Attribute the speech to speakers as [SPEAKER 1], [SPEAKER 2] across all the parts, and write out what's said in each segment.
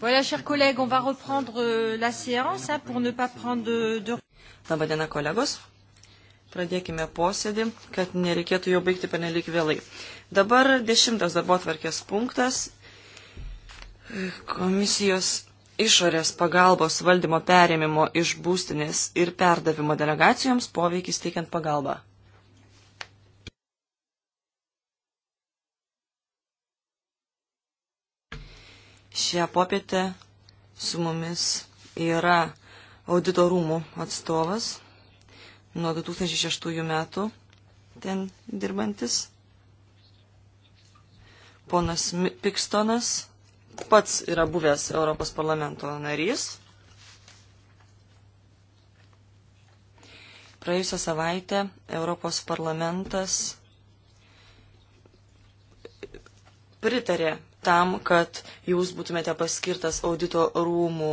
[SPEAKER 1] Voilà, chers collègues, on va reprendre euh, la séance hein,
[SPEAKER 2] pour ne pas prendre de... de... Labadiena, kolegos. Pradėkime posėdį, kad nereikėtų jo baigti panelik vėlai. Dabar dešimtas darbo tvarkės punktas. Komisijos išorės pagalbos valdymo perėmimo iš būstinės ir perdavimo delegacijoms poveikis teikiant pagalbą. Šią popietę su mumis yra auditorumų atstovas nuo 2006 metų ten dirbantis. Ponas Pikstonas pats yra buvęs Europos parlamento narys. Praėjusią savaitę Europos parlamentas pritarė tam, kad jūs būtumėte paskirtas audito rūmų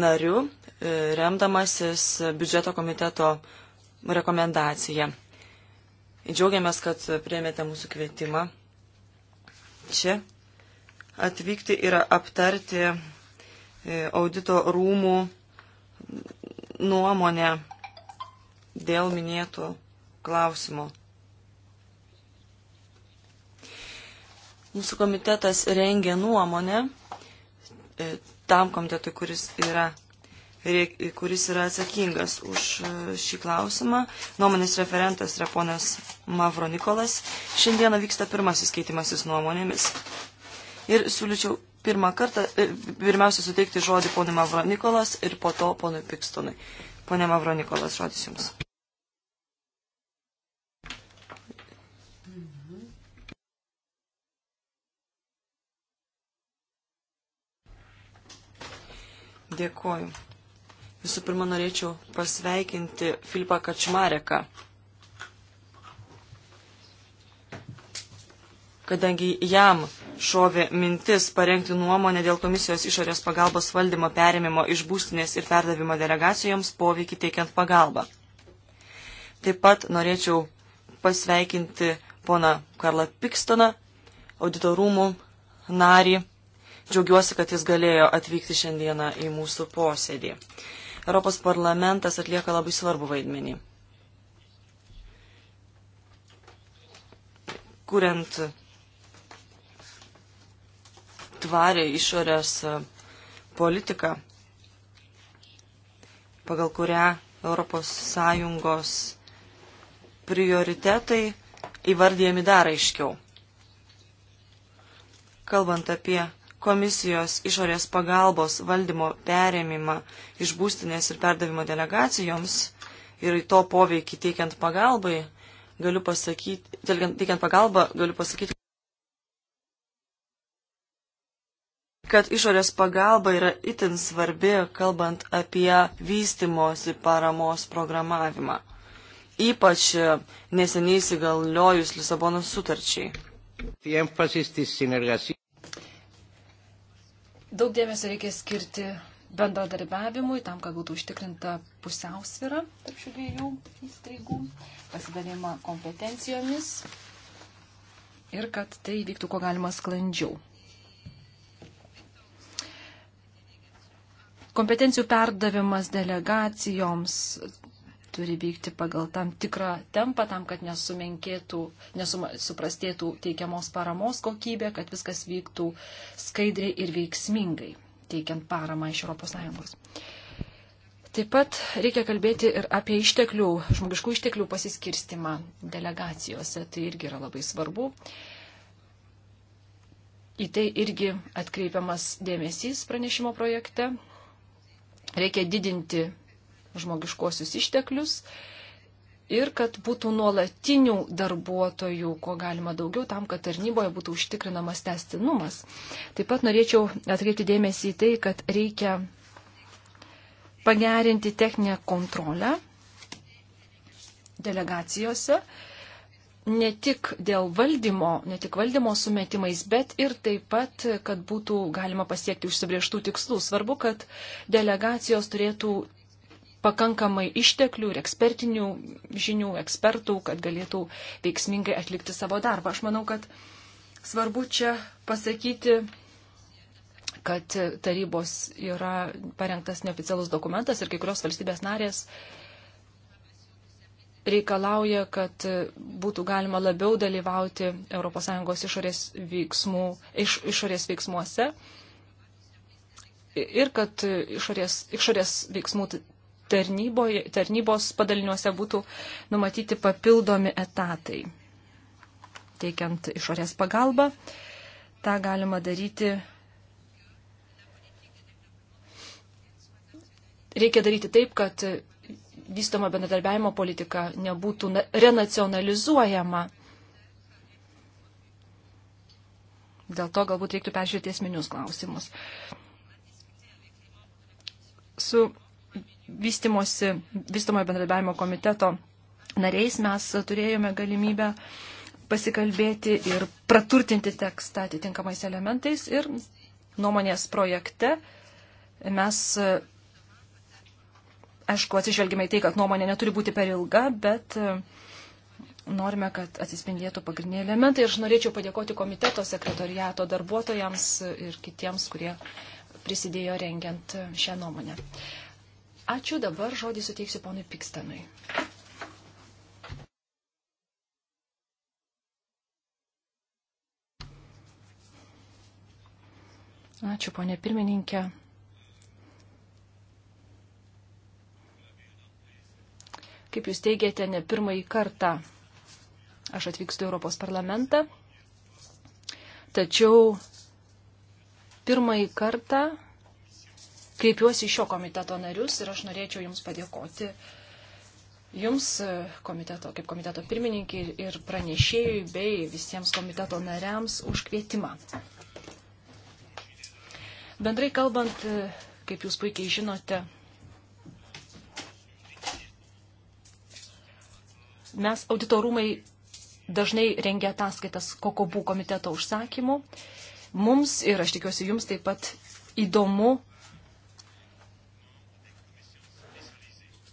[SPEAKER 2] nariu, e, remdamasis biudžeto komiteto rekomendacija. Džiaugiamės, kad priemėte mūsų kvietimą čia atvykti ir aptarti e, audito rūmų nuomonę dėl minėtų klausimų. Mūsų komitetas rengia nuomonę e, tam komitetui, kuris yra kuris yra atsakingas už e, šį klausimą. Nuomonės referentas yra ponas Mavro Nikolas. Šiandieną vyksta pirmasis keitimasis nuomonėmis. Ir siūlyčiau pirmą kartą, e, pirmiausia, suteikti žodį ponui Mavro Nikolas ir po to ponui Pikstonui. Pone Mavro Nikolas, žodis jums. Dėkoju. Visų pirma, norėčiau pasveikinti Filipą Kačmareką, kadangi jam šovė mintis parengti nuomonę dėl komisijos išorės pagalbos valdymo perėmimo iš būstinės ir perdavimo delegacijoms poveikį teikiant pagalbą. Taip pat norėčiau pasveikinti pona Karlą Pikstoną, auditorumų narį Džiaugiuosi, kad jis galėjo atvykti šiandieną į mūsų posėdį. Europos parlamentas atlieka labai svarbu vaidmenį. Kuriant tvarę išorės politiką, pagal kurią ES prioritetai įvardyjami dar aiškiau. Kalbant apie komisijos išorės pagalbos valdymo perėmimą iš būstinės ir perdavimo delegacijoms ir to poveikį teikiant pagalbai, galiu pasakyti, teikiant pagalbą, galiu pasakyti, kad išorės pagalba yra itin svarbi, kalbant apie vystimosi paramos programavimą, ypač neseniai įsigaliojus Lisabonos sutarčiai.
[SPEAKER 1] Daug dėmesio reikia skirti bendradarbiavimui, tam, kad būtų užtikrinta pusiausvyrą tarp šių dviejų įstaigų, pasidalima kompetencijomis ir kad tai vyktų kuo galima sklandžiau. Kompetencijų perdavimas delegacijoms turi vykti pagal tam tikrą tempą, tam, kad nesumenkėtų, nesuprastėtų teikiamos paramos kokybė, kad viskas vyktų skaidriai ir veiksmingai, teikiant paramą iš ES. Taip pat reikia kalbėti ir apie išteklių, žmogiškų išteklių pasiskirstimą delegacijose. Tai irgi yra labai svarbu. Į tai irgi atkreipiamas dėmesys pranešimo projekte. Reikia didinti žmogiškuosius išteklius ir kad būtų nuolatinių darbuotojų, ko galima daugiau, tam, kad tarnyboje būtų užtikrinamas testinumas. Taip pat norėčiau atkreipti dėmesį į tai, kad reikia pagerinti techninę kontrolę delegacijose, ne tik dėl valdymo, ne tik valdymo sumetimais, bet ir taip pat, kad būtų galima pasiekti užsibrieštų tikslų. Svarbu, kad delegacijos turėtų pakankamai išteklių ir ekspertinių žinių, ekspertų, kad galėtų veiksmingai atlikti savo darbą. Aš manau, kad svarbu čia pasakyti, kad tarybos yra parengtas neoficialus dokumentas ir kai kurios valstybės narės reikalauja, kad būtų galima labiau dalyvauti ES išorės, veiksmų, iš, išorės veiksmuose ir kad išorės, išorės veiksmų tarnyboje, tarnybos padaliniuose būtų numatyti papildomi etatai. Teikiant išorės pagalbą, tą galima daryti. Reikia daryti taip, kad vystoma bendradarbiavimo politika nebūtų renacionalizuojama. Dėl to galbūt reiktų peržiūrėti esminius klausimus. Su vystimosi, vystomojo bendradarbiavimo komiteto nariais mes turėjome galimybę pasikalbėti ir praturtinti tekstą atitinkamais elementais ir nuomonės projekte mes, aišku, atsižvelgime į tai, kad nuomonė neturi būti per ilga, bet e, norime, kad atsispindėtų pagrindiniai elementai ir aš norėčiau padėkoti komiteto sekretoriato darbuotojams ir kitiems, kurie prisidėjo rengiant e, šią nuomonę. Ačiū, dabar žodį suteiksiu ponui Pikstanui. Ačiū, ponė pirmininkė. Kaip jūs teigiate, ne pirmąjį kartą aš atvykstu į Europos parlamentą, tačiau pirmąjį kartą kreipiuosi į šio komiteto narius ir aš norėčiau Jums padėkoti. Jums, e, komiteto, kaip komiteto pirmininkiai ir pranešėjui bei visiems komiteto nariams už kvietimą. Bendrai kalbant, e, kaip jūs puikiai žinote, mes auditorumai dažnai rengia ataskaitas kokobų komiteto užsakymu. Mums ir aš tikiuosi jums taip pat įdomu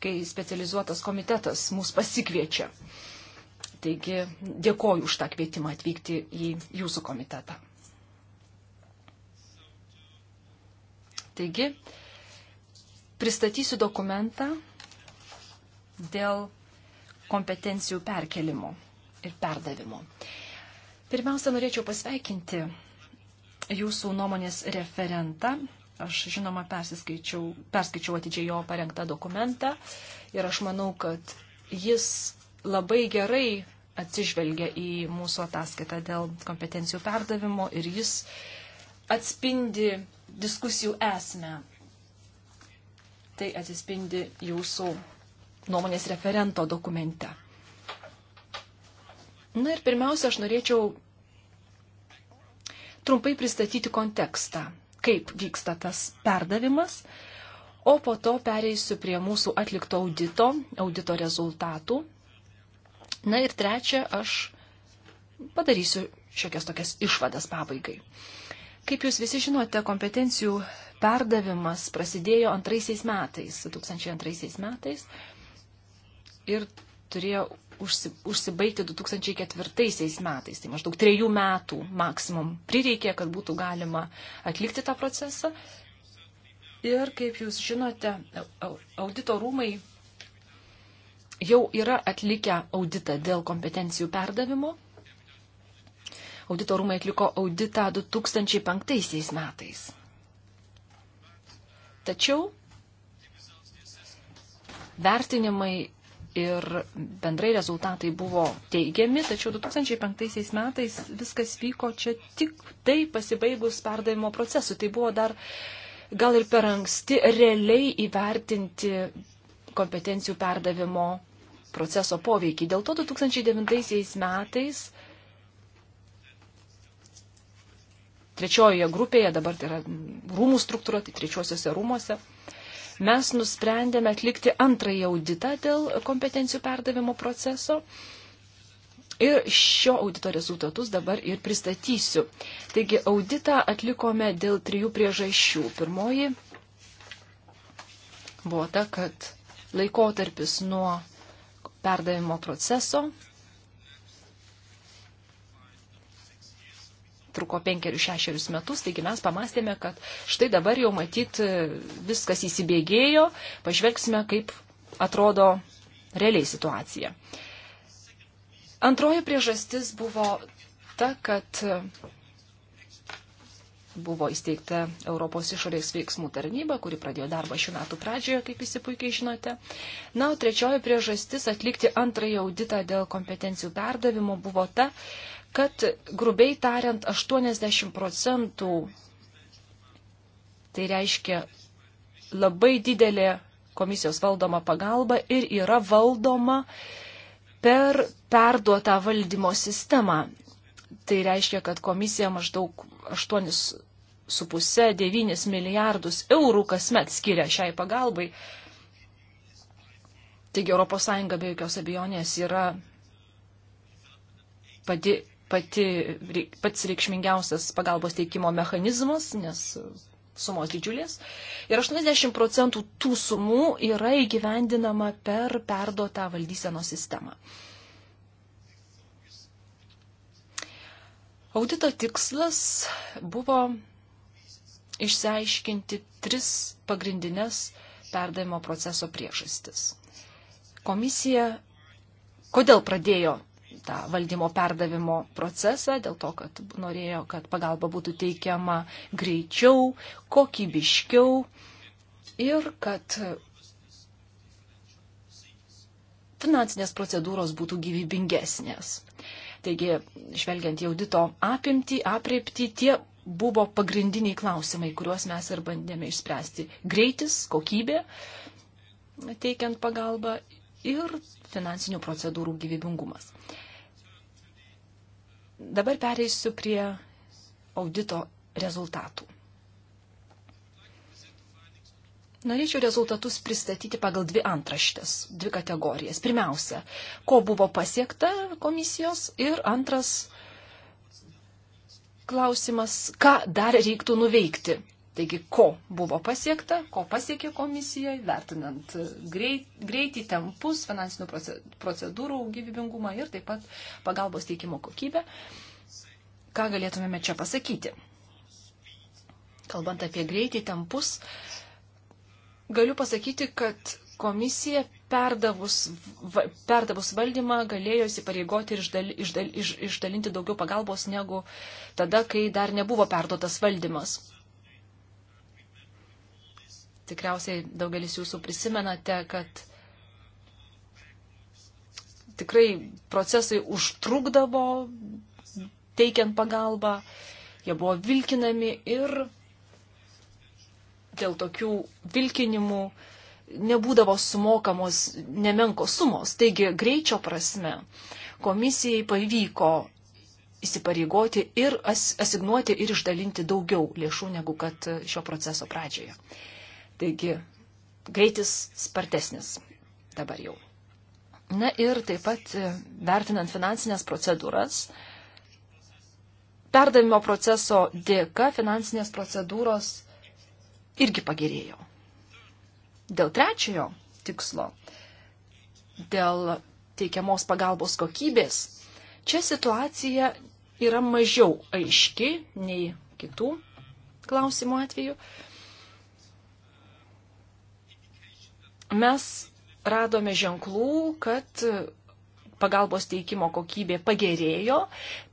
[SPEAKER 1] kai specializuotas komitetas mus pasikviečia. Taigi dėkoju už tą kvietimą atvykti į jūsų komitetą. Taigi, pristatysiu dokumentą dėl kompetencijų perkelimo ir perdavimo. Pirmiausia, norėčiau pasveikinti jūsų nuomonės referentą, Aš, žinoma, persiskaičiau, perskaičiau atidžiai jo parengtą dokumentą ir aš manau, kad jis labai gerai atsižvelgia į mūsų ataskaitą dėl kompetencijų perdavimo ir jis atspindi diskusijų esmę. Tai atsispindi jūsų nuomonės referento dokumente. Na ir pirmiausia, aš norėčiau trumpai pristatyti kontekstą kaip vyksta tas perdavimas, o po to pereisiu prie mūsų atlikto audito, audito rezultatų. Na ir trečia, aš padarysiu šiokias tokias išvadas pabaigai. Kaip jūs visi žinote, kompetencijų perdavimas prasidėjo antraisiais metais, 2002 metais, ir turėjo užsibaigti 2004 metais, tai maždaug trejų metų maksimum prireikė, kad būtų galima atlikti tą procesą. Ir kaip jūs žinote, audito rūmai jau yra atlikę auditą dėl kompetencijų perdavimo. Audito rūmai atliko auditą 2005 metais. Tačiau vertinimai ir bendrai rezultatai buvo teigiami, tačiau 2005 metais viskas vyko čia tik tai pasibaigus perdavimo procesu. Tai buvo dar gal ir per anksti realiai įvertinti kompetencijų perdavimo proceso poveikį. Dėl to 2009 metais trečiojoje grupėje, dabar tai yra rūmų struktūra, tai trečiosiuose rūmose, mes nusprendėme atlikti antrąjį auditą dėl kompetencijų perdavimo proceso. Ir šio audito rezultatus dabar ir pristatysiu. Taigi, auditą atlikome dėl trijų priežasčių. Pirmoji buvo ta, kad laikotarpis nuo perdavimo proceso truko penkerius šešerius metus, taigi mes pamastėme, kad štai dabar jau matyt e, viskas įsibėgėjo, pažvelgsime, kaip atrodo realiai situacija. Antroji priežastis buvo ta, kad e, buvo įsteigta Europos išorės veiksmų tarnyba, kuri pradėjo darbą šių metų pradžioje, kaip visi puikiai žinote. Na, o trečioji priežastis atlikti antrąją auditą dėl kompetencijų perdavimo buvo ta, kad grubiai tariant 80 procentų, tai reiškia labai didelė komisijos valdoma pagalba ir yra valdoma per perduotą valdymo sistemą. Tai reiškia, kad komisija maždaug 8,5-9 milijardus eurų kasmet skiria šiai pagalbai. Taigi ES be jokios abejonės yra padi pati, pats reikšmingiausias pagalbos teikimo mechanizmas, nes sumos didžiulės. Ir 80 procentų tų sumų yra įgyvendinama per perdotą valdysenos sistemą. Audito tikslas buvo išsiaiškinti tris pagrindinės perdavimo proceso priežastis. Komisija kodėl pradėjo tą valdymo perdavimo procesą, dėl to, kad norėjo, kad pagalba būtų teikiama greičiau, kokybiškiau ir kad finansinės procedūros būtų gyvybingesnės. Taigi, žvelgiant į audito apimtį, apreipti, tie buvo pagrindiniai klausimai, kuriuos mes ir bandėme išspręsti. Greitis, kokybė, teikiant pagalbą ir finansinių procedūrų gyvybingumas. Dabar pereisiu prie audito rezultatų. Norėčiau rezultatus pristatyti pagal dvi antraštės, dvi kategorijas. Pirmiausia, ko buvo pasiekta komisijos ir antras klausimas, ką dar reiktų nuveikti Taigi, ko buvo pasiekta, ko pasiekė komisija, vertinant greit, greitį, tempus, finansinių procedūrų gyvybingumą ir taip pat pagalbos teikimo kokybę. Ką galėtumėme čia pasakyti? Kalbant apie greitį, tempus, galiu pasakyti, kad komisija perdavus, va, perdavus valdymą galėjo įsipareigoti ir išdal, išdal, iš, išdalinti daugiau pagalbos negu tada, kai dar nebuvo perduotas valdymas. Tikriausiai daugelis jūsų prisimenate, kad tikrai procesai užtrukdavo teikiant pagalbą, jie buvo vilkinami ir dėl tokių vilkinimų nebūdavo sumokamos nemenkos sumos. Taigi greičio prasme komisijai pavyko įsipareigoti ir as, asignuoti ir išdalinti daugiau lėšų negu kad šio proceso pradžioje. Taigi greitis spartesnis dabar jau. Na ir taip pat e, vertinant finansinės procedūras, perdavimo proceso dėka finansinės procedūros irgi pagerėjo. Dėl trečiojo tikslo, dėl teikiamos pagalbos kokybės, čia situacija yra mažiau aiški nei kitų klausimų atveju. Mes radome ženklų, kad pagalbos teikimo kokybė pagerėjo,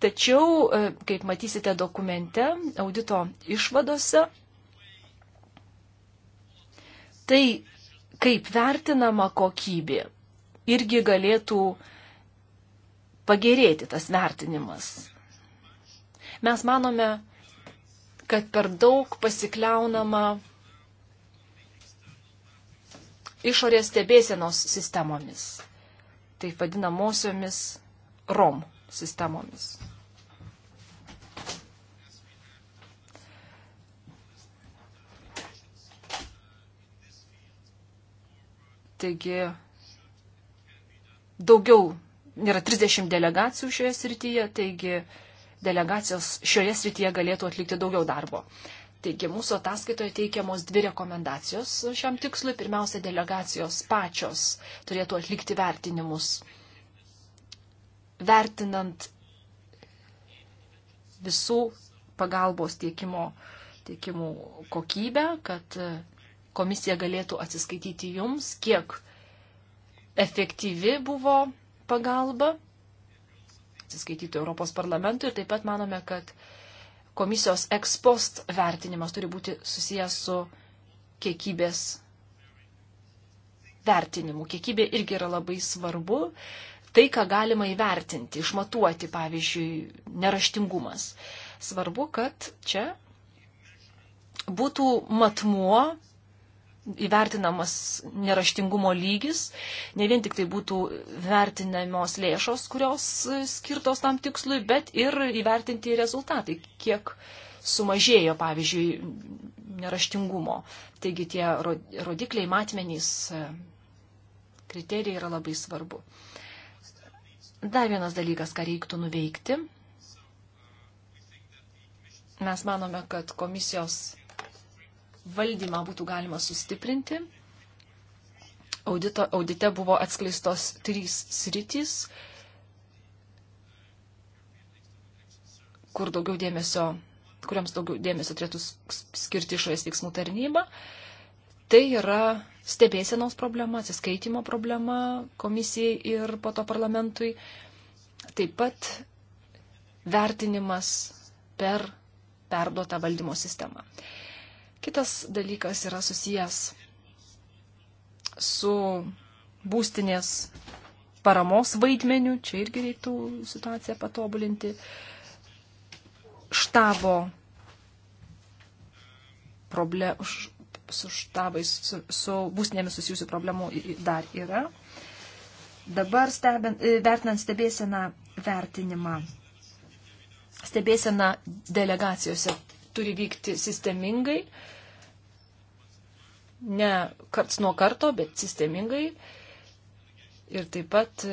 [SPEAKER 1] tačiau, e, kaip matysite dokumente, audito išvadose, tai kaip vertinama kokybė irgi galėtų pagerėti tas vertinimas. Mes manome, kad per daug pasikliaunama išorės stebėsienos sistemomis, taip vadinamosiomis ROM sistemomis. Taigi daugiau yra 30 delegacijų šioje srityje, taigi delegacijos šioje srityje galėtų atlikti daugiau darbo. Taigi mūsų ataskaitoje teikiamos dvi rekomendacijos šiam tikslui. Pirmiausia, delegacijos pačios turėtų atlikti vertinimus, vertinant visų pagalbos tiekimo, tiekimų kokybę, kad komisija galėtų atsiskaityti jums, kiek efektyvi buvo pagalba, atsiskaityti Europos parlamentui ir taip pat manome, kad komisijos ekspost vertinimas turi būti susijęs su kiekybės vertinimu. Kiekybė irgi yra labai svarbu. Tai, ką galima įvertinti, išmatuoti, pavyzdžiui, neraštingumas. Svarbu, kad čia būtų matmuo įvertinamas neraštingumo lygis, ne vien tik tai būtų vertinamos lėšos, kurios skirtos tam tikslui, bet ir įvertinti rezultatai, kiek sumažėjo, pavyzdžiui, neraštingumo. Taigi tie rodikliai, matmenys, kriterijai yra labai svarbu. Dar vienas dalykas, ką reiktų nuveikti. Mes manome, kad komisijos valdymą būtų galima sustiprinti. Audito, audite buvo atskleistos trys sritys, kur daugiau dėmesio, kuriams daugiau dėmesio turėtų skirti išorės veiksmų tarnyba. Tai yra stebėsienos problema, atsiskaitimo problema komisijai ir po to parlamentui. Taip pat vertinimas per perduotą valdymo sistemą. Kitas dalykas yra susijęs su būstinės paramos vaidmeniu, čia irgi reiktų situaciją patobulinti, štabo problem, su štabais, su, su būstinėmis susijusių problemų dar yra. Dabar stebint, e, vertinant stebėseną vertinimą. Stebėsena delegacijose turi vykti sistemingai. Uh, ne karts nuo karto, bet sistemingai. Ir taip pat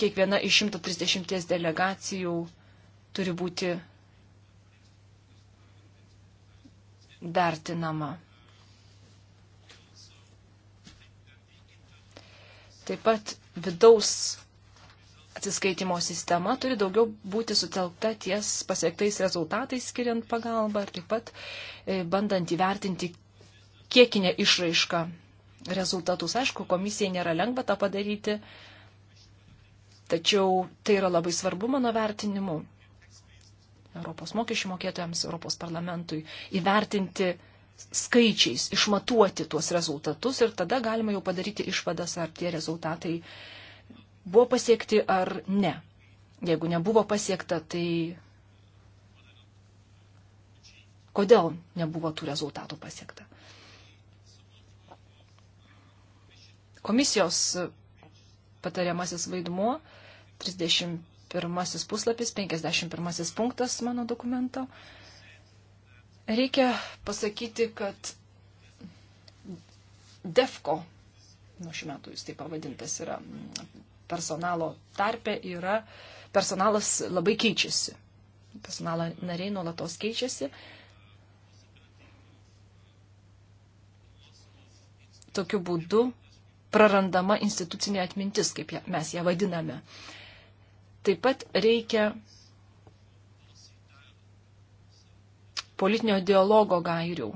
[SPEAKER 1] kiekviena iš 130 delegacijų turi būti vertinama. Taip pat vidaus atsiskaitimo sistema turi daugiau būti sutelkta ties pasiektais rezultatais skiriant pagalbą ir taip pat e, bandant įvertinti kiekinę išraišką rezultatus. Aišku, komisijai nėra lengva tą padaryti, tačiau tai yra labai svarbu mano vertinimu. Europos mokesčių mokėtojams, Europos parlamentui įvertinti skaičiais, išmatuoti tuos rezultatus ir tada galima jau padaryti išvadas, ar tie rezultatai buvo pasiekti ar ne. Jeigu nebuvo pasiekta, tai kodėl nebuvo tų rezultatų pasiekta. komisijos patariamasis vaidmuo, 31 puslapis, 51 punktas mano dokumento. Reikia pasakyti, kad DEFCO, nuo šių metų jis taip pavadintas yra, personalo tarpe yra, personalas labai keičiasi. Personalo nariai nuolatos keičiasi. Tokiu būdu prarandama institucinė atmintis, kaip mes ją vadiname. Taip pat reikia politinio dialogo gairių.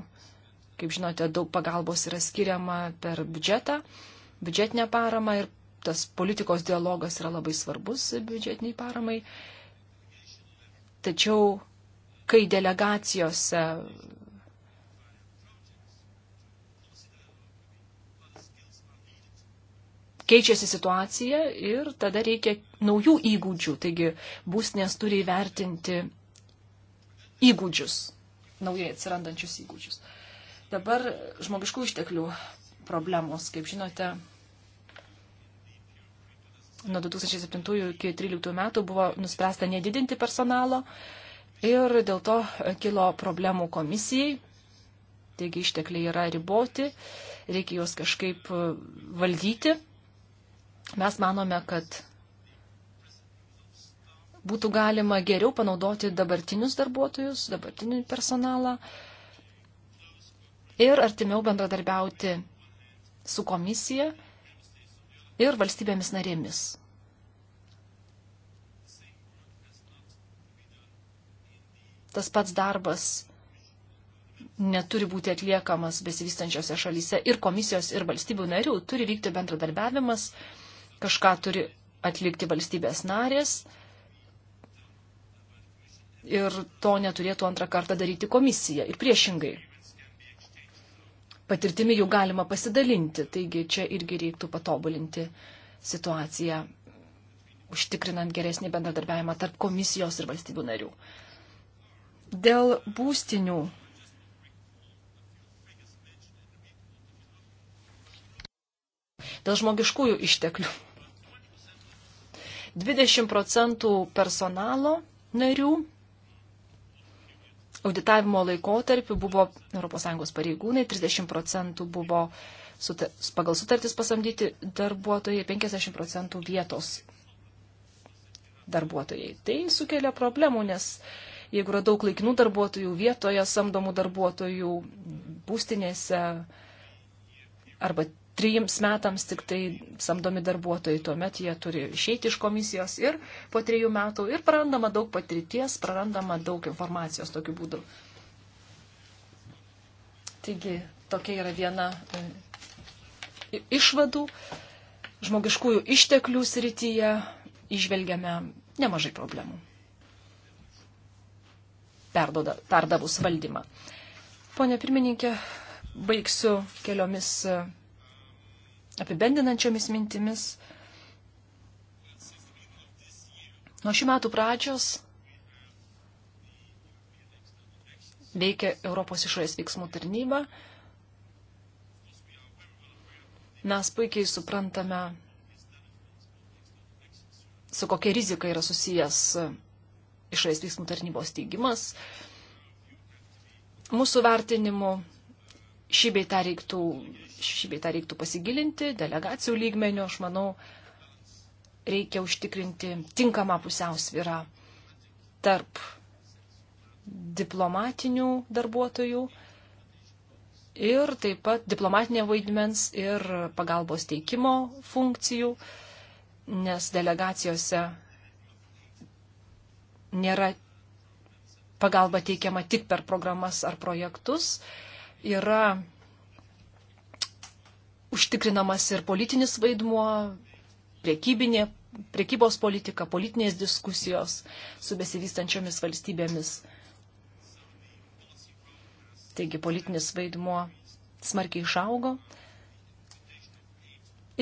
[SPEAKER 1] Kaip žinote, daug pagalbos yra skiriama per biudžetą, biudžetinę paramą ir tas politikos dialogas yra labai svarbus biudžetiniai paramai. Tačiau, kai delegacijose keičiasi situacija ir tada reikia naujų įgūdžių. Taigi būsnės turi įvertinti įgūdžius, naujai atsirandančius įgūdžius. Dabar žmogiškų išteklių problemos, kaip žinote, nuo 2007 iki 2013 metų buvo nuspręsta nedidinti personalo ir dėl to kilo problemų komisijai. Taigi ištekliai yra riboti, reikia juos kažkaip valdyti. Mes manome, kad būtų galima geriau panaudoti dabartinius darbuotojus, dabartinį personalą ir artimiau bendradarbiauti su komisija ir valstybėmis narėmis. Tas pats darbas neturi būti atliekamas besivystančiose šalyse ir komisijos ir valstybių narių. Turi vykti bendradarbiavimas, Kažką turi atlikti valstybės narės ir to neturėtų antrą kartą daryti komisija. Ir priešingai, patirtimi jų galima pasidalinti, taigi čia irgi reiktų patobulinti situaciją, užtikrinant geresnį bendradarbiavimą tarp komisijos ir valstybių narių. Dėl būstinių. Dėl žmogiškųjų išteklių 20 procentų personalo narių auditavimo laikotarpiu buvo ES pareigūnai, 30 procentų buvo pagal sutartis pasamdyti darbuotojai, 50 procentų vietos darbuotojai. Tai sukelia problemų, nes jeigu yra daug laikinų darbuotojų vietoje, samdomų darbuotojų būstinėse arba trijims metams tik tai samdomi darbuotojai, tuomet jie turi išeiti iš komisijos ir po trijų metų ir prarandama daug patirties, prarandama daug informacijos tokiu būdu. Taigi tokia yra viena e, išvadų. Žmogiškųjų išteklių srityje išvelgiame nemažai problemų. Perdoda, perdavus valdymą. Pone pirmininkė, baigsiu keliomis e, apibendinančiomis mintimis. Nuo šių metų pradžios veikia Europos išorės veiksmų tarnyba. Mes puikiai suprantame, su kokia rizika yra susijęs išorės veiksmų tarnybos teigimas. Mūsų vertinimu šį beitą reiktų, šį beitą reiktų pasigilinti, delegacijų lygmenio, aš manau, reikia užtikrinti tinkamą pusiausvyrą tarp diplomatinių darbuotojų ir taip pat diplomatinė vaidmens ir pagalbos teikimo funkcijų, nes delegacijose nėra pagalba teikiama tik per programas ar projektus, yra užtikrinamas ir politinis vaidmuo, priekybinė, priekybos politika, politinės diskusijos su besivystančiomis valstybėmis. Taigi politinis vaidmuo smarkiai išaugo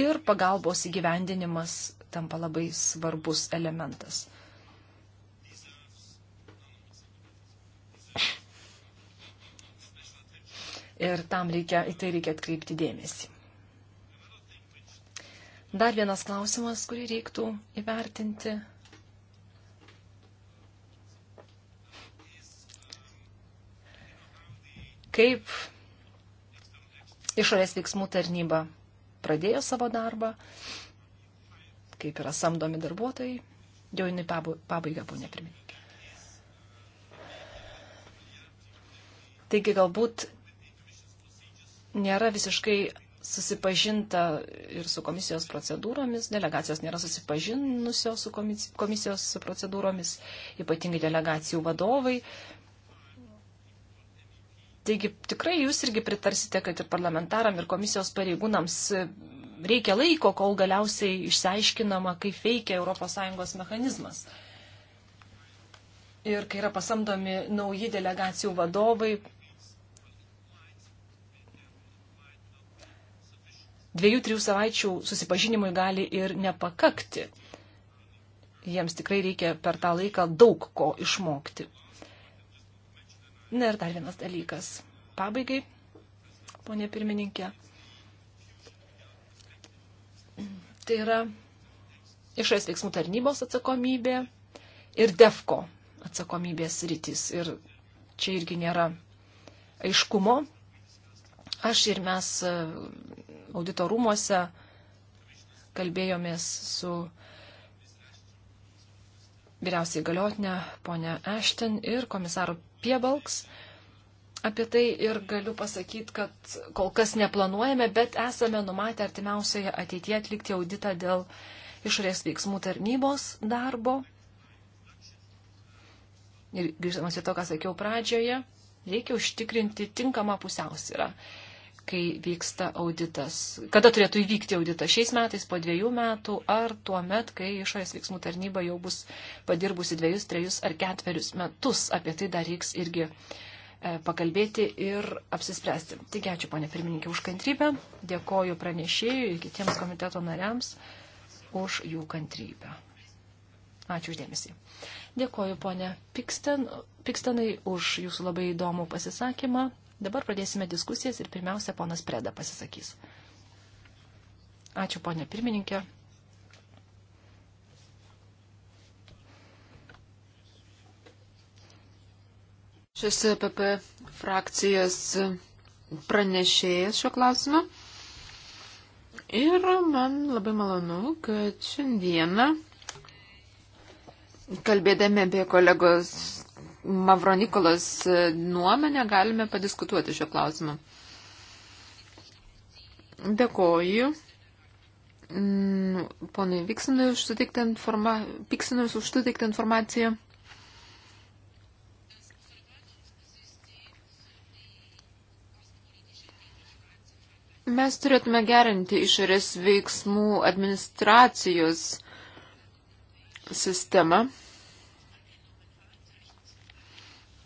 [SPEAKER 1] ir pagalbos įgyvendinimas tampa labai svarbus elementas. ir tam reikia, į tai reikia atkreipti dėmesį. Dar vienas klausimas, kurį reiktų įvertinti. Kaip išorės veiksmų tarnyba pradėjo savo darbą, kaip yra samdomi darbuotojai, jau jinai pabaiga, ponė pirmininkė. Taigi galbūt nėra visiškai susipažinta ir su komisijos procedūromis, delegacijos nėra susipažinusios su komisijos procedūromis, ypatingai delegacijų vadovai. Taigi tikrai jūs irgi pritarsite, kad ir parlamentaram, ir komisijos pareigūnams reikia laiko, kol galiausiai išsiaiškinama, kaip veikia ES mechanizmas. Ir kai yra pasamdomi nauji delegacijų vadovai, dviejų, trijų savaičių susipažinimui gali ir nepakakti. Jiems tikrai reikia per tą laiką daug ko išmokti. Na ir dar vienas dalykas. Pabaigai, ponė pirmininkė. Tai yra išorės veiksmų tarnybos atsakomybė ir DEFCO atsakomybės rytis. Ir čia irgi nėra aiškumo. Aš ir mes audito rūmose kalbėjomės su vyriausiai galiotinė ponė Ashton ir komisaru Piebalks. Apie tai ir galiu pasakyti, kad kol kas neplanuojame, bet esame numatę artimiausioje ateityje atlikti auditą dėl išorės veiksmų tarnybos darbo. Ir grįžtamas į to, ką sakiau pradžioje, reikia užtikrinti tinkamą pusiausvyrą kai vyksta auditas. Kada turėtų įvykti auditas? Šiais metais, po dviejų metų, ar tuo met, kai išorės veiksmų tarnyba jau bus padirbusi dviejus, trejus ar ketverius metus. Apie tai dar reiks irgi e, pakalbėti ir apsispręsti. Taigi ačiū, ponė pirmininkė, už kantrybę. Dėkoju pranešėjui ir kitiems komiteto nariams už jų kantrybę. Ačiū uždėmesį. Dėkoju, ponė Piksten, Pikstenai, už jūsų labai įdomų pasisakymą. Dabar pradėsime diskusijas ir pirmiausia, ponas Preda pasisakys. Ačiū, ponė pirmininkė. Šis PP e
[SPEAKER 3] frakcijos pranešėjas šio klausimu. Ir man labai malonu, kad šiandieną, kalbėdami apie kolegos Mavronikolos nuomenę galime padiskutuoti šio klausimu. Dėkoju. Mm, Ponai Viksinui už suteiktą informa... informaciją. Mes turėtume gerinti išorės veiksmų administracijos sistemą.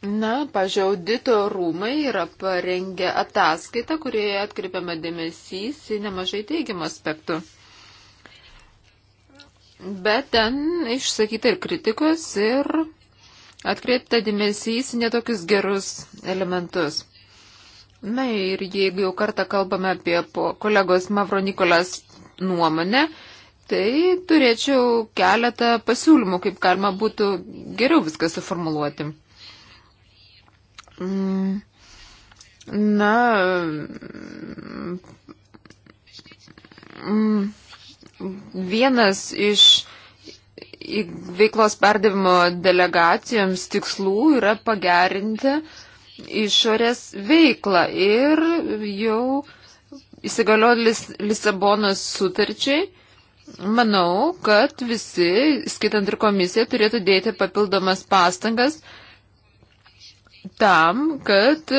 [SPEAKER 3] Na, pažiūrėjau, audito rūmai yra parengę ataskaitą, kurioje atkreipiama dėmesys į nemažai teigiamų aspektų. Bet ten išsakyta ir kritikos ir atkreipta dėmesys į netokius gerus elementus. Na ir jeigu jau kartą kalbame apie kolegos Mavro Nikolas nuomonę, tai turėčiau keletą pasiūlymų, kaip galima būtų geriau viską suformuluoti. Mm. Na. Mm, vienas iš veiklos perdavimo delegacijoms tikslų yra pagerinti išorės veiklą ir jau įsigalio Lis Lisabonos sutarčiai. Manau, kad visi, skaitant ir komisiją, turėtų dėti papildomas pastangas, tam, kad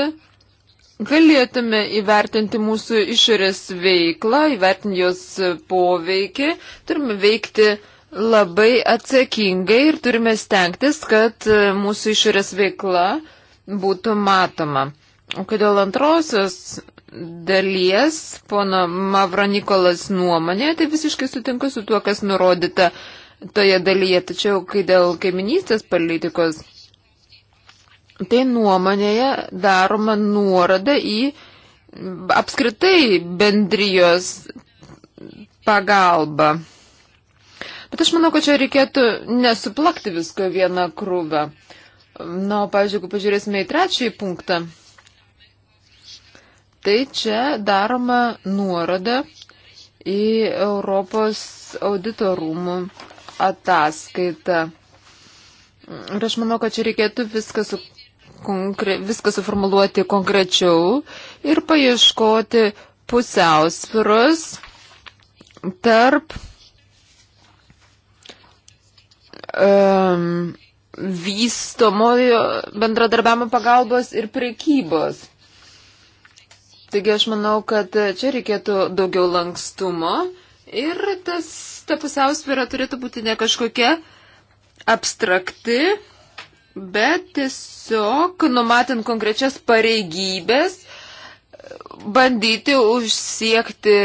[SPEAKER 3] galėtume įvertinti mūsų išorės veiklą, įvertinti jos poveikį, turime veikti labai atsakingai ir turime stengtis, kad mūsų išorės veikla būtų matoma. O kodėl antrosios dalies, pono Mavro Nikolas nuomonė, tai visiškai sutinku su tuo, kas nurodyta toje dalyje. Tačiau, kai dėl kaiminystės politikos tai nuomonėje daroma nuorada į apskritai bendrijos pagalbą. Bet aš manau, kad čia reikėtų nesuplakti visko vieną krūvę. Na, o pavyzdžiui, jeigu pažiūrėsime į trečiąjį punktą, tai čia daroma nuoroda į Europos auditorumų ataskaitą. Ir aš manau, kad čia reikėtų viską su, konkre, viską suformuluoti konkrečiau ir paieškoti pusiausvirus tarp um, vystomojo bendradarbiavimo pagalbos ir prekybos. Taigi aš manau, kad čia reikėtų daugiau lankstumo ir tas, ta pusiausvėra turėtų būti ne kažkokia abstrakti, bet tiesiog numatant konkrečias pareigybės, bandyti užsiekti,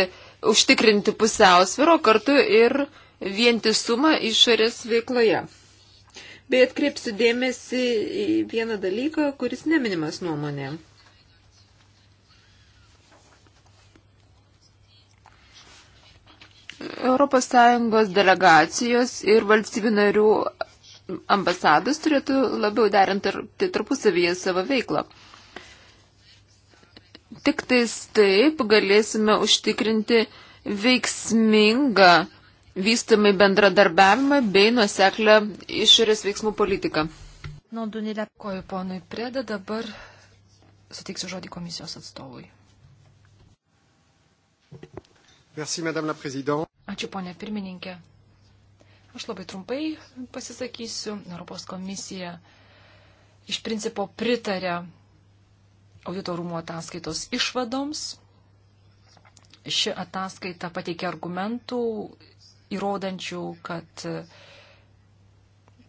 [SPEAKER 3] užtikrinti pusiausviro kartu ir vientisumą išorės veikloje. Bei atkreipsiu dėmesį į vieną dalyką, kuris neminimas nuomonė. ES delegacijos ir valstybių narių ambasados turėtų labiau derinti tai tarpusavyje savo veiklą. Tik tais taip galėsime užtikrinti veiksmingą vystamai bendradarbiavimą bei nuoseklę išorės veiksmų politiką.
[SPEAKER 1] Naudonį lepkoju ponui Preda, dabar suteiksiu žodį komisijos atstovui. Merci, Ačiū, ponė pirmininkė. Aš labai trumpai pasisakysiu. Europos komisija iš principo pritarė audito rūmų ataskaitos išvadoms. Ši ataskaita pateikia argumentų įrodančių, kad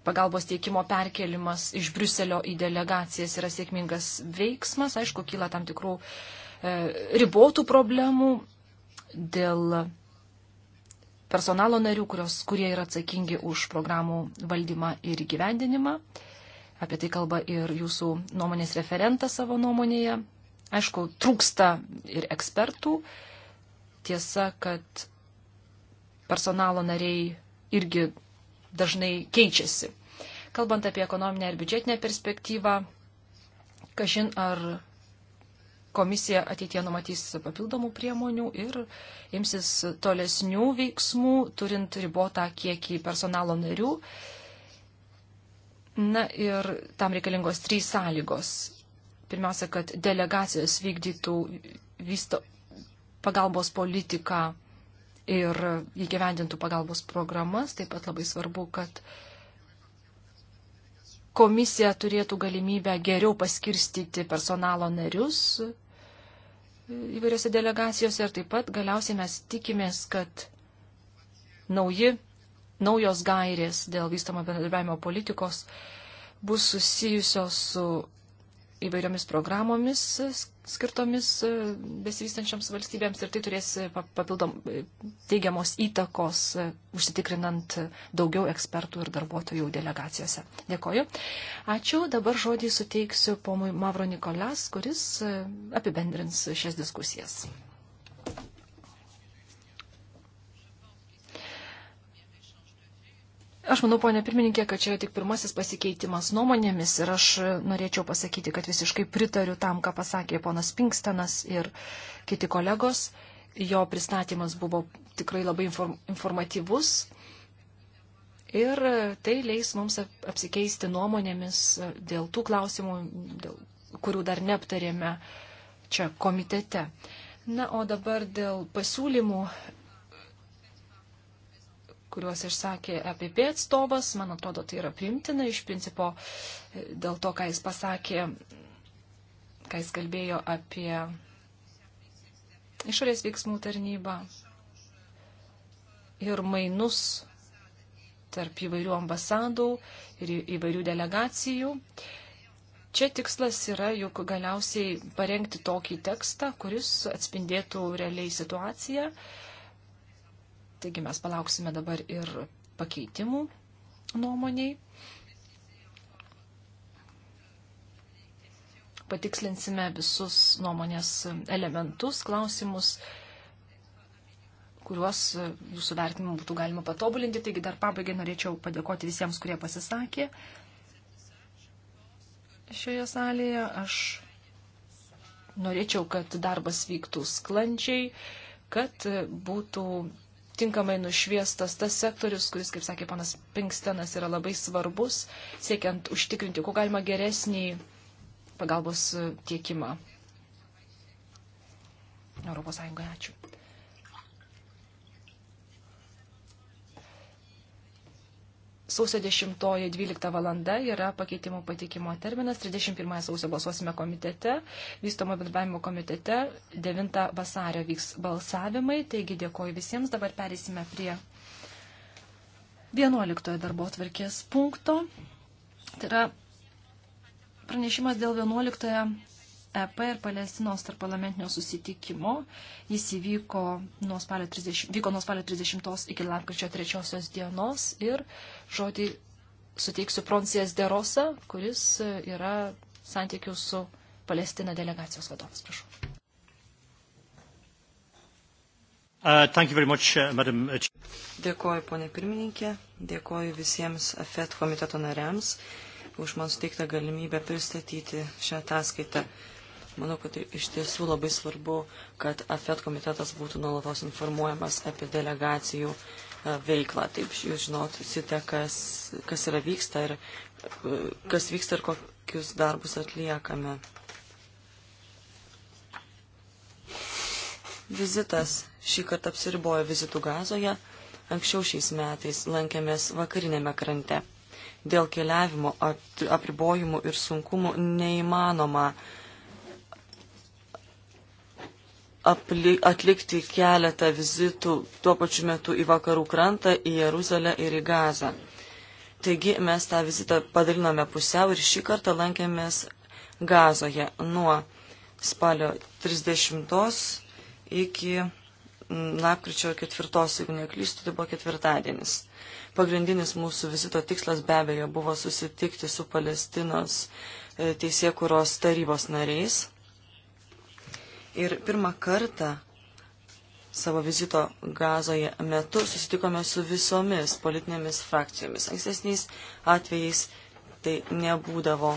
[SPEAKER 1] pagalbos teikimo perkelimas iš Briuselio į delegacijas yra sėkmingas veiksmas. Aišku, kyla tam tikrų e, ribotų problemų dėl personalo narių, kurios, kurie yra atsakingi už programų valdymą ir gyvendinimą. Apie tai kalba ir jūsų nuomonės referentas savo nuomonėje. Aišku, trūksta ir ekspertų. Tiesa, kad personalo nariai irgi dažnai keičiasi. Kalbant apie ekonominę ir biudžetinę perspektyvą, kažin ar komisija ateitie numatys papildomų priemonių ir imsis tolesnių veiksmų, turint ribotą kiekį personalo narių. Na ir tam reikalingos trys sąlygos. Pirmiausia, kad delegacijos vykdytų vysto pagalbos politiką ir įgyvendintų pagalbos programas. Taip pat labai svarbu, kad uh, komisija turėtų galimybę geriau paskirstyti personalo narius įvairiose delegacijose ir taip pat galiausiai mes tikimės, kad nauji, naujos gairės dėl vystamo bendradarbiavimo politikos bus susijusios su įvairiomis programomis skirtomis e, besivystančiams valstybėms ir tai turės e, papildom e, teigiamos įtakos, užsitikrinant daugiau ekspertų ir darbuotojų delegacijose. Dėkoju. Ačiū. Dabar žodį suteiksiu pomui Mavro Nikolas, kuris apibendrins šias diskusijas. Aš manau, ponė pirmininkė, kad čia yra tik pirmasis pasikeitimas nuomonėmis ir aš norėčiau pasakyti, kad visiškai pritariu tam, ką pasakė ponas Pinkstenas ir kiti kolegos. Jo pristatymas buvo tikrai labai inform informatyvus ir tai leis mums apsikeisti nuomonėmis dėl tų klausimų, dėl, kurių dar neaptarėme čia komitete. Na, o dabar dėl pasiūlymų kuriuos išsakė APP e atstovas. Man atrodo, tai yra primtina iš principo e, dėl to, ką jis pasakė, ką jis kalbėjo apie išorės veiksmų tarnybą ir mainus tarp įvairių ambasadų ir įvairių delegacijų. Čia tikslas yra juk galiausiai parengti tokį tekstą, kuris atspindėtų realiai situaciją, uh, Taigi mes palauksime dabar ir pakeitimų nuomoniai. Patikslinsime visus nuomonės elementus, klausimus, kuriuos jūsų vertinimu būtų galima patobulinti. Taigi dar pabaigai norėčiau padėkoti visiems, kurie pasisakė šioje salėje. Aš norėčiau, kad darbas vyktų sklandžiai, kad būtų tinkamai nušviestas tas sektorius, kuris, kaip sakė panas Pinkstenas, yra labai svarbus, siekiant užtikrinti, kuo galima geresnį pagalbos tiekimą. Europos Sąjungoje ačiū. Sausio 10-12 valanda yra pakeitimo patikimo terminas, 31 sausio balsuosime komitete, vystomo bendravimo komitete, 9 vasario vyks balsavimai, taigi dėkoju visiems, dabar perėsime prie 11 darbo tvarkės punkto, tai yra pranešimas dėl 11 EP ir Palestinos tarp parlamentinio susitikimo. Jis įvyko nuo spalio 30, vyko nuo spalio 30 iki lapkričio 3 dienos ir žodį suteiksiu Proncijas Derosa, kuris yra santykių su Palestina delegacijos vadovas. Prašau. Uh, much, uh, madam... Uh,
[SPEAKER 2] dėkoju, ponė pirmininkė, dėkoju visiems AFET komiteto nariams už man suteiktą galimybę pristatyti šią ataskaitą. Uh, Manau, kad tai iš tiesų labai svarbu, kad AFET komitetas būtų nuolatos informuojamas apie delegacijų e, veiklą. Taip jūs žinotusite, kas, kas yra vyksta ir e, kas vyksta ir kokius darbus atliekame. Vizitas šį kartą apsiribojo vizitų gazoje. Anksčiau šiais metais lankėmės vakarinėme krante. Dėl keliavimo apribojimų ir sunkumų neįmanoma uh, atlikti keletą vizitų tuo pačiu metu į vakarų krantą, į Jeruzalę ir į Gazą. Taigi mes tą vizitą padalinome pusiau ir šį kartą lankėmės Gazoje nuo spalio 30 iki lapkričio 4, jeigu neklystu, tai buvo ketvirtadienis. Pagrindinis mūsų vizito tikslas be abejo buvo susitikti su Palestinos e, teisėkuros tarybos nariais Ir pirmą kartą savo vizito gazoje metu susitikome su visomis politinėmis frakcijomis. Ankstesniais atvejais tai nebūdavo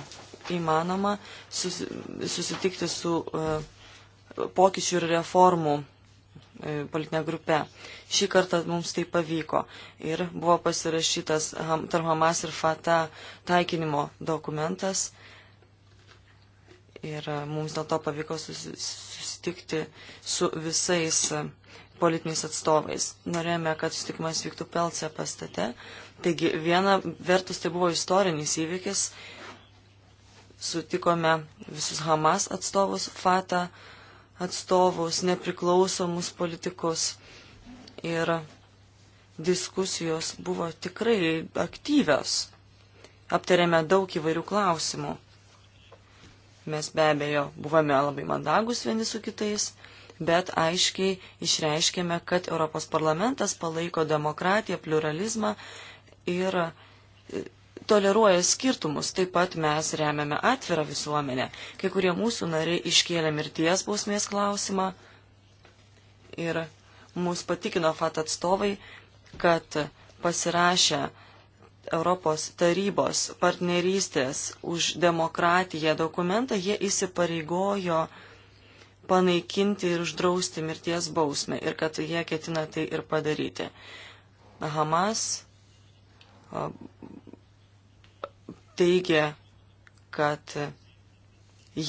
[SPEAKER 2] įmanoma susi, susitikti su uh, pokyčių ir reformų e, politinė grupė. Šį kartą mums tai pavyko ir buvo pasirašytas tarp Hamas ir Fata taikinimo dokumentas ir e, mums dėl to pavyko susitikti sustikti su visais politiniais atstovais. Norėjome, kad sustikimas vyktų Pelce pastate. Taigi, viena vertus tai buvo istorinis įvykis. Sutikome visus Hamas atstovus, Fatą atstovus, nepriklausomus politikus. Ir diskusijos buvo tikrai aktyvios. Aptarėme daug įvairių klausimų. Mes be abejo buvome labai mandagus vieni su kitais, bet aiškiai išreiškėme, kad Europos parlamentas palaiko demokratiją, pluralizmą ir e, toleruoja skirtumus. Taip pat mes remiame atvirą visuomenę. Kai kurie mūsų nariai iškėlė mirties bausmės klausimą ir mus patikino FAT atstovai, kad pasirašę Europos tarybos partnerystės už demokratiją dokumentą, jie įsipareigojo panaikinti ir uždrausti mirties bausmę ir kad jie ketina tai ir padaryti. Hamas teigia, kad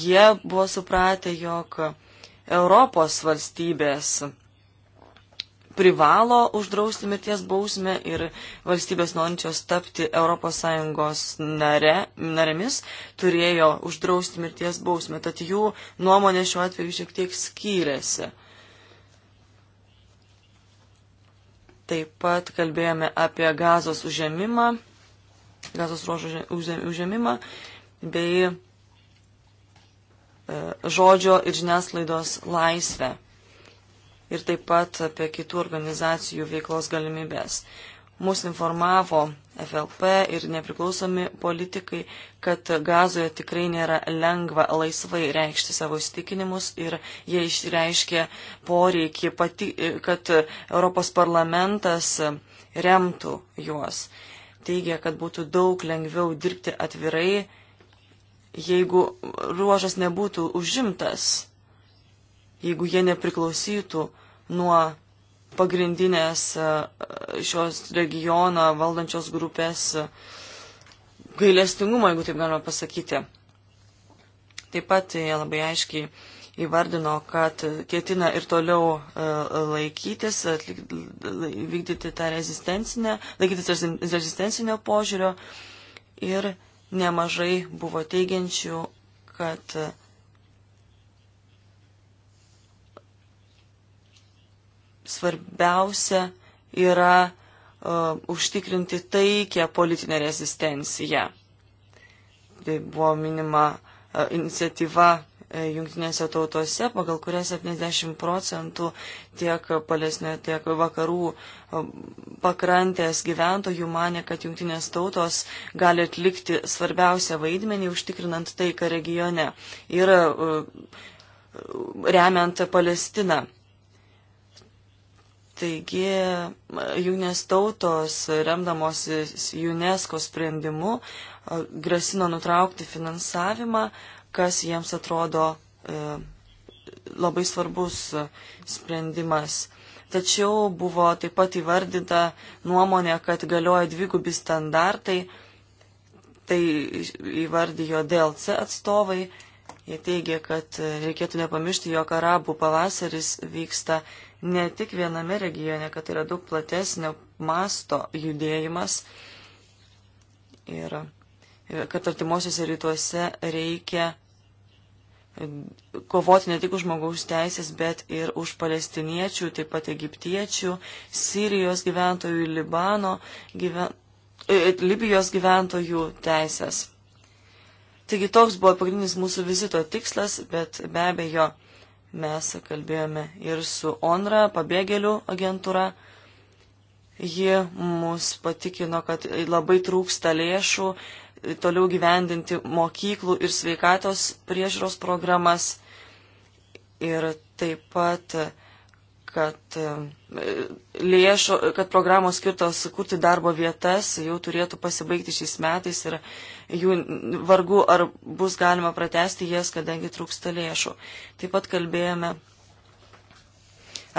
[SPEAKER 2] jie buvo supratę, jog Europos valstybės privalo uždrausti mirties bausmę ir valstybės norinčios tapti ES nare, narėmis turėjo uždrausti mirties bausmę, tad jų nuomonė šiuo atveju šiek tiek skyrėsi. Taip pat kalbėjome apie gazos užėmimą, gazos ruožo užėmimą bei e, žodžio ir žiniasklaidos laisvę ir taip pat apie kitų organizacijų veiklos galimybės. Mūsų informavo FLP ir nepriklausomi politikai, kad gazoje tikrai nėra lengva laisvai reikšti savo įstikinimus ir jie išreiškė poreikį, pati, kad Europos parlamentas remtų juos. Teigia, kad būtų daug lengviau dirbti atvirai, jeigu ruožas nebūtų užimtas, jeigu jie nepriklausytų nuo pagrindinės e, šios regioną valdančios grupės e, gailestingumo, jeigu taip galima pasakyti. Taip pat jie labai aiškiai įvardino, kad ketina ir toliau e, laikytis, atlik, vykdyti tą rezistencinę, laikytis rezistencinio požiūrio ir nemažai buvo teigiančių, kad svarbiausia yra uh, užtikrinti taikę politinę rezistenciją. Tai buvo minima uh, iniciatyva e, jungtinėse tautose, pagal kurią 70 procentų tiek palesnio, tiek vakarų pakrantės gyventojų mane, kad jungtinės tautos gali atlikti svarbiausią vaidmenį užtikrinant taiką regione ir remiant Palestiną. Taigi, e, jungtinės tautos, remdamosis UNESCO sprendimu, e, grasino nutraukti finansavimą, kas jiems atrodo e, labai svarbus sprendimas. Tačiau buvo taip pat įvardyta nuomonė, kad galioja dvigubi standartai, tai įvardijo DLC atstovai. Jie teigia, kad reikėtų nepamiršti, jog arabų pavasaris vyksta ne tik viename regione, kad tai yra daug platesnio masto judėjimas ir kad artimuosiuose rytuose reikia kovoti ne tik už žmogaus teisės, bet ir už palestiniečių, taip pat egiptiečių, Sirijos gyventojų, Libano, gyven... E, e, Libijos gyventojų teisės. Taigi toks buvo pagrindinis mūsų vizito tikslas, bet be abejo Mes kalbėjome ir su ONRA, pabėgėlių agentūra. Ji mus patikino, kad labai trūksta lėšų toliau gyvendinti mokyklų ir sveikatos priežiūros programas. Ir taip pat kad, e, lėšo, kad programos skirtos kurti darbo vietas jau turėtų pasibaigti šiais metais ir jų vargu ar bus galima pratesti jas, kadangi trūksta lėšų. Taip pat kalbėjome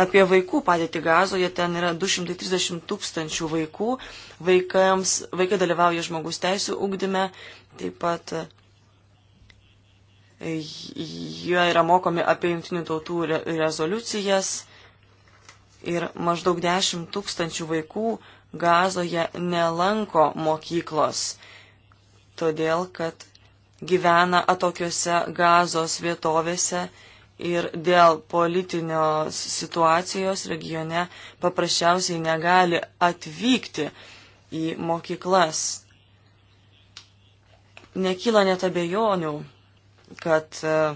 [SPEAKER 2] apie vaikų padėtį gazoje, ten yra 230 tūkstančių vaikų, Vaikams, vaikai dalyvauja žmogus teisų ugdyme, taip pat e, jie yra mokomi apie jungtinių tautų re rezoliucijas ir maždaug 10 tūkstančių vaikų gazoje nelanko mokyklos, todėl kad gyvena atokiuose gazos vietovėse ir dėl politinio situacijos regione paprasčiausiai negali atvykti į mokyklas. Nekyla net abejonių, kad uh,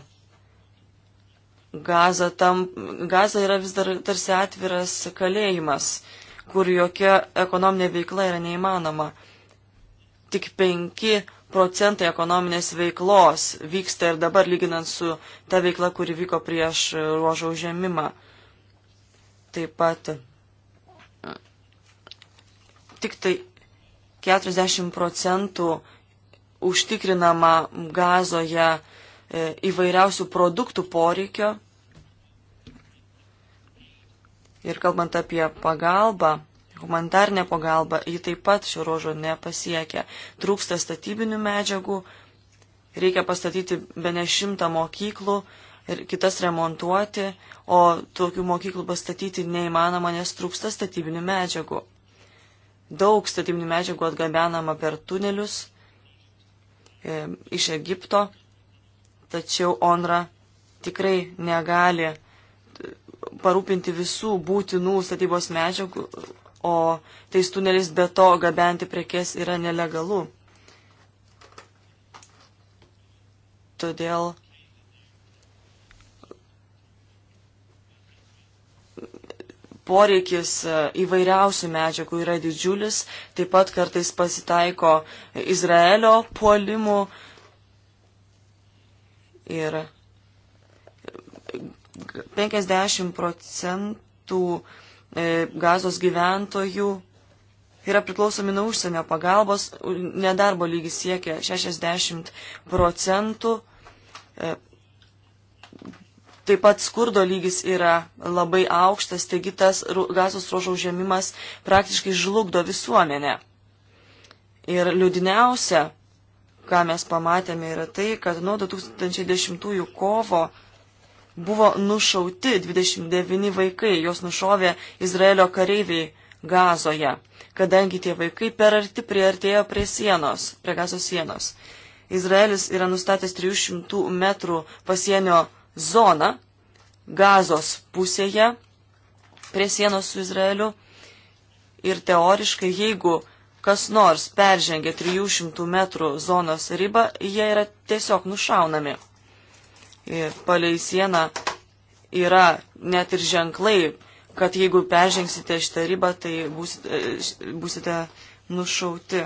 [SPEAKER 2] Gaza, tam, Gaza yra vis dar tarsi atviras kalėjimas, kur jokia ekonominė veikla yra neįmanoma. Tik 5 procentai ekonominės veiklos vyksta ir dabar lyginant su ta veikla, kuri vyko prieš ruožą užėmimą. Taip pat tik tai 40 procentų užtikrinama gazoje E, įvairiausių produktų poreikio. Ir kalbant apie pagalbą, humanitarnę pagalbą, ji taip pat šio rožo nepasiekia. Trūksta statybinių medžiagų, reikia pastatyti be ne šimtą mokyklų ir kitas remontuoti, o tokių mokyklų pastatyti neįmanoma, nes trūksta statybinių medžiagų. Daug statybinių medžiagų atgabenama per tunelius e, iš Egipto tačiau ONRA tikrai negali e, parūpinti visų būtinų statybos medžiagų, o tais tuneliais be to gabenti prekes yra nelegalu. Todėl poreikis e, įvairiausių medžiagų yra didžiulis, taip pat kartais pasitaiko Izraelio puolimų Ir 50 procentų e, gazos gyventojų yra priklausomi nuo užsienio pagalbos, nedarbo lygis siekia 60 procentų, e, taip pat skurdo lygis yra labai aukštas, taigi tas gazos ruožo užėmimas praktiškai žlugdo visuomenę. Ir liūdiniausia, ką mes pamatėme, yra tai, kad nuo 2010 kovo buvo nušauti 29 vaikai, juos nušovė Izraelio kareiviai gazoje, kadangi tie vaikai per arti priartėjo prie sienos, prie gazos sienos. Izraelis yra nustatęs 300 metrų pasienio zoną gazos pusėje prie sienos su Izraeliu ir teoriškai, jeigu kas nors peržengia 300 metrų zonos ribą, jie yra tiesiog nušaunami. Ir palei sieną yra net ir ženklai, kad jeigu peržengsite šitą ribą, tai būsite, būsite nušauti.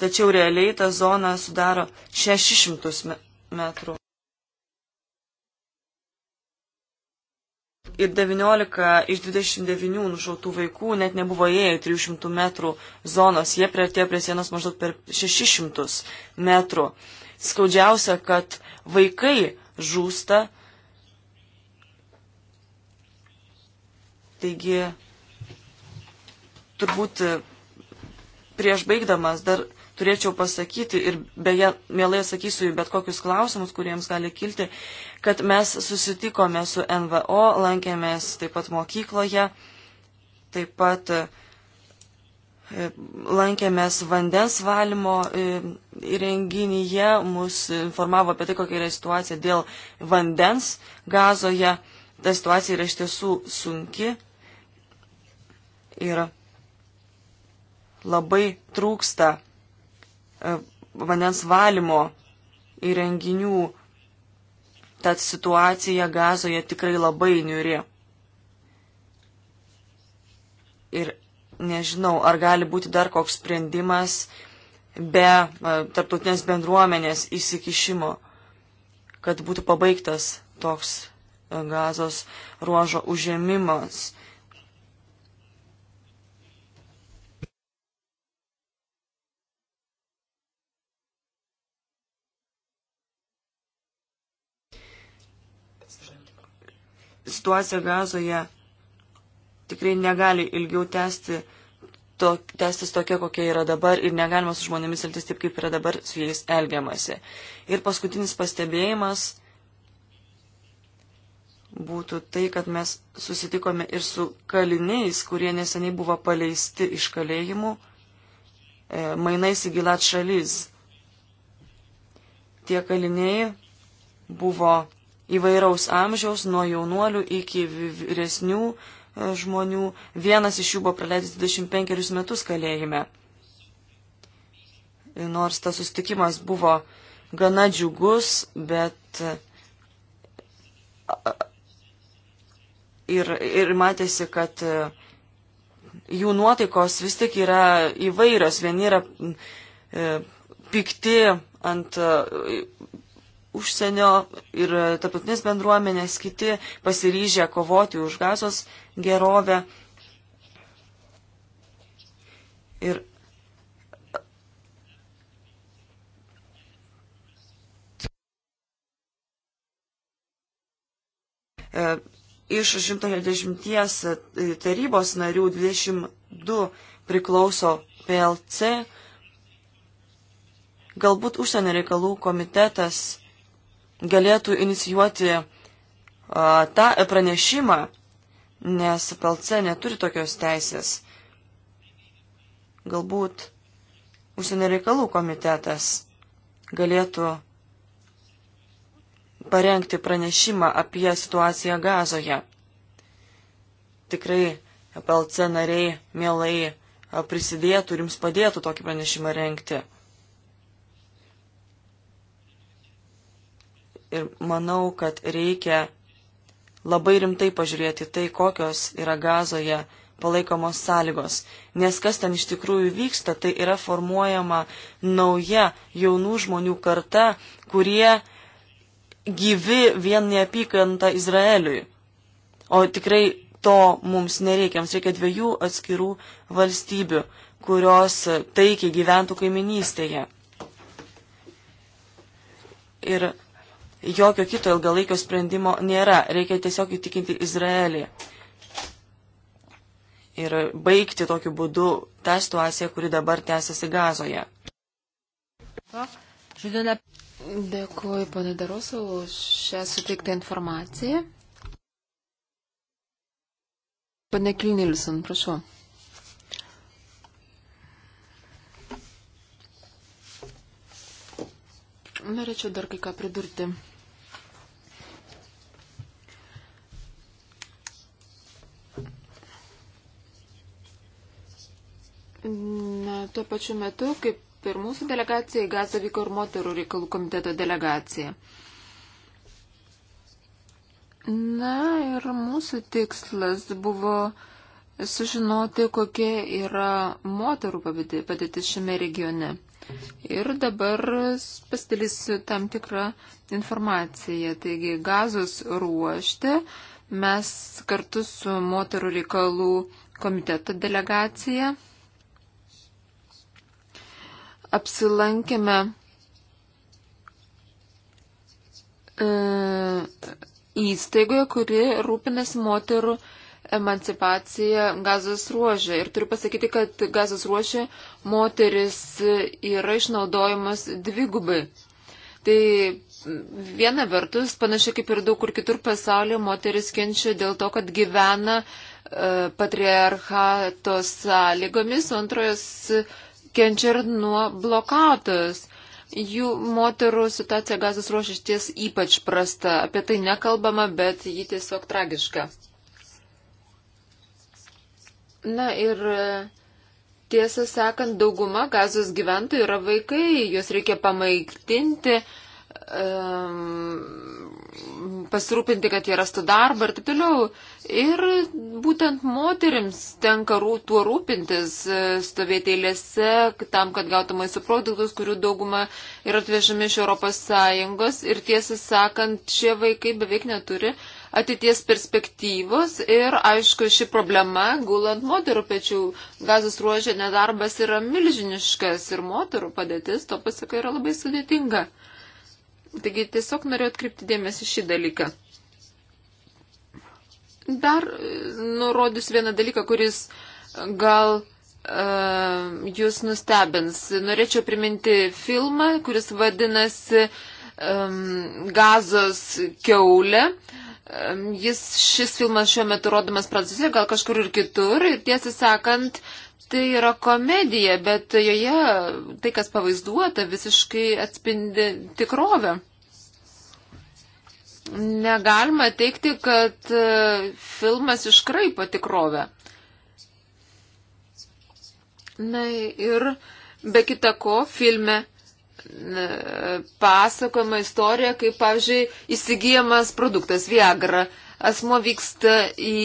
[SPEAKER 2] Tačiau realiai ta zona sudaro 600 metrų. Ir 19 iš 29 nušautų vaikų net nebuvo įėję 300 metrų zonos, jie prieartėjo prie sienos maždaug per 600 metrų. Skaudžiausia, kad vaikai žūsta. Taigi, turbūt prieš baigdamas dar turėčiau pasakyti ir beje, mielai sakysiu bet kokius klausimus, kuriems gali kilti, kad mes susitikome su NVO, lankėmės taip pat mokykloje, taip pat e, lankėmės vandens valymo e, įrenginyje, mus informavo apie tai, kokia yra situacija dėl vandens gazoje. Ta situacija yra iš tiesų sunki ir labai trūksta E, vandens valymo įrenginių, tad situacija gazoje tikrai labai niuri. Ir nežinau, ar gali būti dar koks sprendimas be e, tarptautinės bendruomenės įsikišimo, kad būtų pabaigtas toks e, gazos ruožo užėmimas. situacija gazoje tikrai negali ilgiau tęsti, to, tęstis tokia, kokia yra dabar ir negalima su žmonėmis elgtis taip, kaip yra dabar su jais elgiamasi. Ir paskutinis pastebėjimas būtų tai, kad mes susitikome ir su kaliniais, kurie neseniai buvo paleisti iš kalėjimų, e, mainais į Gilat šalis. Tie kaliniai buvo įvairaus amžiaus, nuo jaunuolių iki vyresnių e, žmonių. Vienas iš jų buvo praleidęs 25 metus kalėjime. Nors tas sustikimas buvo gana džiugus, bet e, ir, ir matėsi, kad e, jų nuotaikos vis tik yra įvairios. Vieni yra pikti ant užsienio ir tarptautinės bendruomenės, kiti pasiryžę kovoti už gazos gerovę. Ir e, iš 160 tarybos narių 22 priklauso PLC. Galbūt užsienio reikalų komitetas galėtų inicijuoti a, tą pranešimą, nes PLC neturi tokios teisės. Galbūt užsienio reikalų komitetas galėtų parengti pranešimą apie situaciją gazoje. Tikrai PLC nariai mielai prisidėtų ir jums padėtų tokį pranešimą rengti. Ir manau, kad reikia labai rimtai pažiūrėti tai, kokios yra gazoje palaikomos sąlygos, nes kas ten iš tikrųjų vyksta, tai yra formuojama nauja jaunų žmonių karta, kurie gyvi vien neapykanta Izraeliui. O tikrai to mums nereikia, mums reikia dviejų atskirų valstybių, kurios taikiai gyventų kaiminystėje. Ir jokio kito ilgalaikio sprendimo nėra. Reikia tiesiog įtikinti Izraelį. Ir baigti tokiu būdu tą situaciją, kuri dabar tęsiasi
[SPEAKER 3] gazoje. Dėkuoju, pana Darosa, už šią suteiktą informaciją. Pane Kilnilson, prašau. Norėčiau dar kai ką pridurti. Na, tuo pačiu metu, kaip ir mūsų delegacija, į Gazą vyko ir moterų reikalų komiteto delegacija. Na ir mūsų tikslas buvo sužinoti, kokia yra moterų padėtis šiame regione. Ir dabar pasidalysiu tam tikrą informaciją. Taigi, gazos ruošte mes kartu su moterų reikalų komiteto delegacija apsilankėme e, įstaigoje, kuri rūpinasi moterų emancipacija gazos ruožė. Ir turiu pasakyti, kad gazos ruožė moteris yra išnaudojamas dvigubai. Tai viena vertus, panašiai kaip ir daug kur kitur pasaulyje, moteris kenčia dėl to, kad gyvena e, patriarchato sąlygomis, antros kenčia ir nuo blokados. Jų moterų situacija gazos ruošės ties ypač prasta. Apie tai nekalbama, bet ji tiesiog tragiška. Na ir e, tiesą sakant, dauguma gazos gyventojų yra vaikai, juos reikia pamaitinti. Um, pasirūpinti, kad jie rastų darbą ir taip toliau. Ir būtent moteriams tenka rū, tuo rūpintis, e, stovėti eilėse tam, kad gautų maisto produktus, kurių dauguma yra atvežami iš ES. Ir tiesą sakant, šie vaikai beveik neturi ateities perspektyvos ir, aišku, ši problema gulant moterų pečių. Gazos ruožė nedarbas yra milžiniškas ir moterų padėtis to pasaka yra labai sudėtinga. Taigi tiesiog noriu atkreipti dėmesį šį dalyką. Dar e, nurodys vieną dalyką, kuris e, gal uh, jūs nustebins. Norėčiau priminti filmą, kuris vadinasi um, Gazos keulė. Um, jis, šis filmas šiuo metu rodomas Prancūzijoje, gal kažkur ir kitur. Ir tiesą sakant, uh, tai yra komedija, bet joje tai, kas pavaizduota, visiškai atspindi tikrovę. Negalima teikti, kad e, filmas iškraipo tikrovę. Na ir be kita ko filme e, pasakojama istorija, kaip, pavyzdžiui, įsigijamas produktas Viagra. Asmo vyksta į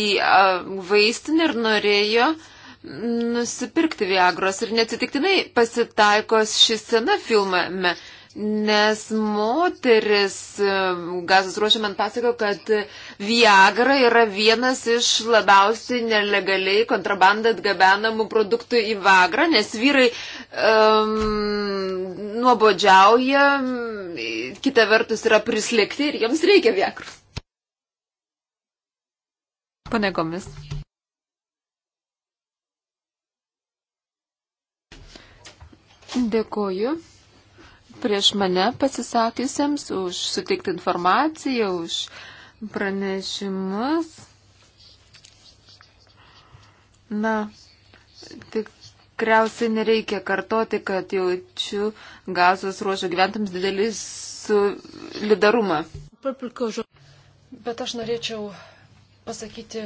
[SPEAKER 3] vaistinę ir norėjo uh, nusipirkti Viagros ir neatsitiktinai pasitaikos šį sceną filmame, nes moteris e, gazas ruošiam ant pasako, kad Viagra yra vienas iš labiausiai nelegaliai kontrabandą atgabenamų produktų į Vagrą, nes vyrai um, nuobodžiauja, kita vertus yra prislėgti ir jiems reikia Viagros. Panegomis. Dėkuoju prieš mane pasisakiusiems už suteiktą informaciją, už pranešimus. Na, tikriausiai nereikia kartoti, kad jaučiu gazos ruožo gyventams didelį solidarumą.
[SPEAKER 1] Bet aš norėčiau pasakyti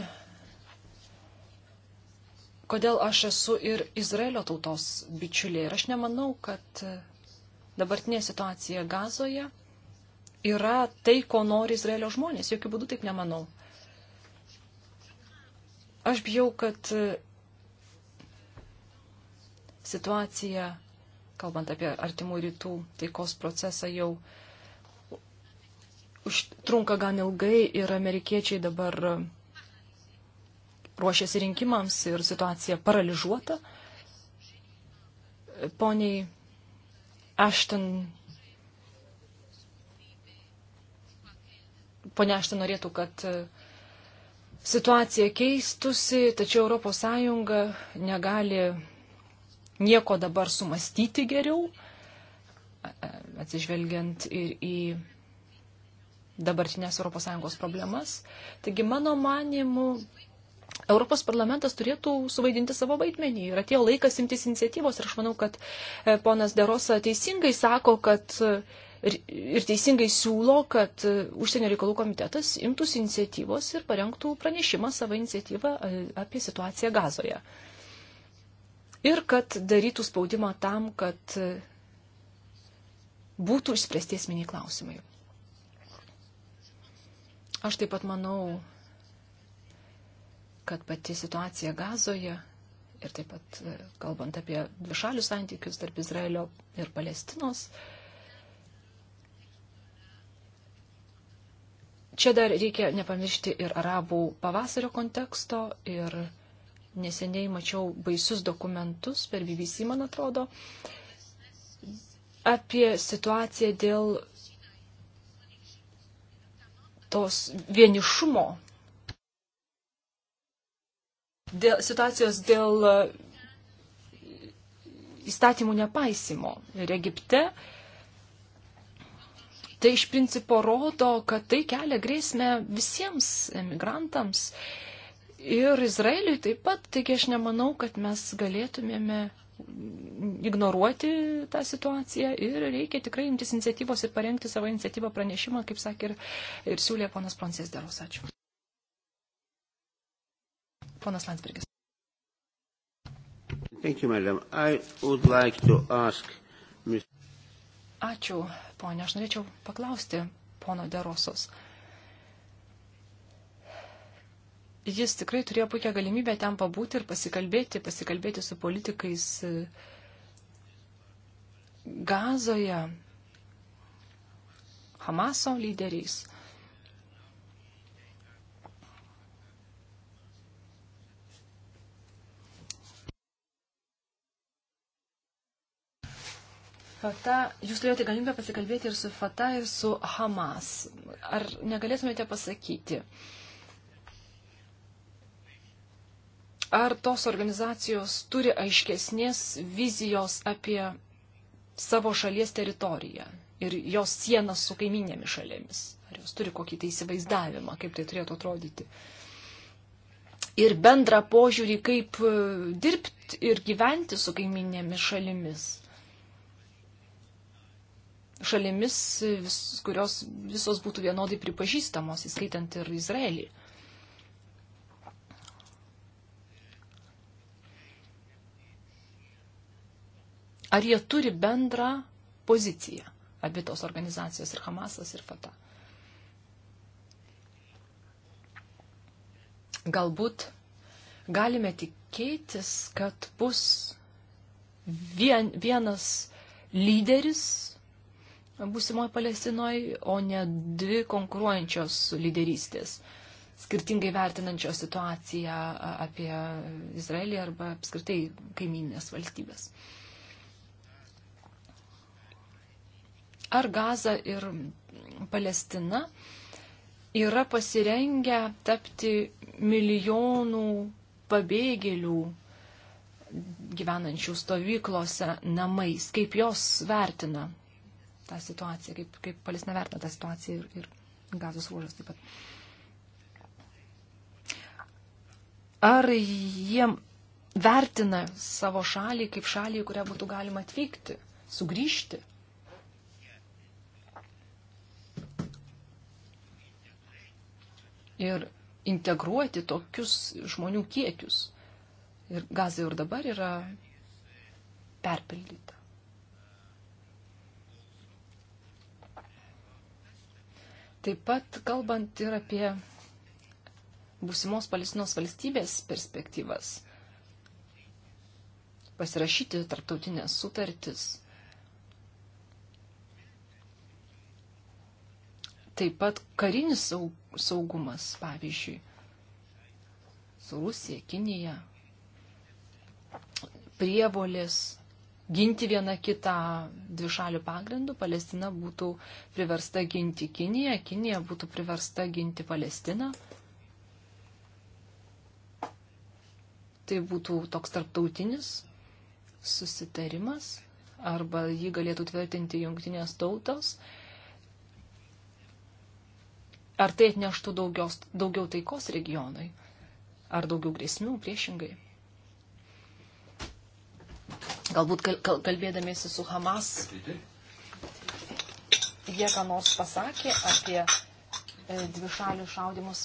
[SPEAKER 1] kodėl aš esu ir Izraelio tautos bičiulė. Ir aš nemanau, kad e, dabartinė situacija gazoje yra tai, ko nori Izraelio žmonės. Jokių būdų taip nemanau. Aš bijau, kad e, situacija, kalbant apie artimų rytų taikos procesą, jau užtrunka gan ilgai ir amerikiečiai dabar e, ruošėsi rinkimams ir situacija paralyžuota. Poniai Ashton. Pone Ashton norėtų, kad e, situacija keistusi, tačiau ES negali nieko dabar sumastyti geriau, atsižvelgiant ir į dabartinės ES problemas. Taigi, mano manimu, Europos parlamentas turėtų suvaidinti savo vaidmenį ir atėjo laikas imtis iniciatyvos ir aš manau, kad e, ponas Derosa teisingai sako, kad e, ir teisingai siūlo, kad e, užsienio reikalų komitetas imtųsi iniciatyvos ir parengtų pranešimą savo iniciatyvą apie situaciją gazoje. Ir kad darytų spaudimą tam, kad būtų išspręsti esminiai klausimai. Aš taip pat manau, kad pati situacija Gazoje ir taip pat e, kalbant apie dvišalius santykius tarp Izraelio ir Palestinos, čia dar reikia nepamiršti ir arabų pavasario konteksto ir neseniai mačiau baisius dokumentus per BBC, man atrodo, apie situaciją dėl tos vienišumo dėl, situacijos dėl e, įstatymų nepaisimo ir Egipte, tai iš principo rodo, kad tai kelia grėsmę visiems emigrantams ir Izraeliui taip pat. Taigi aš nemanau, kad mes galėtumėme ignoruoti tą situaciją ir reikia tikrai imtis iniciatyvos ir parengti savo iniciatyvą pranešimą, kaip sakė ir, ir siūlė ponas Prancės Deros. Ačiū. Ponas Landsbergis.
[SPEAKER 3] Thank you, madam. I would like to ask Ms.
[SPEAKER 1] Ačiū, ponė. Aš norėčiau paklausti pono Derosos. Jis tikrai turėjo puikią galimybę ten pabūti ir pasikalbėti, pasikalbėti su politikais e, Gazoje, Hamaso lyderiais. Fata, jūs turėjote galimybę pasikalbėti ir su Fata, ir su Hamas. Ar negalėtumėte pasakyti, ar tos organizacijos turi aiškesnės vizijos apie savo šalies teritoriją ir jos sienas su kaiminėmis šalėmis? Ar jos turi kokį tai įsivaizdavimą, kaip tai turėtų atrodyti? ir bendrą požiūrį, kaip e, dirbti ir gyventi su kaiminėmis šalimis šalimis, vis, kurios visos būtų vienodai pripažįstamos, įskaitant ir Izraelį. Ar jie turi bendrą poziciją, abi tos organizacijos ir Hamasas ir Fatah? Galbūt galime tikėtis, kad bus vien, vienas lyderis būsimoje Palestinoje, o ne dvi konkuruojančios lyderystės, skirtingai vertinančios situaciją apie Izraelį arba apskritai kaiminės valstybės. Ar Gaza ir Palestina yra pasirengę tapti milijonų pabėgėlių gyvenančių stovyklose namais, kaip jos vertina tą situaciją, kaip, kaip Palestina vertina tą situaciją ir, ir gazos ruožas taip pat. Ar jie vertina savo šalį kaip šalį, į kurią būtų galima atvykti, sugrįžti? Ir integruoti tokius žmonių kiekius. Ir gazai jau ir dabar yra perpildyta. Taip pat kalbant ir apie būsimos Palestinos valstybės perspektyvas, pasirašyti tarptautinės sutartis, taip pat karinis saugumas, pavyzdžiui, su Rusija, Kinija, prievolės ginti vieną kitą dvišalių pagrindų, Palestina būtų priversta ginti Kiniją, Kinija būtų priversta ginti Palestiną. Tai būtų toks tarptautinis susitarimas, arba jį galėtų tvirtinti jungtinės tautos. Ar tai atneštų daugios, daugiau taikos regionui, ar daugiau grėsmių priešingai? Galbūt kalbėdamėsi su Hamas, jie ką nors pasakė apie e, dvišalių šaudimus.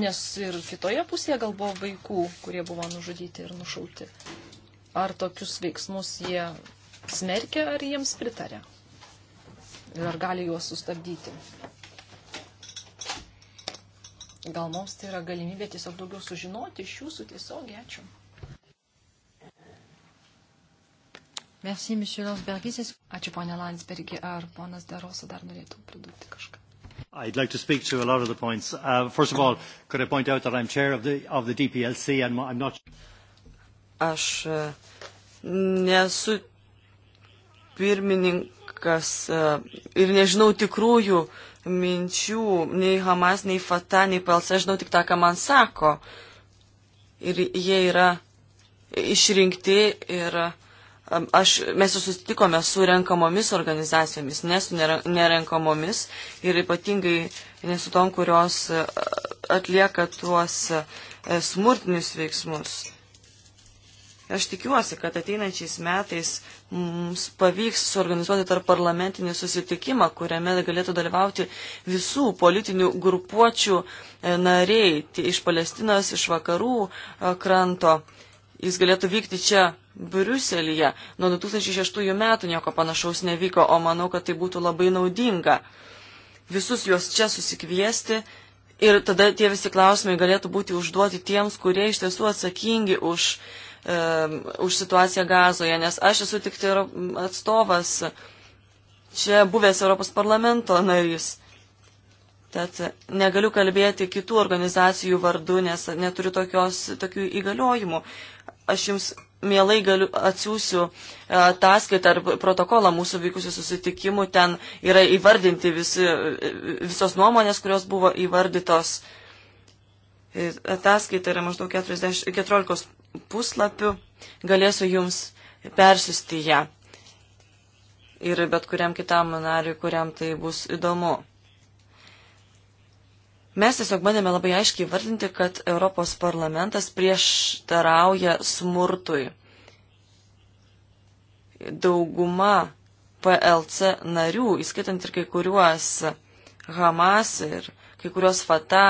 [SPEAKER 1] Nes ir kitoje pusėje gal buvo vaikų, kurie buvo nužudyti ir nušauti. Ar tokius veiksmus jie smerkia, ar jiems pritarė? Ir ar gali juos sustabdyti? gal mums tai yra galimybė tiesiog daugiau sužinoti iš jūsų tiesiog. Ačiū. Merci, monsieur Lansbergis. Ačiū, ponė Landsbergi. Ar ponas Derosa dar norėtų pridurti kažką?
[SPEAKER 2] I'd like to speak to a lot of the points. Uh, first of all, could I point out that I'm chair of the, of the DPLC and I'm not... Aš uh, nesu pirmininkas uh, ir nežinau tikrųjų uh, minčių, nei Hamas, nei Fata, nei Palsa, aš žinau tik tą, ką man sako. Ir jie yra išrinkti ir um, aš, mes jau susitikome su renkamomis organizacijomis, ne su nerenkamomis ir ypatingai ne su tom, kurios uh, atlieka tuos uh, smurtinius veiksmus. Aš tikiuosi, kad ateinančiais metais mums pavyks suorganizuoti tarp parlamentinį susitikimą, kuriame galėtų dalyvauti visų politinių grupuočių e, nariai iš Palestinos, iš vakarų e, kranto. Jis galėtų vykti čia Briuselėje. Nuo 2006 metų nieko panašaus nevyko, o manau, kad tai būtų labai naudinga. Visus juos čia susikviesti ir tada tie visi klausimai galėtų būti užduoti tiems, kurie iš tiesų atsakingi už uh, um, už situaciją gazoje, nes aš esu tik tai atstovas, čia buvęs Europos parlamento narys. Tad negaliu kalbėti kitų organizacijų vardu, nes neturiu tokios, tokių įgaliojimų. Aš jums mielai galiu atsiųsiu e, ataskaitą ar protokolą mūsų vykusių susitikimų. Ten yra įvardinti visi, visos nuomonės, kurios buvo įvardytos. E, ataskaita yra maždaug 40, 14 puslapių, galėsiu jums persiusti ją ir bet kuriam kitam nariui, kuriam tai bus įdomu. Mes tiesiog bandėme labai aiškiai vardinti, kad Europos parlamentas prieštarauja smurtui. Dauguma PLC narių, įskaitant ir kai kuriuos Hamas ir kai kuriuos Fata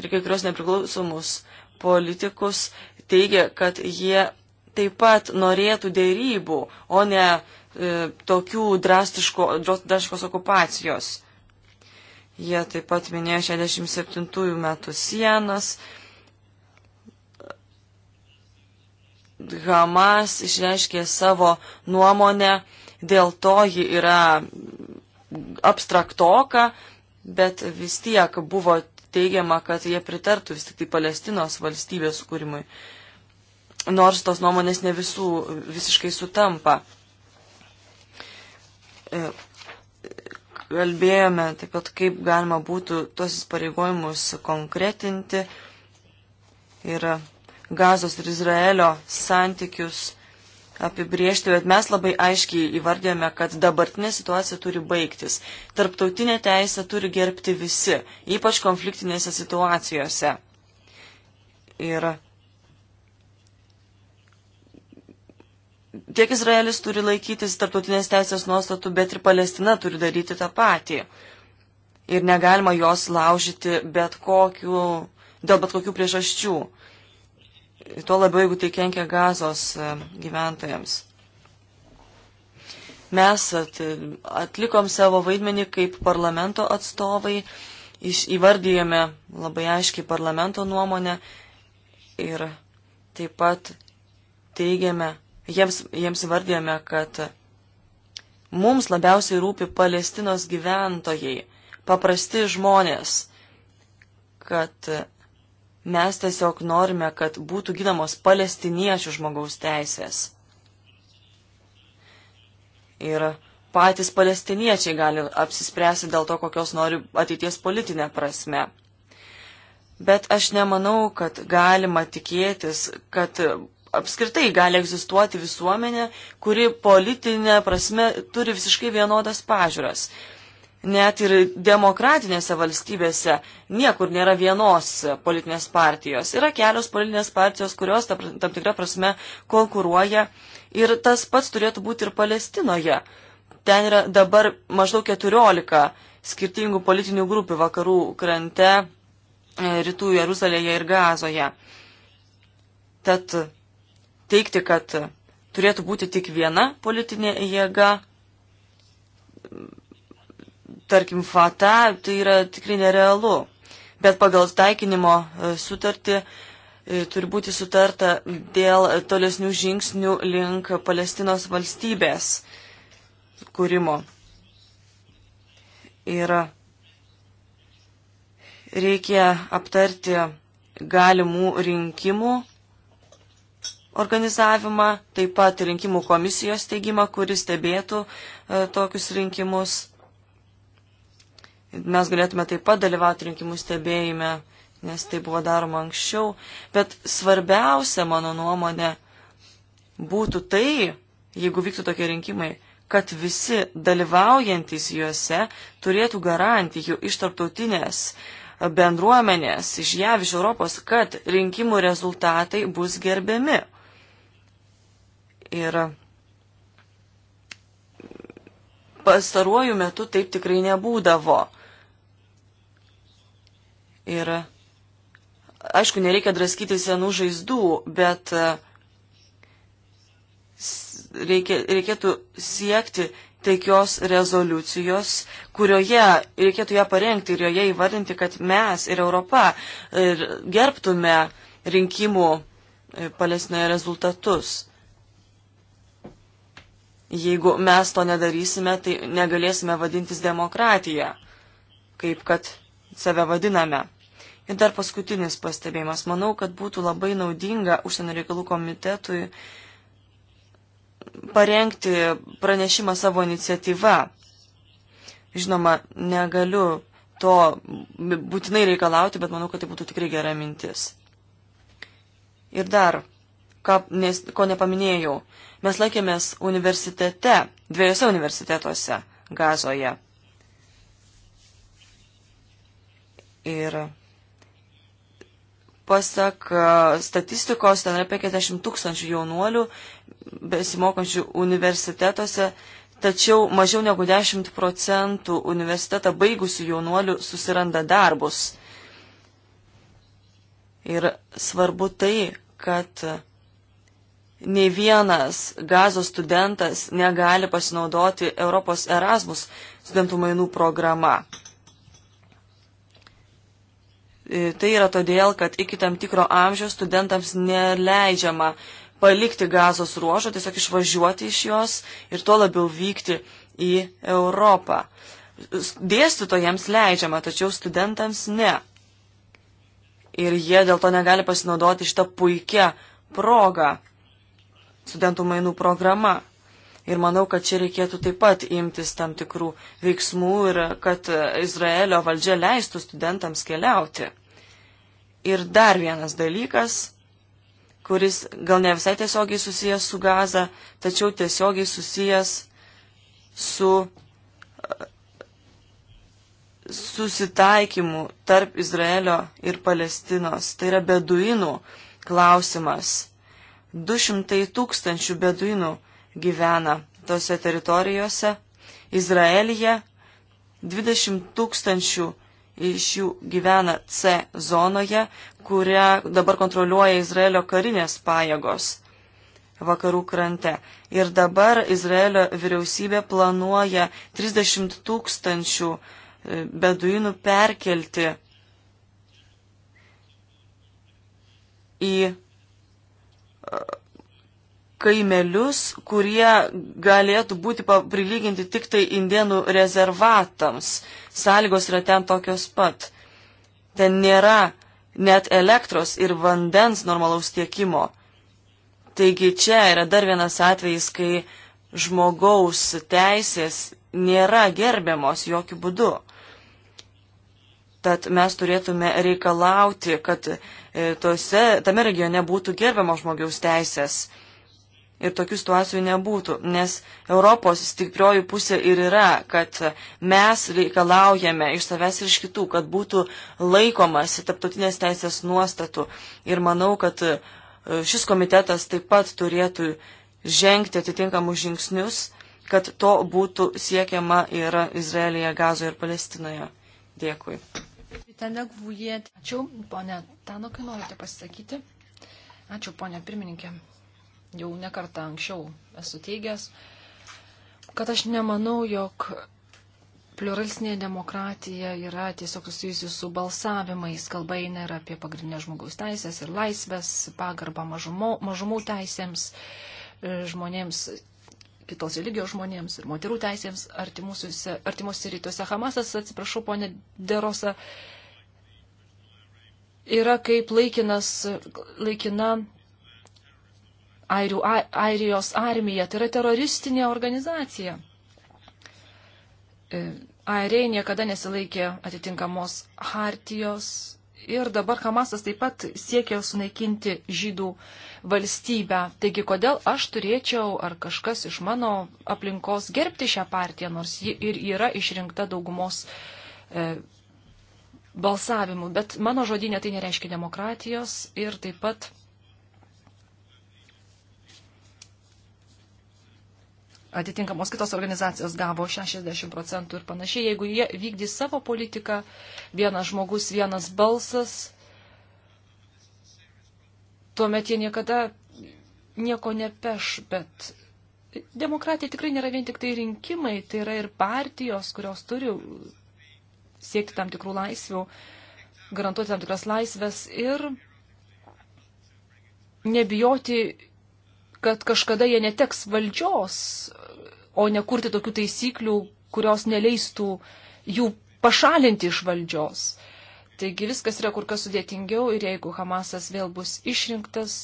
[SPEAKER 2] ir kai kuriuos nepriklausomus politikus, teigia, kad jie taip pat norėtų dėrybų, o ne e, tokių drastiško, drastiškos okupacijos. Jie taip pat minėjo 67 metų sienas. Hamas išreiškė savo nuomonę, dėl to ji yra abstraktoka, bet vis tiek buvo teigiama, kad jie pritartų vis tik tai Palestinos valstybės kūrimui. E, nors tos nuomonės ne visų visiškai sutampa. E, kalbėjome taip pat, kaip galima būtų tos įsipareigojimus konkretinti ir gazos ir Izraelio santykius apibriežti, bet mes labai aiškiai įvardėjome, kad dabartinė situacija turi baigtis. Tarptautinė teisė turi gerbti visi, ypač konfliktinėse situacijose. Ir tiek Izraelis turi laikytis tarptautinės teisės nuostatų, bet ir Palestina turi daryti tą patį. Ir negalima jos laužyti bet kokiu, dėl bet kokių priežasčių. Tuo labiau, jeigu tai kenkia gazos e, gyventojams. Mes atlikom savo vaidmenį kaip parlamento atstovai, įvardyjome labai aiškiai parlamento nuomonę ir taip pat teigiame, Jiems, jiems įvardėjome, kad mums labiausiai rūpi Palestinos gyventojai, paprasti žmonės, kad mes tiesiog norime, kad būtų gydamos palestiniečių žmogaus teisės. Ir patys palestiniečiai gali apsispręsti dėl to, kokios nori ateities politinė prasme. Bet aš nemanau, kad galima tikėtis, kad apskritai gali egzistuoti visuomenė, kuri politinė prasme turi visiškai vienodas pažiūras. Net ir demokratinėse valstybėse niekur nėra vienos politinės partijos. Yra kelios politinės partijos, kurios tam tikrą prasme konkuruoja ir tas pats turėtų būti ir Palestinoje. Ten yra dabar maždaug 14 skirtingų politinių grupių vakarų krante, e, rytų Jeruzalėje ir Gazoje. Tad teikti, kad turėtų būti tik viena politinė jėga, tarkim, fata, tai yra tikrai nerealu. Bet pagal taikinimo e, sutartį e, turi būti sutarta dėl tolesnių žingsnių link Palestinos valstybės kūrimo. Ir reikia aptarti galimų rinkimų organizavimą, taip pat rinkimų komisijos teigimą, kuris stebėtų e, tokius rinkimus. Mes galėtume taip pat dalyvauti rinkimų stebėjime, nes tai buvo daroma anksčiau. Bet svarbiausia, mano nuomonė, būtų tai, jeigu vyktų tokie rinkimai, kad visi dalyvaujantis juose turėtų garantijų iš tarptautinės bendruomenės, iš JAV, iš Europos, kad rinkimų rezultatai bus gerbiami. Ir pastaruoju metu taip tikrai nebūdavo. Ir aišku, nereikia draskyti senų žaizdų, bet reikia, reikėtų siekti taikios rezoliucijos, kurioje reikėtų ją parengti ir joje įvardinti, kad mes ir Europa ir gerbtume rinkimų e, Palestinoje rezultatus. Jeigu mes to nedarysime, tai negalėsime vadintis demokratija, kaip kad save vadiname. Ir dar paskutinis pastebėjimas. Manau, kad būtų labai naudinga užsienio reikalų komitetui parengti pranešimą savo iniciatyvą. Žinoma, negaliu to būtinai reikalauti, bet manau, kad tai būtų tikrai gera mintis. Ir dar, ką, nes, ko nepaminėjau, Mes lankėmės universitete, dviejose universitetuose Gazoje. Ir pasak e, statistikos, ten yra 50 tūkstančių jaunuolių besimokančių universitetuose, tačiau mažiau negu 10 procentų universitetą baigusių jaunuolių susiranda darbus. Ir svarbu tai, kad nei vienas gazo studentas negali pasinaudoti Europos Erasmus studentų mainų programa. E, tai yra todėl, kad iki tam tikro amžiaus studentams neleidžiama palikti gazos ruožą, tiesiog išvažiuoti iš jos ir tuo labiau vykti į Europą. Dėstytojams leidžiama, tačiau studentams ne. Ir jie dėl to negali pasinaudoti šitą puikią progą studentų mainų programa. Ir manau, kad čia reikėtų taip pat imtis tam tikrų veiksmų ir kad Izraelio valdžia leistų studentams keliauti. Ir dar vienas dalykas, kuris gal ne visai tiesiogiai susijęs su Gaza, tačiau tiesiogiai susijęs su susitaikymu tarp Izraelio ir Palestinos. Tai yra beduinų klausimas. 200 tūkstančių beduinų gyvena tose teritorijose, Izraelija 20 tūkstančių iš jų gyvena C zonoje, kurią dabar kontroliuoja Izraelio karinės pajėgos vakarų krante. Ir dabar Izraelio vyriausybė planuoja 30 tūkstančių e, beduinų perkelti į kaimelius, kurie galėtų būti prilyginti tik tai indienų rezervatams. Sąlygos yra ten tokios pat. Ten nėra net elektros ir vandens normalaus tiekimo. Taigi čia yra dar vienas atvejis, kai žmogaus teisės nėra gerbiamos jokių būdų. Tad mes turėtume reikalauti, kad e, tose, tame regione būtų gerbiamos žmogaus teisės. Ir tokių situacijų nebūtų, nes Europos stiprioji pusė ir yra, kad mes reikalaujame iš savęs ir iš kitų, kad būtų laikomasi taptautinės teisės nuostatų. Ir manau, kad e, šis komitetas taip pat turėtų žengti atitinkamus žingsnius, kad to būtų siekiama ir Izraelija, Gazoje ir Palestinoje. Dėkui.
[SPEAKER 1] Tenek Vujie. Ačiū, ponė Tanokai, norite pasisakyti? Ačiū, ponė pirmininkė. Jau nekartą anksčiau esu teigęs, kad aš nemanau, jog pluralistinė demokratija yra tiesiog susijusi su balsavimais. Kalba eina ir apie pagrindinės žmogaus teisės ir laisvės, pagarbą mažumo, mažumų teisėms, e, žmonėms, kitos religijos žmonėms ir moterų teisėms artimuose rytuose. Hamasas, atsiprašau, ponė Derosa, yra kaip laikinas, laikina Airių, Airijos armija, tai yra teroristinė organizacija. E, Airiai niekada nesilaikė atitinkamos hartijos ir dabar Hamasas taip pat siekia sunaikinti žydų valstybę. Taigi, kodėl aš turėčiau ar kažkas iš mano aplinkos gerbti šią partiją, nors ji ir yra išrinkta daugumos e, balsavimu, bet mano žodinė tai nereiškia demokratijos ir taip pat atitinkamos kitos organizacijos gavo 60 procentų ir panašiai. Jeigu jie vykdys savo politiką, vienas žmogus, vienas balsas, tuomet jie niekada nieko nepeš, bet demokratija tikrai nėra vien tik tai rinkimai, tai yra ir partijos, kurios turi siekti tam tikrų laisvių, garantuoti tam tikras laisvės ir nebijoti, kad kažkada jie neteks valdžios, o nekurti tokių taisyklių, kurios neleistų jų pašalinti iš valdžios. Taigi viskas yra kur kas sudėtingiau ir jeigu Hamasas vėl bus išrinktas,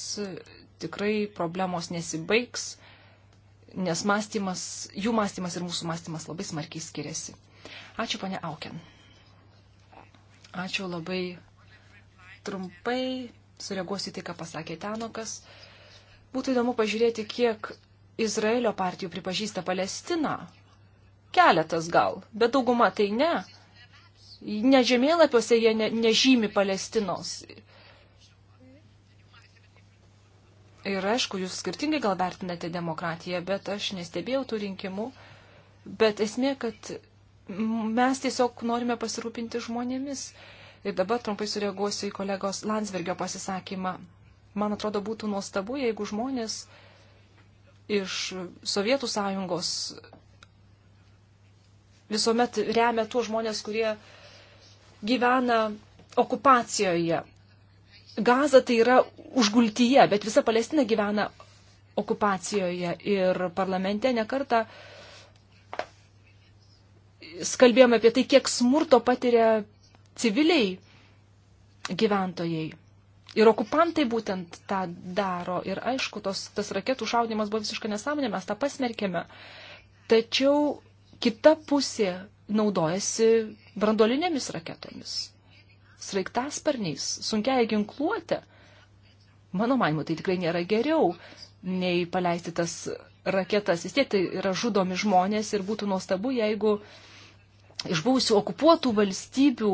[SPEAKER 1] tikrai problemos nesibaigs, nes mąstymas, jų mąstymas ir mūsų mąstymas labai smarkiai skiriasi. Ačiū, ponia Auken. Ačiū labai trumpai, sureaguosiu tai, ką pasakė Tenokas. Būtų įdomu pažiūrėti, kiek Izraelio partijų pripažįsta Palestiną. Keletas gal, bet dauguma tai ne. Ne žemėlapiuose jie ne, nežymi Palestinos. Ir aišku, jūs skirtingai gal vertinate demokratiją, bet aš nestebėjau tų rinkimų. Bet esmė, kad mes tiesiog norime pasirūpinti žmonėmis. Ir dabar trumpai sureaguosiu į kolegos Landsbergio pasisakymą. Man atrodo, būtų nuostabu, jeigu žmonės iš Sovietų sąjungos visuomet remia tuos žmonės, kurie gyvena okupacijoje. Gaza tai yra užgultyje, bet visa Palestina gyvena okupacijoje ir parlamente nekarta uh, kalbėjome apie tai, kiek smurto patiria civiliai gyventojai. Ir okupantai būtent tą daro. Ir aišku, tos, tas raketų šaudimas buvo visiškai nesąmonė, mes tą pasmerkėme. Tačiau kita pusė naudojasi brandolinėmis raketomis, sraigtasparniais, sunkiai ginkluotę. Mano manimu, tai tikrai nėra geriau nei paleisti tas raketas. Vis tiek tai yra žudomi žmonės ir būtų nuostabu, jeigu uh, iš buvusių okupuotų valstybių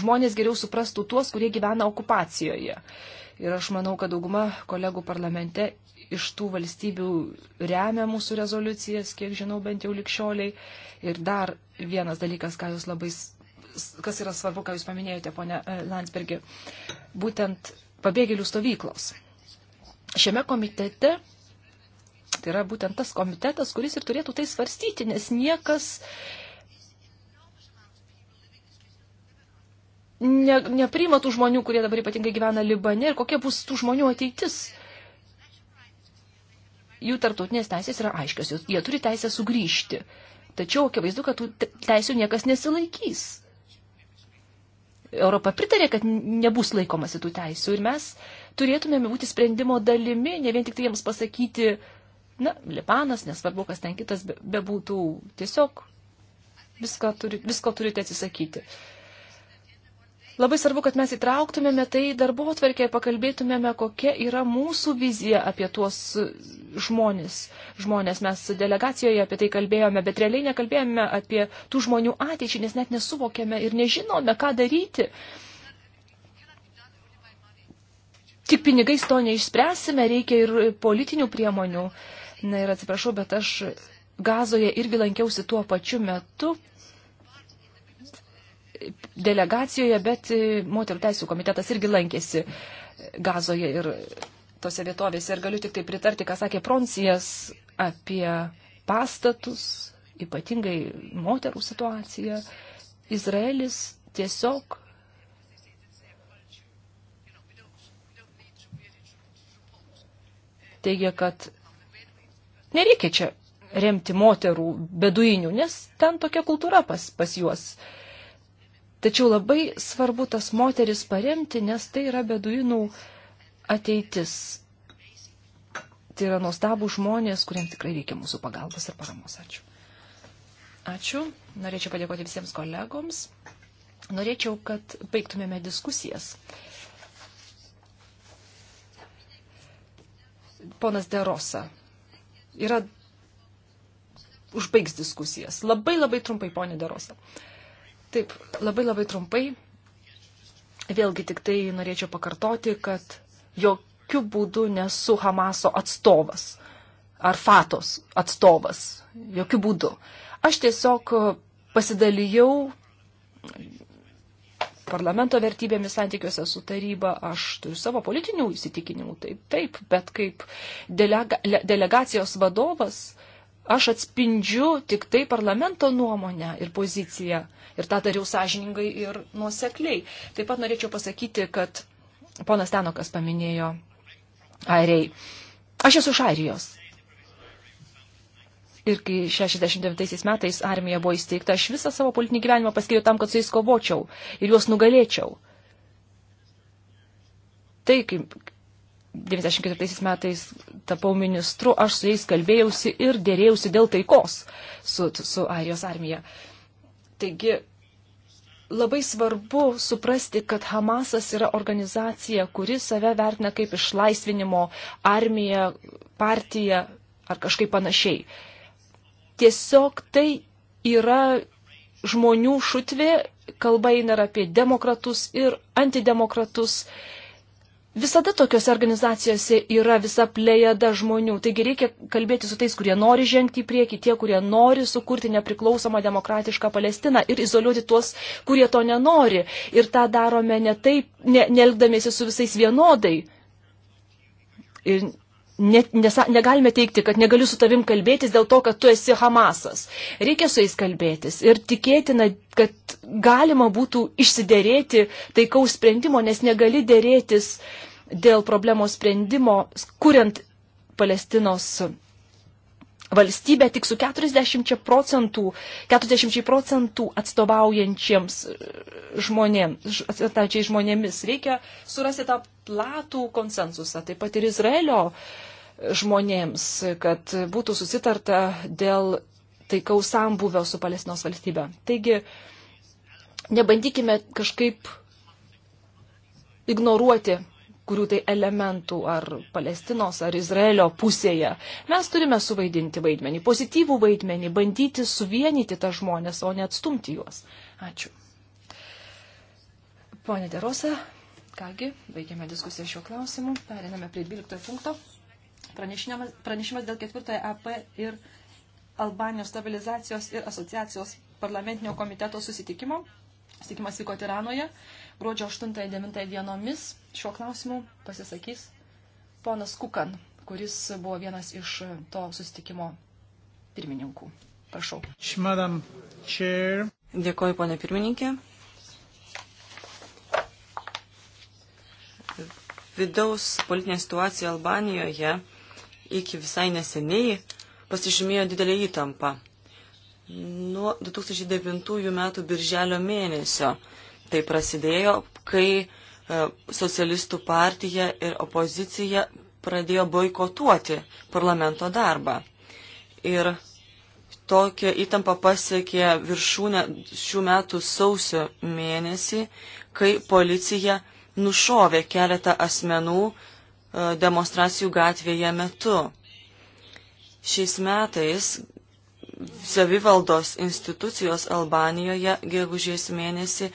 [SPEAKER 1] žmonės geriau suprastų tuos, kurie gyvena okupacijoje. Ir aš manau, kad dauguma kolegų parlamente iš tų valstybių remia mūsų rezoliucijas, kiek žinau, bent jau likščioliai. Ir dar vienas dalykas, ką jūs labai, kas yra svarbu, ką jūs paminėjote, ponia e, Landsbergi, būtent pabėgėlių stovyklos. Šiame komitete Tai yra būtent tas komitetas, kuris ir turėtų tai svarstyti, nes niekas ne, nepriima tų žmonių, kurie dabar ypatingai gyvena Libane ir kokia bus tų žmonių ateitis. Jų tarptautinės teisės yra aiškios, jie turi teisę sugrįžti. Tačiau akivaizdu, kad tų teisių niekas nesilaikys. Europa pritarė, kad nebus laikomasi tų teisių ir mes turėtumėme būti sprendimo dalimi, ne vien tik tai jiems pasakyti, uh, Na, Libanas, nesvarbu, kas ten kitas bebūtų, be tiesiog viską turi, visko turite atsisakyti. Labai svarbu, kad mes įtrauktumėme tai darbo atvarkę ir pakalbėtumėme, kokia yra mūsų vizija apie tuos žmonės. Žmonės mes delegacijoje apie tai kalbėjome, bet realiai nekalbėjome apie tų žmonių ateičiai, nes net nesuvokėme ir nežinome, ką daryti. Tik pinigais to neišspręsime, reikia ir politinių priemonių. Uh, Na ir atsiprašau, bet aš gazoje irgi lankiausi tuo pačiu metu delegacijoje, bet moterų teisų komitetas irgi lankėsi gazoje ir tose vietovėse. Ir galiu tik tai pritarti, ką sakė Proncijas apie pastatus, ypatingai moterų situaciją. Izraelis tiesiog teigia, kad nereikia čia remti moterų beduinių, nes ten tokia kultūra pas, pas juos. Tačiau labai svarbu tas moteris paremti, nes tai yra beduinų ateitis. Tai yra nuostabų žmonės, kuriems tikrai reikia mūsų pagalbos ir paramos. Ačiū. Ačiū. Norėčiau padėkoti visiems kolegoms. Norėčiau, kad baigtumėme diskusijas. Ponas Derosa yra užbaigs diskusijas. Labai labai trumpai, ponė Derosa. Taip, labai labai trumpai. Vėlgi tik tai norėčiau pakartoti, kad jokių būdų nesu Hamaso atstovas ar Fatos atstovas. Jokių būdų. Aš tiesiog pasidalijau parlamento vertybėmis santykiuose su taryba, aš turiu savo politinių įsitikinimų, taip, taip, bet kaip delega, delegacijos vadovas, aš atspindžiu tik tai parlamento nuomonę ir poziciją. Ir tą dariau sąžiningai ir nuosekliai. Taip pat norėčiau pasakyti, kad ponas Tenokas paminėjo airiai. Aš esu iš Airijos. Ir kai 69 metais armija buvo įsteigta, aš visą savo politinį gyvenimą paskiriau tam, kad su jais kovočiau ir juos nugalėčiau. Tai, kai 94 metais tapau ministru, aš su jais kalbėjausi ir dėrėjausi dėl taikos su, su Airijos armija. Taigi, labai svarbu suprasti, kad Hamasas yra organizacija, kuri save vertina kaip išlaisvinimo armija, partija ar kažkaip panašiai. Tiesiog tai yra žmonių šutvė, kalba eina ir apie demokratus ir antidemokratus. Visada tokiuose organizacijose yra visa plejada žmonių, taigi reikia kalbėti su tais, kurie nori žengti į priekį, tie, kurie nori sukurti nepriklausomą demokratišką Palestiną ir izoliuoti tuos, kurie to nenori. Ir tą darome ne taip, ne, nelgdamėsi su visais vienodai. Ir ne, nes, negalime teikti, kad negaliu su tavim kalbėtis dėl to, kad tu esi Hamasas. Reikia su jais kalbėtis ir tikėtina, kad galima būtų išsiderėti taikaus sprendimo, nes negali dėrėtis dėl problemos sprendimo, kuriant Palestinos valstybę tik su 40 procentų, 40 procentų atstovaujančiems e, žmonėms, atstačiai žmonėmis. Reikia surasti tą platų konsensusą, taip pat ir Izraelio žmonėms, kad būtų susitarta dėl taikaus sambuvio su Palestinos valstybe. Taigi, nebandykime kažkaip ignoruoti kurių tai elementų ar Palestinos ar Izraelio pusėje. Mes turime suvaidinti vaidmenį, pozityvų vaidmenį, bandyti suvienyti tą žmonės, o ne atstumti juos. Ačiū. Pone Derose, kągi, baigėme diskusiją šiuo klausimu, periname prie 12 punkto. Pranešimas, pranešimas dėl 4 AP ir Albanijos stabilizacijos ir asociacijos parlamentinio komiteto susitikimo. Sutikimas vyko Tiranoje gruodžio 8-9 dienomis šiuo klausimu pasisakys ponas Kukan, kuris buvo vienas iš e, to susitikimo pirmininkų.
[SPEAKER 2] Prašau. Dėkoju, ponė pirmininkė. Vidaus politinė situacija Albanijoje iki visai neseniai pasižymėjo didelį įtampą. Nuo 2009 metų birželio mėnesio Tai prasidėjo, kai e, socialistų partija ir opozicija pradėjo boikotuoti parlamento darbą. Ir tokia įtampa pasiekė viršūnę šių metų sausio mėnesį, kai policija nušovė keletą asmenų e, demonstracijų gatvėje metu. Šiais metais savivaldos institucijos Albanijoje gegužės mėnesį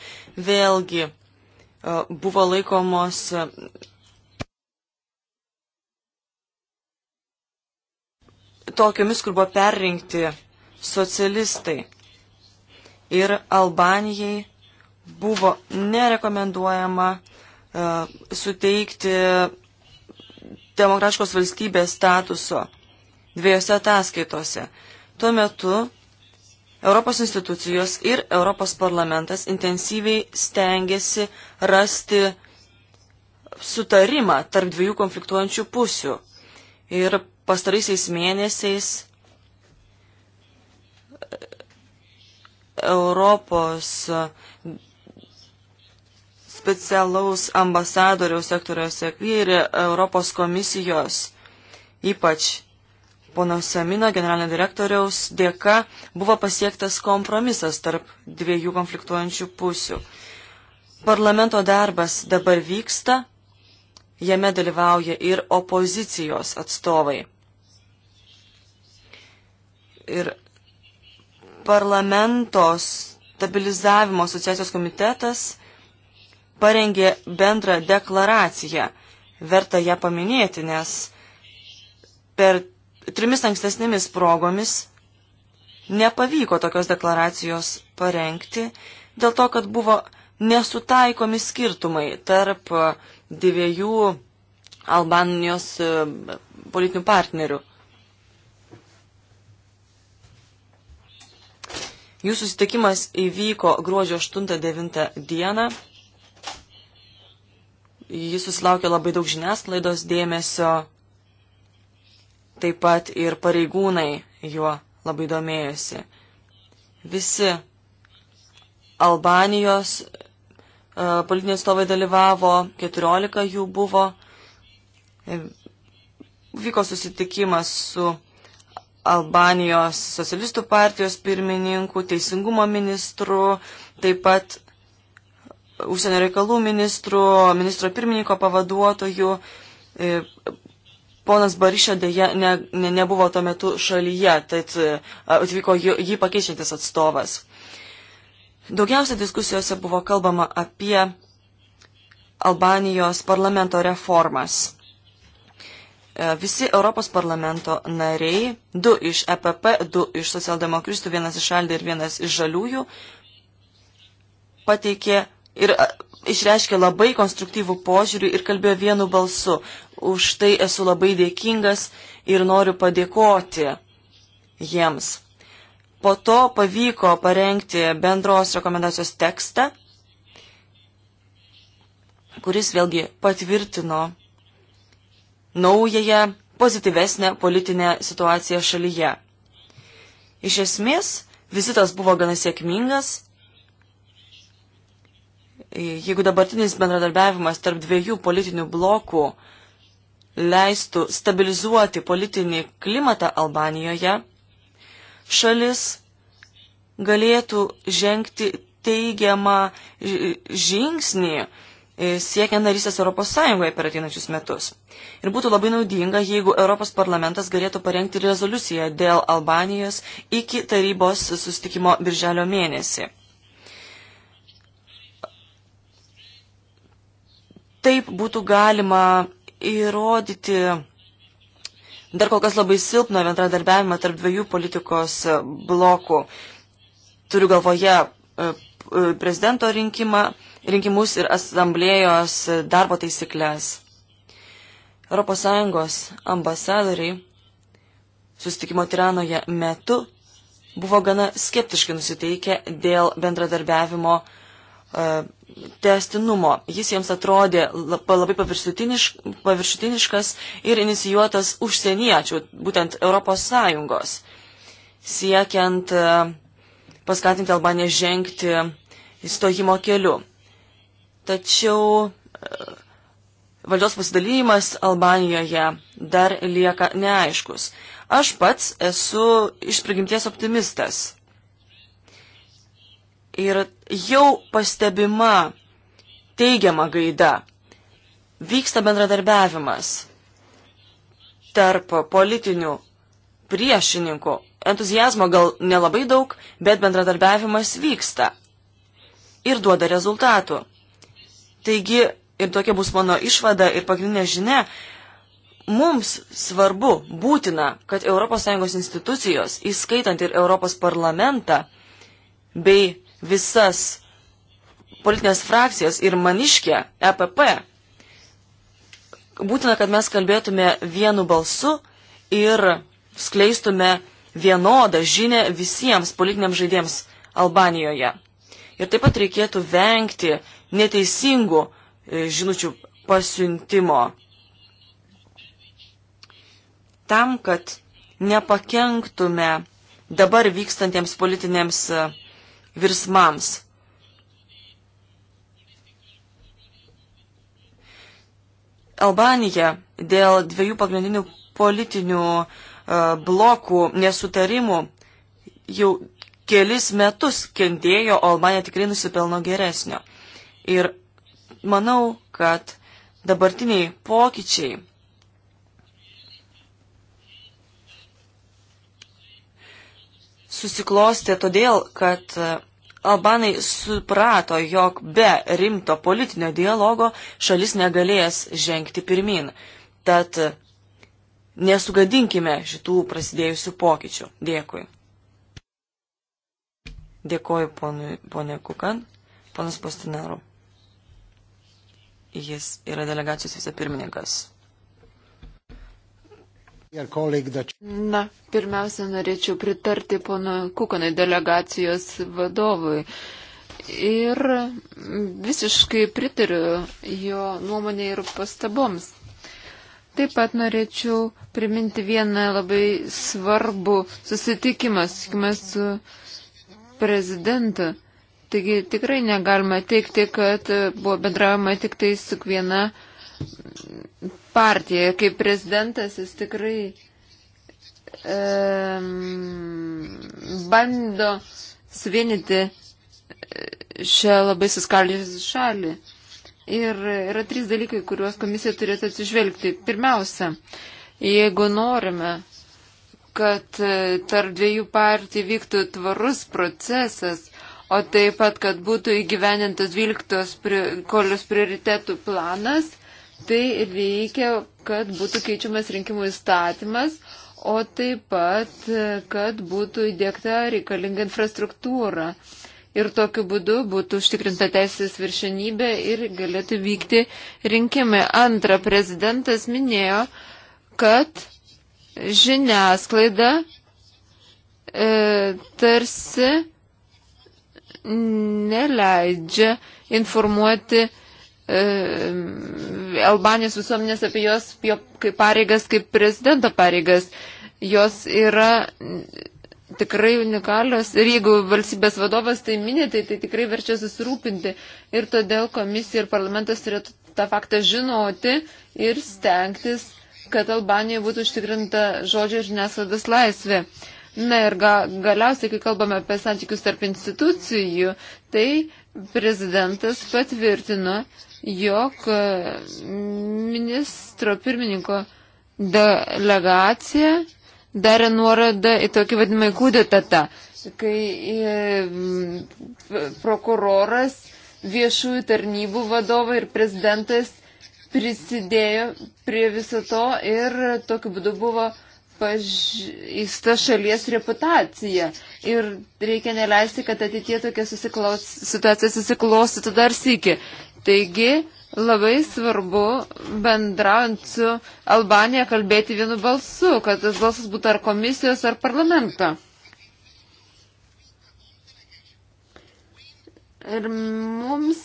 [SPEAKER 2] vėlgi e, buvo laikomos e, tokiomis, kur buvo perrinkti socialistai. Ir Albanijai buvo nerekomenduojama uh, suteikti demokratiškos valstybės statuso dviejose ataskaitose. Uh, Tuo metu Europos institucijos ir Europos parlamentas intensyviai stengiasi rasti sutarimą tarp dviejų konfliktuojančių pusių. Ir pastaraisiais mėnesiais e, Europos e, specialaus ambasadoriaus sektoriaus sėkmė ir Europos komisijos, ypač pono Samino, generalinio direktoriaus, dėka buvo pasiektas kompromisas tarp dviejų konfliktuojančių pusių. Parlamento darbas dabar vyksta, jame dalyvauja ir opozicijos atstovai. Ir parlamentos stabilizavimo asociacijos komitetas parengė bendrą deklaraciją. Verta ją paminėti, nes per trimis ankstesnėmis progomis nepavyko tokios deklaracijos parengti, dėl to, kad buvo nesutaikomi skirtumai tarp dviejų Albanijos e, politinių partnerių. Jų susitikimas įvyko gruodžio 8-9 dieną. Jis susilaukė labai daug žiniasklaidos dėmesio taip pat ir pareigūnai juo labai domėjosi. Visi Albanijos e, politiniai stovai dalyvavo, 14 jų buvo. E, vyko susitikimas su Albanijos socialistų partijos pirmininku, teisingumo ministru, taip pat užsienio reikalų ministru, ministro pirmininko pavaduotoju, e, Ponas Barišė dėja ne, ne, nebuvo tuo metu šalyje, tad e, atvyko jį, jį pakeičiantis atstovas. Daugiausia diskusijose buvo kalbama apie Albanijos parlamento reformas. E, visi Europos parlamento nariai, du iš EPP, du iš socialdemokristų, vienas iš Aldė ir vienas iš Žaliųjų, pateikė ir e, išreiškė labai konstruktyvų požiūrį ir kalbėjo vienu balsu. Už tai esu labai dėkingas ir noriu padėkoti jiems. Po to pavyko parengti bendros rekomendacijos tekstą, kuris vėlgi patvirtino naująją, pozityvesnę politinę situaciją šalyje. Iš esmės, vizitas buvo gana sėkmingas, Jeigu dabartinis bendradarbiavimas tarp dviejų politinių blokų leistų stabilizuoti politinį klimatą Albanijoje, šalis galėtų žengti teigiamą žingsnį e, siekia narystės Europos Sąjungoje per ateinančius metus. Ir būtų labai naudinga, jeigu Europos parlamentas galėtų parengti rezoliuciją dėl Albanijos iki tarybos sustikimo birželio mėnesį. taip būtų galima įrodyti dar kol kas labai silpną bendradarbiavimą tarp dviejų politikos e, blokų. Turiu galvoje e, e, prezidento rinkimą, rinkimus ir asamblėjos darbo taisyklės. ES ambasadoriai sustikimo tiranoje metu buvo gana skeptiškai nusiteikę dėl bendradarbiavimo testinumo. Jis jiems atrodė labai paviršutinišk, paviršutiniškas ir inicijuotas užsieniečių, būtent Europos Sąjungos, siekiant e, paskatinti Albaniją žengti įstojimo keliu. Tačiau e, valdžios pasidalymas Albanijoje dar lieka neaiškus. Aš pats esu iš prigimties optimistas ir jau pastebima teigiama gaida. Vyksta bendradarbiavimas tarp politinių priešininkų. Entuzijazmo gal nelabai daug, bet bendradarbiavimas vyksta ir duoda rezultatų. Taigi, ir tokia bus mano išvada ir pagrindinė žinia, mums svarbu, būtina, kad ES institucijos, įskaitant ir ES parlamentą bei visas politinės frakcijas ir maniškę EPP, būtina, kad mes kalbėtume vienu balsu ir skleistume vienodą žinę visiems politiniams žaidėjams Albanijoje. Ir taip pat reikėtų vengti neteisingų e, žinučių pasiuntimo tam, kad nepakenktume dabar vykstantiems politiniams e, virsmams. Albanija dėl dviejų pagrindinių politinių e, blokų nesutarimų jau kelis metus kentėjo, o Albanija tikrai nusipelno geresnio. Ir manau, kad dabartiniai pokyčiai susiklostė todėl, kad e, Albanai suprato, jog be rimto politinio dialogo šalis negalės žengti pirmin. Tad e, nesugadinkime šitų prasidėjusių pokyčių. Dėkui. Dėkoju ponui, ponė Kukan, ponas Postinaru. Jis yra delegacijos vicepirmininkas.
[SPEAKER 3] Na, pirmiausia, norėčiau pritarti pono Kukonai delegacijos vadovui. Ir visiškai pritariu jo nuomonė ir pastaboms. Taip pat norėčiau priminti vieną labai svarbų susitikimą, susitikimą su prezidentu. Taigi tikrai negalima teikti, kad buvo bendravama tik tai su viena partijoje. Kaip prezidentas jis tikrai e, bando svienyti šią labai suskaldžiusią šalį. Ir yra trys dalykai, kuriuos komisija turėtų atsižvelgti. Pirmiausia, jeigu norime, kad e, tarp dviejų partijų vyktų tvarus procesas, o taip pat, kad būtų įgyvenintas 12 koalius prioritetų planas, tai reikia, kad būtų keičiamas rinkimų įstatymas, o taip pat, kad būtų įdėkta reikalinga infrastruktūra. Ir tokiu būdu būtų užtikrinta teisės viršenybė ir galėtų vykti rinkimai. Antra, prezidentas minėjo, kad žiniasklaida e, tarsi neleidžia informuoti E, Albanijos visuomenės apie jos kaip pareigas, kaip prezidento pareigas. Jos yra tikrai unikalios ir jeigu valstybės vadovas tai minė, tai, tai tikrai verčia susirūpinti. Ir todėl komisija ir parlamentas turėtų tą faktą žinoti ir stengtis, kad Albanijoje būtų užtikrinta žodžio ir žiniasklaidos laisvė. Na ir ga, galiausiai, kai kalbame apie santykius tarp institucijų, tai prezidentas patvirtino, jog e, ministro pirmininko delegacija darė nuorodą į tokį vadinamą kūdėtatą, kai e, prokuroras, viešųjų tarnybų vadovai ir prezidentas prisidėjo prie viso to ir tokiu būdu buvo pažįsta šalies reputacija. Ir reikia neleisti, kad ateitie tokia susiklos, situacija susiklostytų dar sėki. Taigi labai svarbu bendraujant su Albanija kalbėti vienu balsu, kad tas balsas būtų ar komisijos, ar parlamento. Ir mums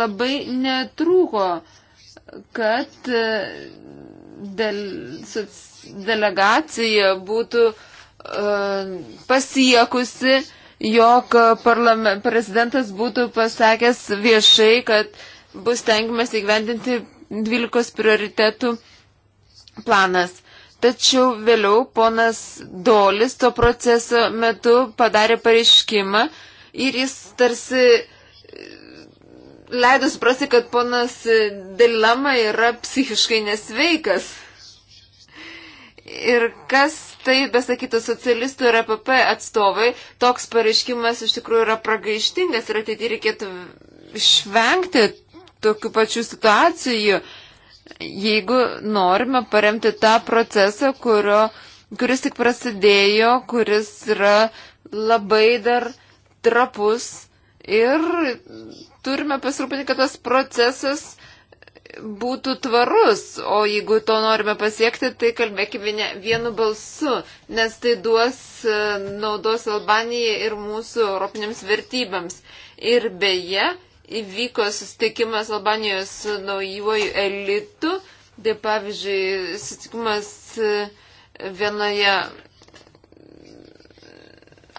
[SPEAKER 3] labai netrūko, kad e, dele, delegacija būtų uh, pasiekusi uh, jog e, prezidentas būtų pasakęs viešai, kad bus tengiamas įgyvendinti 12 prioritetų planas. Tačiau vėliau ponas Dolis to proceso metu padarė pareiškimą ir jis tarsi e, leido suprasti, kad ponas Dilema yra psichiškai nesveikas. Ir kas tai besakytų socialistų ir APP atstovai, toks pareiškimas iš tikrųjų yra pragaištingas ir ateityje reikėtų išvengti tokių pačių situacijų, jeigu norime paremti tą procesą, kurio, kuris tik prasidėjo, kuris yra labai dar trapus ir turime pasirūpinti, kad tas procesas būtų tvarus, o jeigu to norime pasiekti, tai kalbėkime vienu balsu, nes tai duos e, naudos Albanijai ir mūsų europinėms vertybėms. Ir beje, įvyko susitikimas Albanijos su naujuoju elitu, tai pavyzdžiui, susitikimas e, vienoje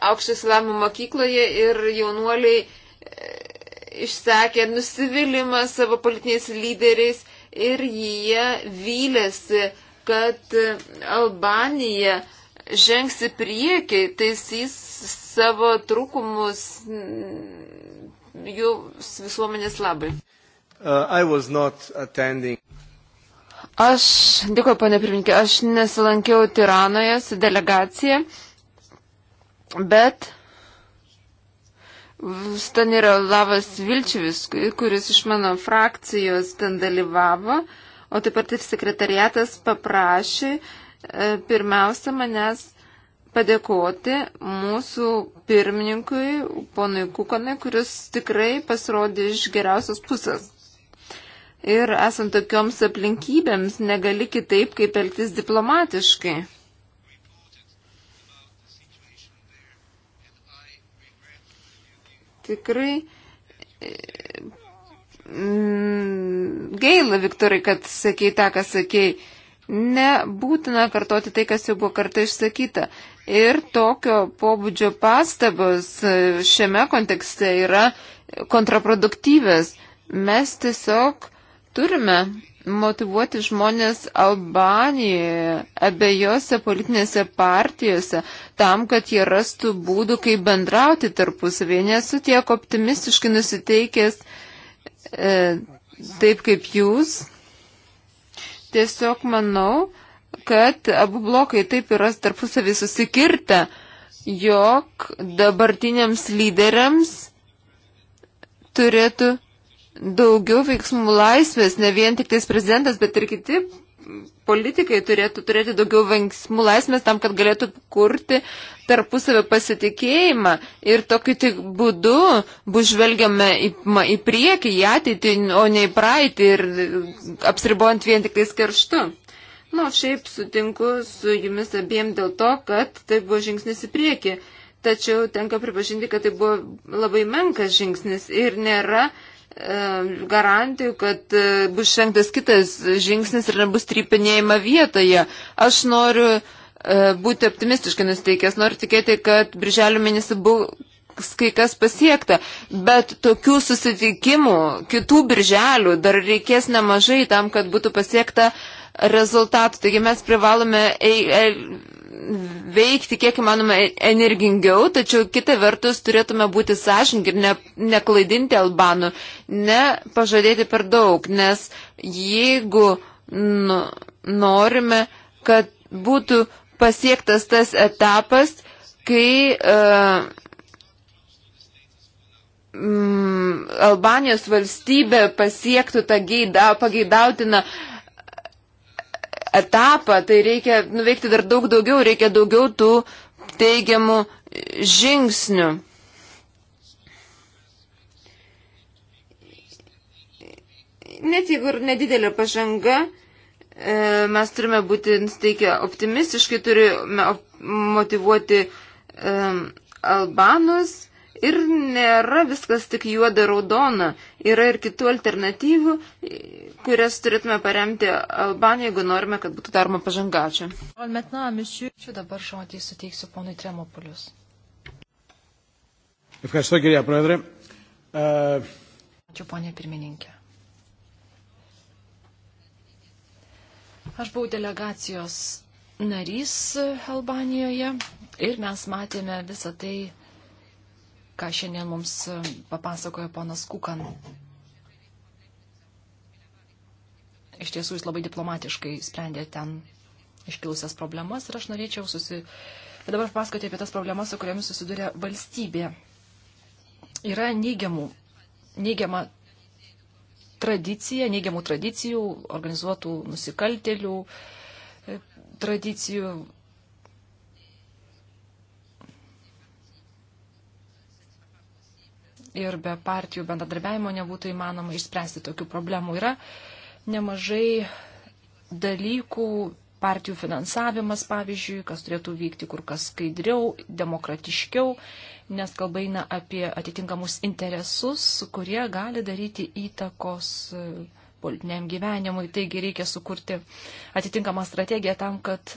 [SPEAKER 3] aukščio slavimo mokykloje ir jaunuoliai išsakė nusivylimą savo politiniais lyderiais ir jie vylėsi, kad Albanija žengsi priekį, taisys savo trūkumus jų visuomenės labai. Uh, Aš, dėkuoju, pane pirmininkė, aš nesilankiau Tiranoje su delegacija, bet Staniravas Vilčevis, kuris iš mano frakcijos ten dalyvavo, o taip pat ir sekretariatas paprašė e, pirmiausia manęs padėkoti mūsų pirmininkui, ponui Kukonai, kuris tikrai pasirodė iš geriausios pusės. Ir esant tokioms aplinkybėms negali kitaip, kaip elgtis diplomatiškai. Tikrai mm, gaila, Viktorai, kad sakei tą, ką sakei. Nebūtina kartoti tai, kas jau buvo kartą išsakyta. Ir tokio pobūdžio pastabos e, šiame kontekste yra kontraproduktyvės. Mes tiesiog turime motivuoti žmonės Albanijoje, abiejose politinėse partijose, tam, kad jie rastų būdų, kaip bendrauti tarpusavėje. Nesu tiek optimistiškai nusiteikęs e, taip kaip jūs. Tiesiog manau, kad abu blokai taip yra tarpusavį susikirtę, jog dabartiniams lyderiams turėtų daugiau veiksmų laisvės, ne vien tik tais prezidentas, bet ir kiti politikai turėtų turėti daugiau veiksmų laisvės tam, kad galėtų kurti tarpusavio pasitikėjimą ir tokiu tik būdu bus žvelgiame į, ma, į priekį, į ateitį, o ne į praeitį ir apsiribojant vien tik tais kerštu. Na, nu, šiaip sutinku su jumis abiem dėl to, kad tai buvo žingsnis į priekį. Tačiau tenka pripažinti, kad tai buvo labai menkas žingsnis ir nėra uh, E, garantijų, kad e, bus šengtas kitas žingsnis ir nebus trypinėjama vietoje. Aš noriu e, būti optimistiškai nusteikęs, noriu tikėti, kad birželio mėnesį bus kai kas pasiekta, bet tokių susitikimų, kitų birželių dar reikės nemažai tam, kad būtų pasiekta uh, rezultatų. Taigi mes privalome e, e, veikti kiek įmanoma e, energingiau, tačiau kitą vertus turėtume būti sąžininkai ir ne, neklaidinti albanų, nepažadėti per daug, nes jeigu nu, norime, kad būtų pasiektas tas etapas, kai uh, mm, Albanijos valstybė pasiektų tą geidą, pageidautiną uh, etapą, tai reikia nuveikti dar daug daugiau, reikia daugiau tų teigiamų žingsnių. Net jeigu ir nedidelė pažanga, e, mes turime būti nusteikę optimistiškai, turime motivuoti um, albanus. Ir nėra viskas tik juoda raudona. Yra ir kitų alternatyvų, kurias turėtume paremti Albaniją, jeigu norime, kad būtų daroma pažangačia.
[SPEAKER 1] Čia dabar žodį suteiksiu ponui Tremopolius. Ačiū, ponė pirmininkė. Aš buvau delegacijos narys Albanijoje ir mes matėme visą tai ką šiandien mums e, papasakojo ponas Kukan. Iš tiesų jis labai diplomatiškai sprendė ten iškilusias problemas ir aš norėčiau susi... Bet dabar pasakoti apie tas problemas, su kuriamis susiduria valstybė. Yra neigiamų, neigiama tradicija, neigiamų tradicijų, organizuotų nusikaltelių e, tradicijų, ir be partijų bendradarbiavimo nebūtų įmanoma išspręsti tokių problemų. Yra nemažai dalykų, partijų finansavimas, pavyzdžiui, kas turėtų vykti kur kas skaidriau, demokratiškiau, nes kalba eina apie atitinkamus interesus, kurie gali daryti įtakos e, politiniam gyvenimui. Taigi reikia sukurti atitinkamą strategiją tam, kad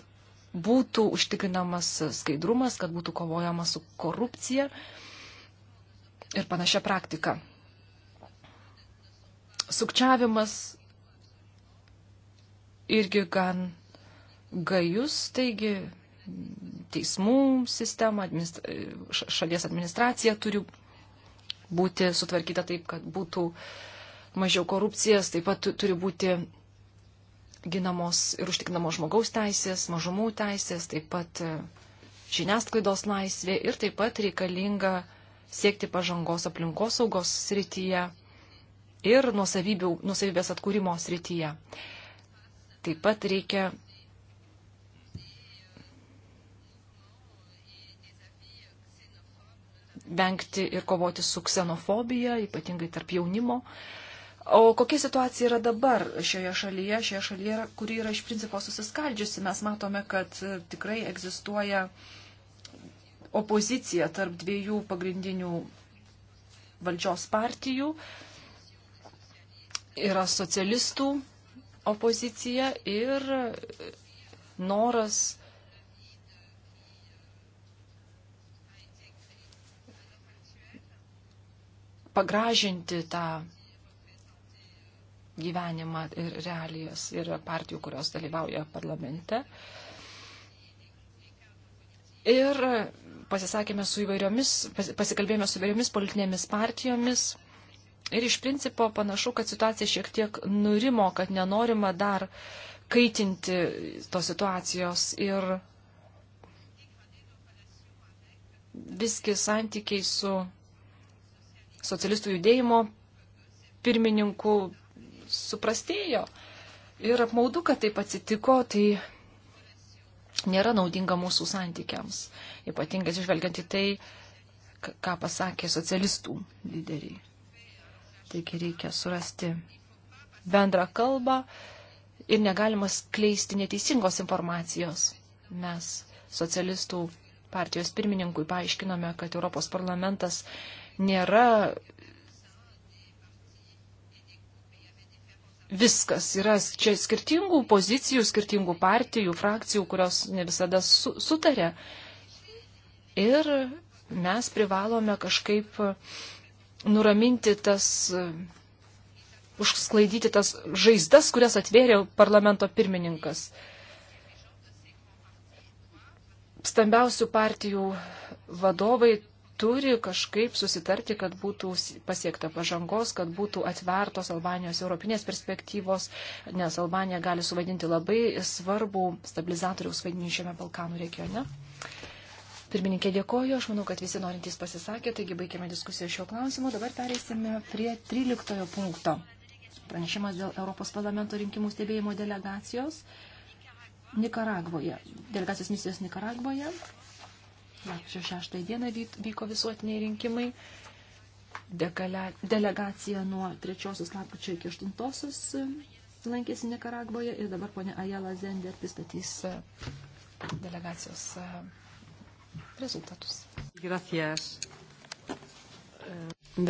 [SPEAKER 1] būtų užtikrinamas skaidrumas, kad būtų kovojama su korupcija ir panašia praktika. Sukčiavimas irgi gan gajus, taigi teismų sistema, administra, šalies administracija turi būti sutvarkyta taip, kad būtų mažiau korupcijas, taip pat turi būti ginamos ir užtikrinamos žmogaus teisės, mažumų teisės, taip pat žiniasklaidos laisvė ir taip pat reikalinga siekti pažangos aplinkosaugos srityje ir nuosavybės atkūrimo srityje. Taip pat reikia vengti ir kovoti su ksenofobija, ypatingai tarp jaunimo. O kokia situacija yra dabar šioje šalyje, šioje šalyje, kuri yra iš principo susiskaldžiusi, mes matome, kad tikrai egzistuoja uh, opozicija tarp dviejų pagrindinių valdžios partijų. Yra socialistų opozicija ir noras pagražinti tą gyvenimą ir realijas ir partijų, kurios dalyvauja parlamente. Ir pasisakėme su įvairiomis, pasikalbėjome su įvairiomis politinėmis partijomis. Ir iš principo panašu, kad situacija šiek tiek nurimo, kad nenorima dar kaitinti tos situacijos ir visgi santykiai su socialistų judėjimo pirmininku suprastėjo. Ir apmaudu, kad taip atsitiko, tai nėra naudinga mūsų santykiams, ypatingai išvelgiant į tai, ką pasakė socialistų lyderiai. Taigi reikia surasti bendrą kalbą ir negalima skleisti neteisingos informacijos. Mes socialistų partijos pirmininkui paaiškinome, kad Europos parlamentas nėra viskas. Yra čia skirtingų pozicijų, skirtingų partijų, frakcijų, kurios ne visada su, sutarė. Ir mes privalome kažkaip nuraminti tas, užsklaidyti tas žaizdas, kurias atvėrė parlamento pirmininkas. Stambiausių partijų vadovai turi kažkaip susitarti, kad būtų pasiekta pažangos, kad būtų atvertos Albanijos europinės perspektyvos, nes Albanija gali suvaidinti labai svarbų stabilizatoriaus vaidmenį šiame Balkanų regione. Pirmininkė dėkoju, aš manau, kad visi norintys pasisakė, taigi baigėme diskusiją šiuo klausimu. Dabar pereisime prie 13 punkto. Pranešimas dėl Europos parlamento rinkimų stebėjimo delegacijos Nikaragvoje. Delegacijos misijos Nikaragvoje. Lapčio 6 dieną vyko visuotiniai rinkimai. Delegacija nuo 3 lapkričio iki 8 e, lankėsi Nikaragvoje ir dabar ponė Ajala Zender pristatys e, delegacijos e, rezultatus. Gracias.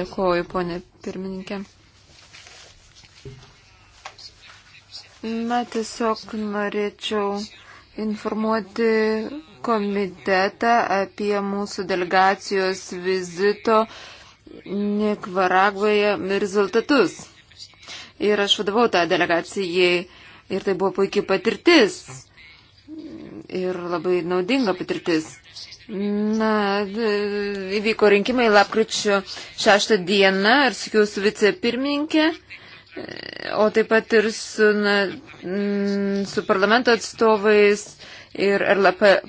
[SPEAKER 1] Dėkuoju,
[SPEAKER 3] ponė pirmininkė. Na, tiesiog norėčiau informuoti komitetą apie mūsų delegacijos vizito Nikvaragvoje rezultatus. Ir aš vadovau tą delegacijai ir tai buvo puikiai patirtis. Ir labai naudinga patirtis. Na, įvyko rinkimai lapkričio 6 dieną ir sakiau su vicepirmininkė, o taip pat ir su, na, su parlamento atstovais, ir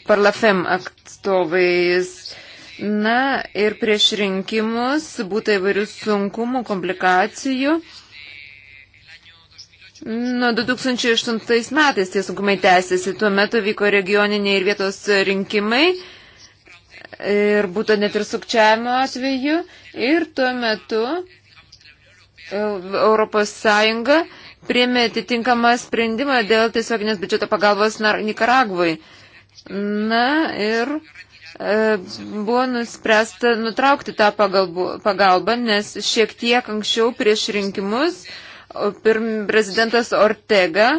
[SPEAKER 3] Parlafem atstovais. Na ir prieš rinkimus būtų įvairių sunkumų, komplikacijų. Nuo 2008 metais tie sunkumai tęsiasi. Tuo metu vyko regioniniai ir vietos rinkimai. Ir būtent net ir sukčiavimo atveju. Ir tuo metu e, Europos Sąjunga priemė atitinkamą sprendimą dėl tiesioginės biudžeto pagalbos Nikaragvai. Na ir e, buvo nuspręsta nutraukti tą pagalbą, pagalbą, nes šiek tiek anksčiau prieš rinkimus pirm, prezidentas Ortega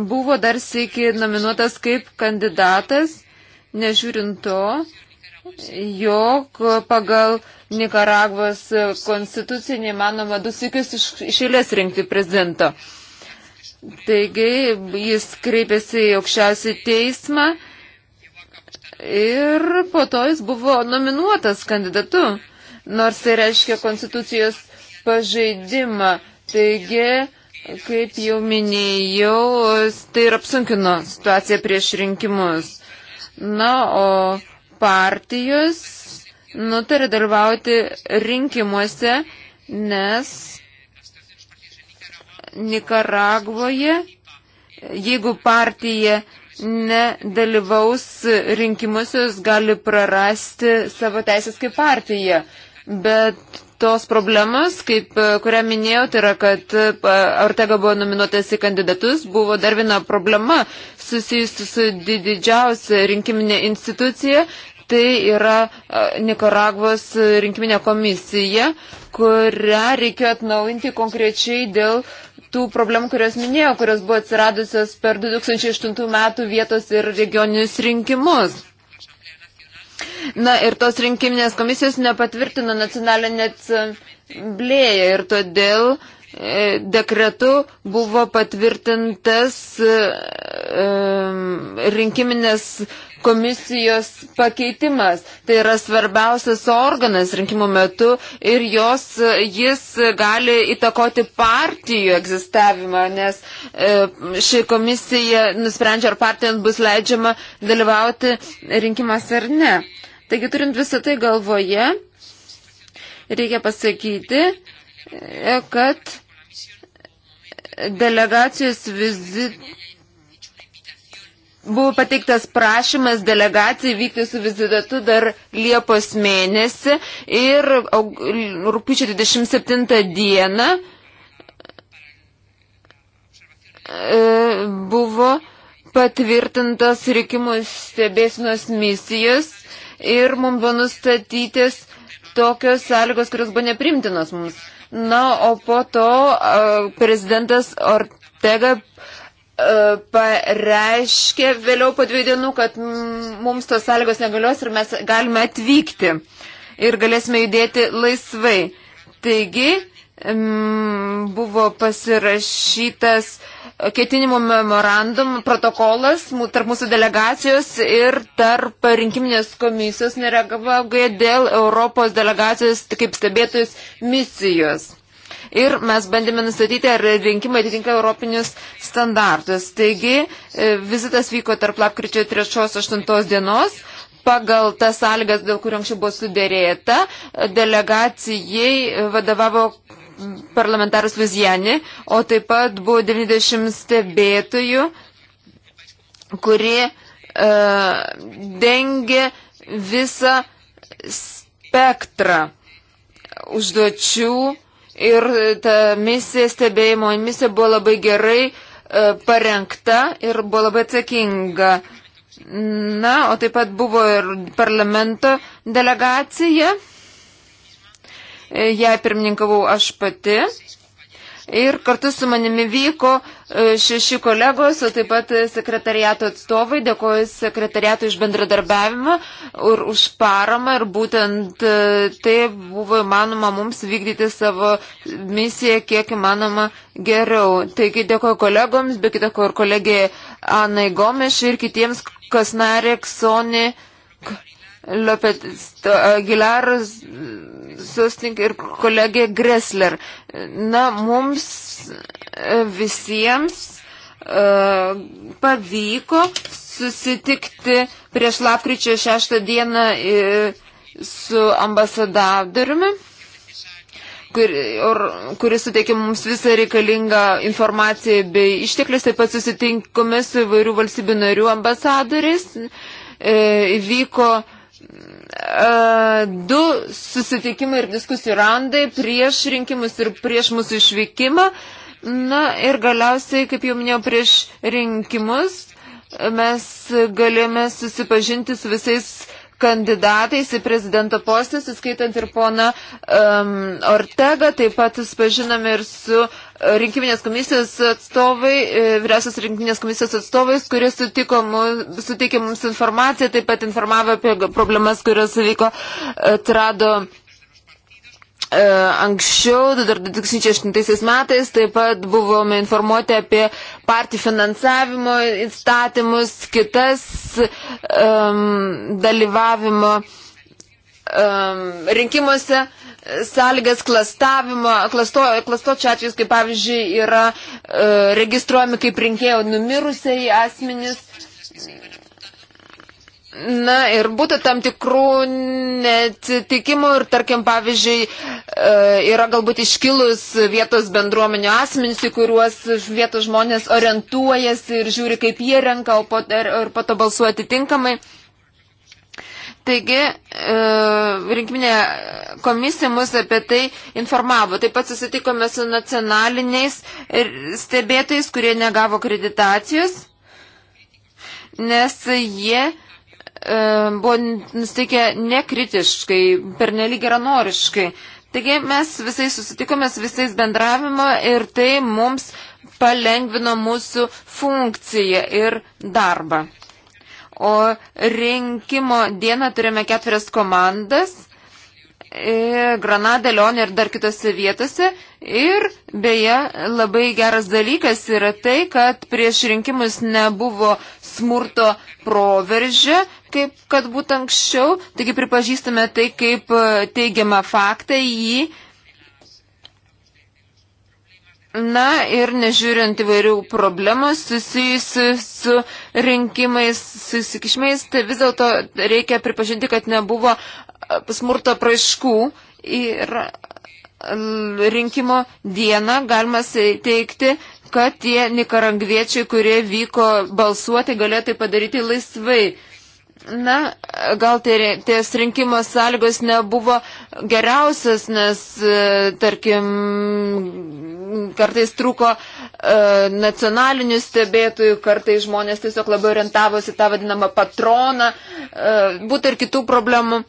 [SPEAKER 3] buvo dar sėki nominuotas kaip kandidatas, nežiūrint to, jog pagal Nikaragvos konstituciją neįmanoma du sykius iš, iš eilės rinkti prezidento. Taigi jis kreipėsi į aukščiausią teismą ir po to jis buvo nominuotas kandidatu, nors tai reiškia konstitucijos pažeidimą. Taigi, kaip jau minėjau, tai ir apsunkino situaciją prieš rinkimus. Na, o partijos nutarė dalyvauti rinkimuose, nes Nikaragvoje, jeigu partija nedalyvaus rinkimuose, jis gali prarasti savo teisės kaip partija. Bet tos problemas, kaip kurią minėjau, tai yra, kad e, Ortega buvo nominuotas į kandidatus, buvo dar viena problema susijusi su didžiausia rinkiminė institucija, Tai yra e, Nikaragvos rinkiminė komisija, kurią reikėjo atnaujinti konkrečiai dėl tų problemų, kurias minėjau, kurios buvo atsiradusios per 2008 metų vietos ir regioninius rinkimus. Na ir tos rinkiminės komisijos nepatvirtino nacionalinė asamblėja ir todėl e, dekretu buvo patvirtintas e, e rinkiminės komisijos pakeitimas. Tai yra svarbiausias organas rinkimų metu ir jos, jis gali įtakoti partijų egzistavimą, nes e, ši komisija nusprendžia, ar partijant bus leidžiama dalyvauti rinkimuose ar ne. Taigi turint visą tai galvoje, reikia pasakyti, e, kad delegacijos vizitas buvo pateiktas prašymas delegacijai vykti su vizitatu dar Liepos mėnesį ir rūpiučio 27 dieną e, buvo patvirtintas rinkimų stebėsinos misijos ir mums buvo nustatytis tokios sąlygos, kurios buvo neprimtinos mums. Na, o po to e, prezidentas Ortega pareiškė vėliau po dviejų dienų, kad mums tos sąlygos negalios ir mes galime atvykti ir galėsime judėti laisvai. Taigi buvo pasirašytas ketinimų memorandum protokolas tarp mūsų delegacijos ir tarp rinkiminės komisijos nereagavogai dėl Europos delegacijos kaip stebėtojus misijos ir mes bandėme nustatyti, ar rinkimai atitinka europinius standartus. Taigi, e, vizitas vyko tarp lapkričio 3-8 dienos. Pagal tas sąlygas, dėl kurių anksčiau buvo sudėrėta, delegacijai vadovavo parlamentaras Luzijani, o taip pat buvo 90 stebėtojų, kurie e, dengia visą spektrą užduočių ir ta misija stebėjimo misija buvo labai gerai e, parengta ir buvo labai atsakinga. Na, o taip pat buvo ir parlamento delegacija. E, ja pirmininkavau aš pati. Ir kartu su manimi vyko uh, E, šeši kolegos, o taip pat sekretariato atstovai. Dėkoju sekretariato iš bendradarbiavimą ir už paramą ir būtent e, tai buvo įmanoma mums vykdyti savo misiją kiek įmanoma geriau. Taigi dėkoju kolegoms, be kita ko ir kolegijai Anai Gomeš ir kitiems, kas narė Ksoni. Lopet Aguilar Sustink ir kolegė Gressler. Na, mums e, visiems uh, pavyko susitikti prieš lapkričio 6 dieną e, su ambasadoriumi kur, or, kuris suteikė mums visą reikalingą informaciją bei išteklius, taip pat susitinkome su įvairių valstybių narių ambasadoriais. E, vyko e, Mm, e, du susitikimai ir diskusijų randai prieš rinkimus ir prieš mūsų išvykimą. Na ir galiausiai, kaip jau minėjau, prieš rinkimus mes galėjome susipažinti su visais kandidatais į prezidento postus, įskaitant ir pona um, Ortega, taip pat spažiname ir su rinkiminės komisijos atstovai, e, vyriausios rinkiminės komisijos atstovais, kurie sutiko, mums, sutikė mums informaciją, taip pat informavo apie problemas, kurios vyko, atrado. Uh, E, anksčiau, dar 2008 metais, taip pat buvome informuoti apie partijų finansavimo įstatymus, kitas um, dalyvavimo um, rinkimuose sąlygas klastavimo, klasto, klastočio atvejus, kaip pavyzdžiui, yra e, registruojami kaip rinkėjo numirusiai asmenys. Na ir būtų tam tikrų netitikimų ir tarkim, pavyzdžiui, e, yra galbūt iškilus vietos bendruomenio asmenys, į kuriuos vietos žmonės orientuojasi ir žiūri, kaip jie renka, o po, ir, er, ir po to balsuoja atitinkamai. Taigi, e, rinkiminė komisija mus apie tai informavo. Taip pat susitikome su nacionaliniais stebėtais, kurie negavo kreditacijos, nes jie E, buvo nusteikę nekritiškai, pernelyg geranoriškai. Taigi mes visais susitikome, visais bendravimo ir tai mums palengvino mūsų funkciją ir darbą. O rinkimo dieną turime keturias komandas e, Granada, Leonė ir dar kitose vietose. Ir beje, labai geras dalykas yra tai, kad prieš rinkimus nebuvo smurto proveržė, kaip kad būtų anksčiau, taigi pripažįstame tai kaip e, teigiamą faktą jį. Na ir nežiūrint įvairių problemų susijusių su rinkimais, susikišmais, tai vis dėlto reikia pripažinti, kad nebuvo e, smurto praaiškų ir e, rinkimo dieną galima teikti, kad tie nikarangviečiai, kurie vyko balsuoti, galėjo tai padaryti laisvai. Na, gal tai ties rinkimo sąlygos nebuvo geriausias, nes, e, tarkim, kartais trūko e, nacionalinių stebėtojų, kartais žmonės tiesiog labiau orientavosi tą vadinamą patroną, e, būtų ir kitų problemų.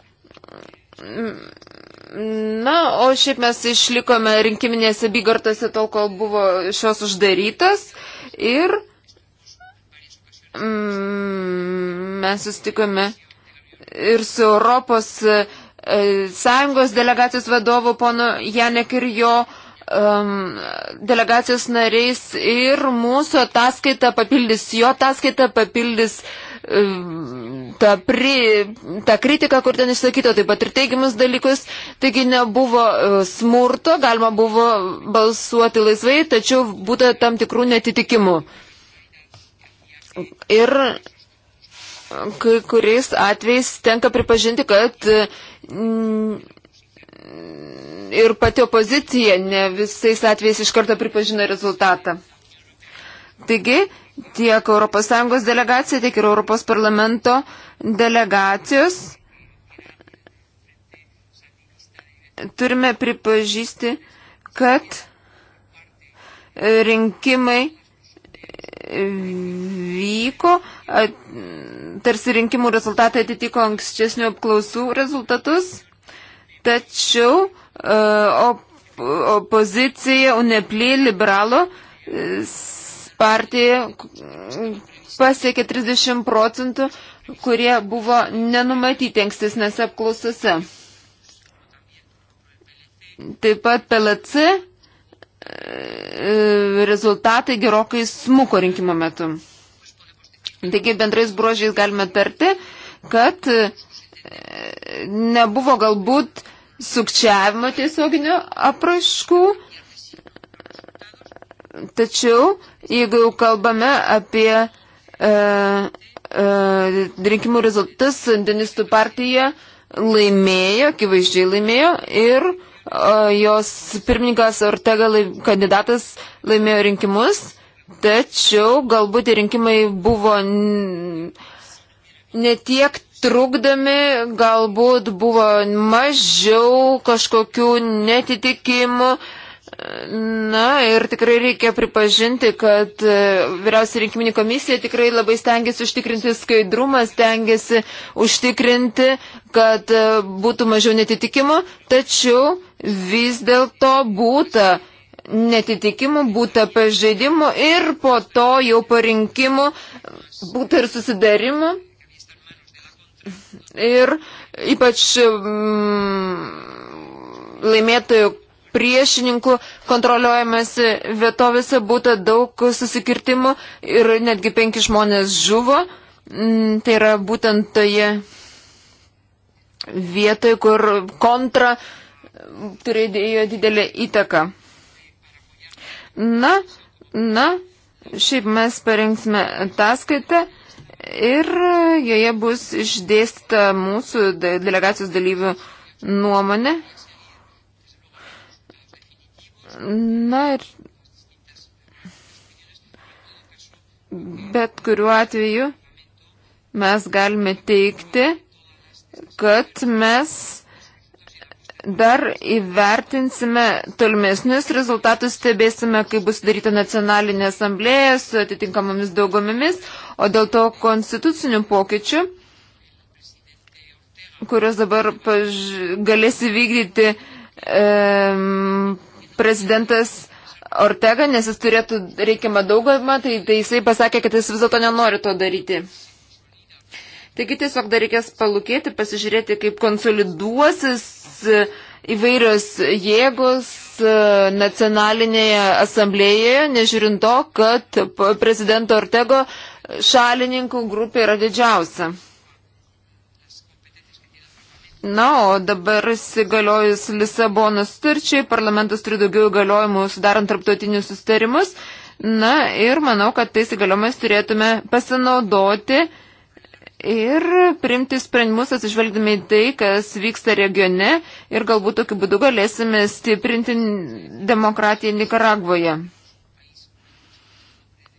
[SPEAKER 3] Na, o šiaip mes išlikome rinkiminėse bygartose tol, kol buvo šios uždarytas ir Mm, mes sustikome ir su Europos e, e, Sąjungos delegacijos vadovu pono Janek ir jo um, delegacijos nariais ir mūsų ataskaita papildys, jo ataskaita papildys um, tą, pri, tą kritiką, kur ten išsakyto, taip pat ir teigiamus dalykus. Taigi nebuvo e, smurto, galima buvo balsuoti laisvai, tačiau būtų tam tikrų netitikimų. Uh, Ir kai kuriais atvejais tenka pripažinti, kad mm, ir pati opozicija ne visais atvejais iš karto pripažino rezultatą. Taigi, tiek ES delegacija, tiek ir ES parlamento delegacijos turime pripažįsti, kad rinkimai vyko, tarsi rinkimų rezultatai atitiko ankstesnių apklausų rezultatus, tačiau op opozicija UNEPLI liberalo e, partija pasiekė 30 procentų, kurie buvo nenumatyti ankstesnėse apklausose. Taip pat PLC E, rezultatai gerokai smuko rinkimo metu. Taigi bendrais bruožiais galime tarti, kad e, nebuvo galbūt sukčiavimo tiesioginio apraiškų, tačiau jeigu jau kalbame apie e, e, rinkimų rezultatus, Denistų partija laimėjo, akivaizdžiai laimėjo ir e, jos pirmininkas Ortega laim, kandidatas laimėjo rinkimus, tačiau galbūt rinkimai buvo netiek trukdami, galbūt buvo mažiau kažkokių netitikimų. Na ir tikrai reikia pripažinti, kad e, vyriausia rinkiminė komisija tikrai labai stengiasi užtikrinti skaidrumą, stengiasi užtikrinti, kad e, būtų mažiau netitikimų, tačiau vis dėlto būta netitikimų, būta pažeidimų ir po to jau parinkimų būta ir susidarimų. Ir ypač mm, laimėtojų priešininkų kontroliuojamasi vietovėse būta daug susikirtimų ir netgi penki žmonės žuvo. Mm, tai yra būtent toje vietoje, kur kontra uh, turėjo didelę įtaką. Na, na, šiaip mes parengsime ataskaitą ir joje bus išdėstyta mūsų delegacijos dalyvių nuomonė. Na ir bet kuriuo atveju mes galime teikti, kad mes Dar įvertinsime tolimesnius rezultatus, stebėsime, kaip bus daryta nacionalinė asamblėja su atitinkamomis daugomimis, o dėl to konstitucinių pokyčių, kurios dabar paž... galės įvykdyti e, prezidentas Ortega, nes jis turėtų reikiamą daugumą, tai, tai jisai pasakė, kad jis vis dėlto nenori to daryti. Taigi tiesiog dar reikės palūkėti, pasižiūrėti, kaip konsoliduosis e, įvairios jėgos e, nacionalinėje asamblėje, nežiūrint to, kad prezidento Ortego šalininkų grupė yra didžiausia. Na, o dabar įsigaliojus Lisabonos sutarčiai, parlamentas turi daugiau įgaliojimų sudarant tarptautinius sustarimus. Na ir manau, kad tais įgaliojimais turėtume pasinaudoti uh, ir primti sprendimus atsižvelgdami į tai, kas vyksta regione ir galbūt tokiu būdu galėsime stiprinti demokratiją Nikaragvoje.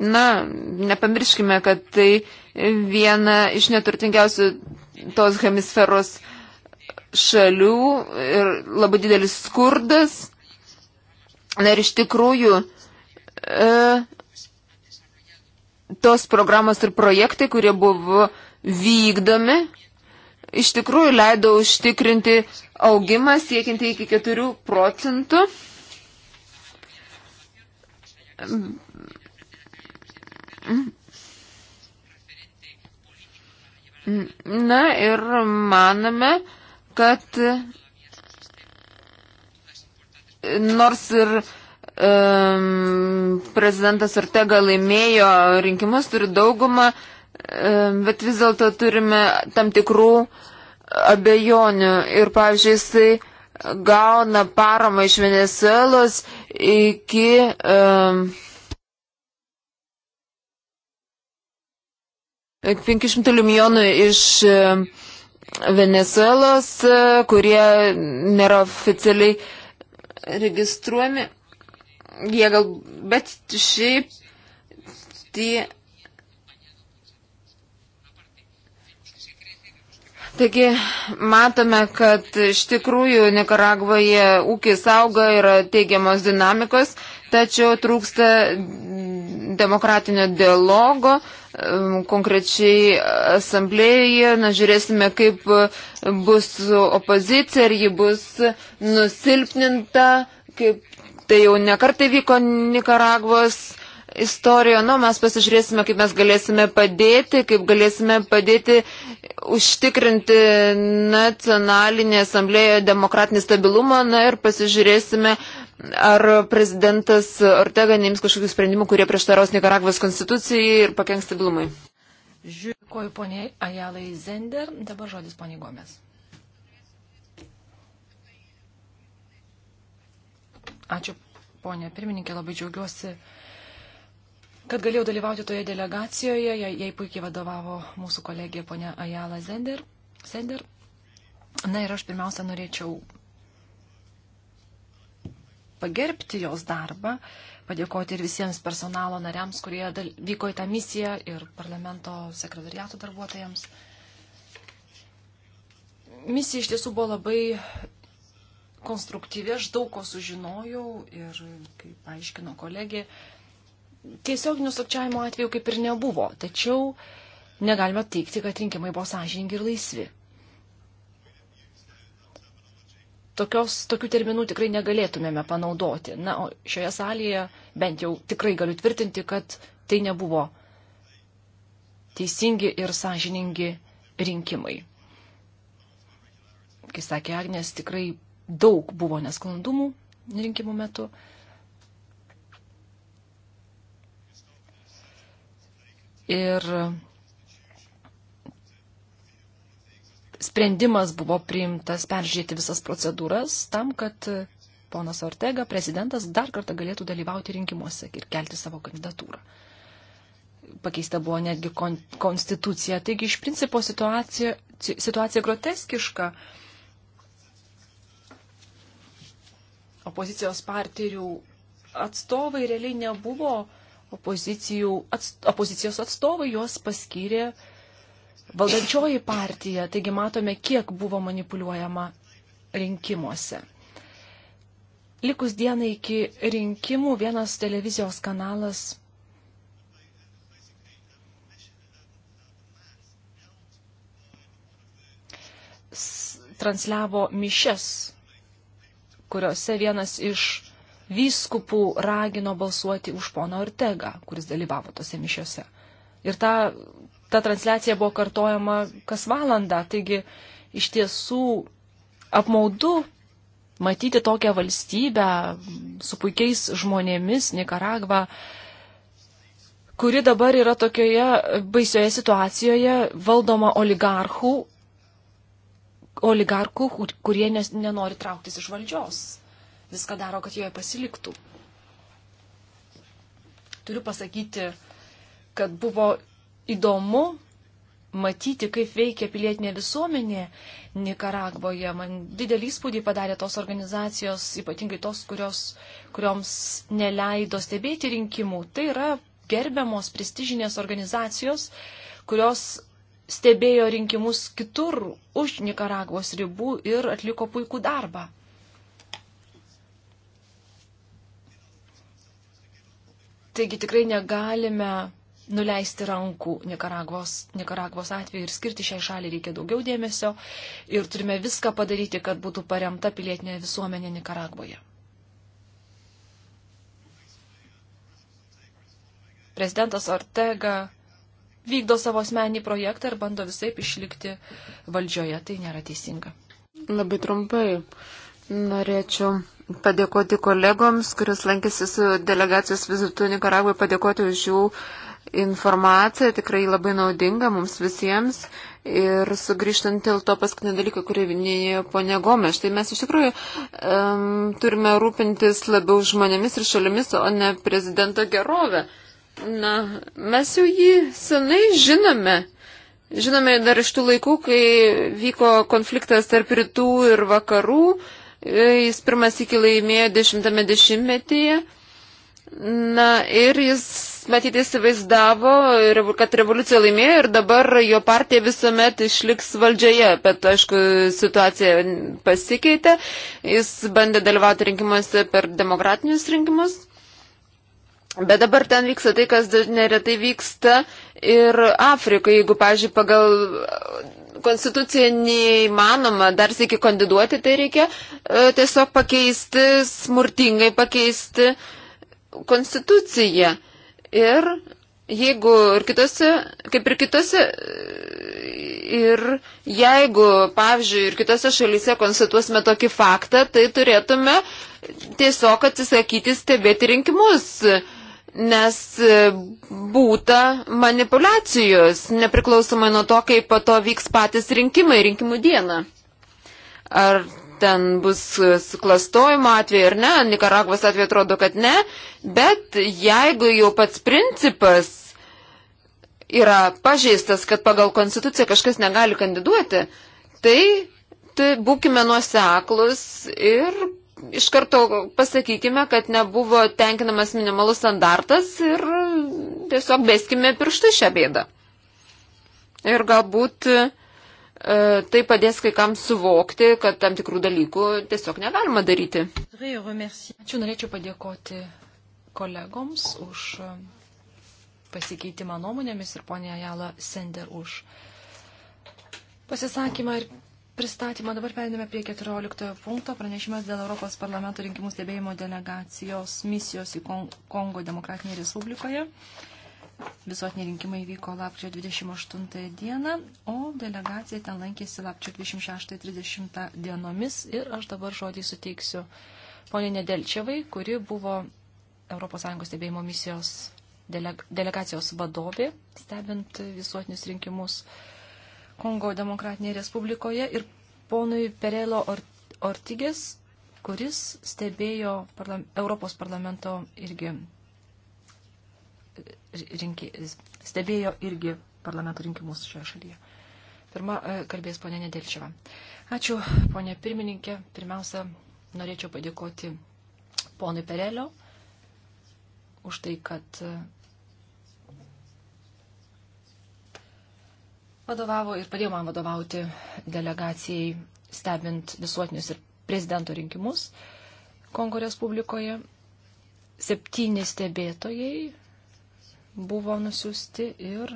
[SPEAKER 3] Na, nepamirškime, kad tai viena iš neturtingiausių tos hemisferos šalių ir labai didelis skurdas. Na ir iš tikrųjų, e, tos programos ir projektai, kurie buvo vykdomi, iš tikrųjų leido užtikrinti augimą siekinti iki 4 procentų. Na ir maname, kad nors ir um, prezidentas Ortega laimėjo rinkimus, turi daugumą, uh, bet vis dėlto turime tam tikrų abejonių. Ir, pavyzdžiui, jisai gauna paramą iš Venezuelos iki. Um, 500 milijonų iš Venezuelos, e, kurie nėra oficialiai registruojami. Jie gal, bet šiaip tie Taigi matome, kad iš tikrųjų Nikaragvoje ūkis auga, yra teigiamos dinamikos, tačiau trūksta demokratinio dialogo, konkrečiai asamblėje, na žiūrėsime, kaip bus opozicija, ar ji bus nusilpninta, kaip tai jau nekartai vyko Nikaragvos istoriją, nu, mes pasižiūrėsime, kaip mes galėsime padėti, kaip galėsime padėti užtikrinti nacionalinį asamblėją demokratinį stabilumą, na ir pasižiūrėsime, ar prezidentas Ortega neims kažkokių sprendimų, kurie prieštaraus Nikaragvos konstitucijai ir pakenks stabilumui.
[SPEAKER 1] Žiūrėkoju poniai Ajalai Zender, dabar žodis poniai Gomes. Ačiū, ponė pirmininkė, labai džiaugiuosi kad galėjau dalyvauti toje delegacijoje, jai puikiai vadovavo mūsų kolegė ponia Ajala Zender. Sender. Na ir aš pirmiausia norėčiau pagerbti jos darbą, padėkoti ir visiems personalo nariams, kurie dal, vyko į tą misiją ir parlamento sekretariato darbuotojams. Misija iš tiesų buvo labai konstruktyvi, aš daug ko sužinojau ir, kaip aiškino kolegė, uh, tiesioginio sukčiavimo atveju kaip ir nebuvo, tačiau negalime teikti, kad rinkimai buvo sąžiningi ir laisvi. Tokios, tokių terminų tikrai negalėtumėme panaudoti. Na, o šioje salėje bent jau tikrai galiu tvirtinti, kad tai nebuvo teisingi ir sąžiningi rinkimai. Kai sakė Agnes, tikrai daug buvo nesklandumų rinkimų metu. ir sprendimas buvo priimtas peržiūrėti visas procedūras tam, kad ponas Ortega, prezidentas, dar kartą galėtų dalyvauti rinkimuose ir kelti savo kandidatūrą. Pakeista buvo netgi kon konstitucija. Taigi iš principo situacija, situacija groteskiška. Opozicijos partijų atstovai realiai nebuvo uh, atst, opozicijos atstovai juos paskyrė valdančioji partija, taigi matome, kiek buvo manipuliuojama rinkimuose. Likus dienai iki rinkimų vienas televizijos kanalas transliavo mišes, kuriuose vienas iš vyskupų ragino balsuoti už pono Ortegą, kuris dalyvavo tose mišiose. Ir ta, ta transliacija buvo kartojama kas valandą, taigi iš tiesų apmaudu matyti tokią valstybę su puikiais žmonėmis, Nikaragvą, kuri dabar yra tokioje baisioje situacijoje, valdoma oligarchų, oligarkų, kurie nes, nenori trauktis iš valdžios viską daro, kad joje pasiliktų. Turiu pasakyti, kad buvo įdomu matyti, kaip veikia pilietinė visuomenė Nikaragvoje. Man didelį įspūdį padarė tos organizacijos, ypatingai tos, kurios, kurioms neleido stebėti rinkimų. Tai yra gerbiamos prestižinės organizacijos, kurios stebėjo rinkimus kitur už Nikaragvos ribų ir atliko puikų darbą. Taigi tikrai negalime nuleisti rankų Nikaragvos, Nikaragvos atveju ir skirti šiai šaliai reikia daugiau dėmesio ir turime viską padaryti, kad būtų paremta pilietinė visuomenė Nikaragvoje. Prezidentas Ortega vykdo savo asmenį projektą ir bando visai išlikti valdžioje. Tai nėra teisinga.
[SPEAKER 3] Labai trumpai. Norėčiau padėkoti kolegoms, kuris lankėsi su delegacijos vizitu Nikaragvai, padėkoti už jų informaciją, tikrai labai naudinga mums visiems. Ir sugrįžtant dėl to paskutinio dalyko, kurį minėjo ponė Gomes, tai mes iš tikrųjų um, turime rūpintis labiau žmonėmis ir šalimis, o ne prezidento gerovę. Na, mes jau jį senai žinome. Žinome dar iš tų laikų, kai vyko konfliktas tarp rytų ir vakarų. Uh, Jis pirmas iki laimėjo 10-metyje. Na ir jis, matyt, įsivaizdavo, kad revoliucija laimėjo ir dabar jo partija visuomet išliks valdžioje, bet aišku, situacija pasikeitė. Jis bandė dalyvauti rinkimuose per demokratinius rinkimus. Bet dabar ten vyksta tai, kas neretai vyksta ir Afrikai, jeigu, pažiūrėjau, pagal e, konstituciją neįmanoma dar sėki kandiduoti, tai reikia e, tiesiog pakeisti, smurtingai pakeisti konstituciją. Ir jeigu ir kitose, kaip ir kitose, e, ir jeigu, pavyzdžiui, ir kitose šalyse konstatuosime tokį faktą, tai turėtume tiesiog atsisakyti stebėti rinkimus nes e, būta manipulacijos, nepriklausomai nuo to, kaip po to vyks patys rinkimai, rinkimų diena. Ar ten bus e, suklastojimo atveju ar ne, Nikaragvos atveju atrodo, kad ne, bet jeigu jau pats principas yra pažeistas, kad pagal konstituciją kažkas negali kandiduoti, tai, tai būkime nuoseklus ir iš karto pasakykime, kad nebuvo tenkinamas minimalus standartas ir tiesiog beskime pirštų šią bėdą. Ir galbūt e, tai padės kai kam suvokti, kad tam tikrų dalykų tiesiog negalima daryti.
[SPEAKER 1] Ačiū, norėčiau padėkoti kolegoms už e, pasikeitimą nuomonėmis ir ponia Jala Sender už pasisakymą ir pristatymą. Dabar perėdame prie 14 punkto. Pranešimas dėl Europos parlamento rinkimų stebėjimo delegacijos misijos į Kongo Demokratinėje Respublikoje. Visuotiniai rinkimai vyko lapkričio 28 dieną, o delegacija ten lankėsi lapkričio 26-30 dienomis. Ir aš dabar žodį suteiksiu ponė Nedelčiavai, kuri buvo ES stebėjimo misijos deleg delegacijos vadovė, stebint visuotinius rinkimus Kongo Demokratinėje Respublikoje ir ponui Perelo Ortigės, kuris stebėjo parlam, Europos parlamento irgi rinki, stebėjo irgi parlamento rinkimus šioje šalyje. Pirma, e, kalbės ponė Nedelčiava. Ačiū, ponė pirmininkė. Pirmiausia, norėčiau padėkoti ponui Perelio už tai, kad e, vadovavo ir padėjo man vadovauti delegacijai stebint visuotinius ir prezidento rinkimus Kongo Respublikoje. Septyni stebėtojai buvo nusiųsti ir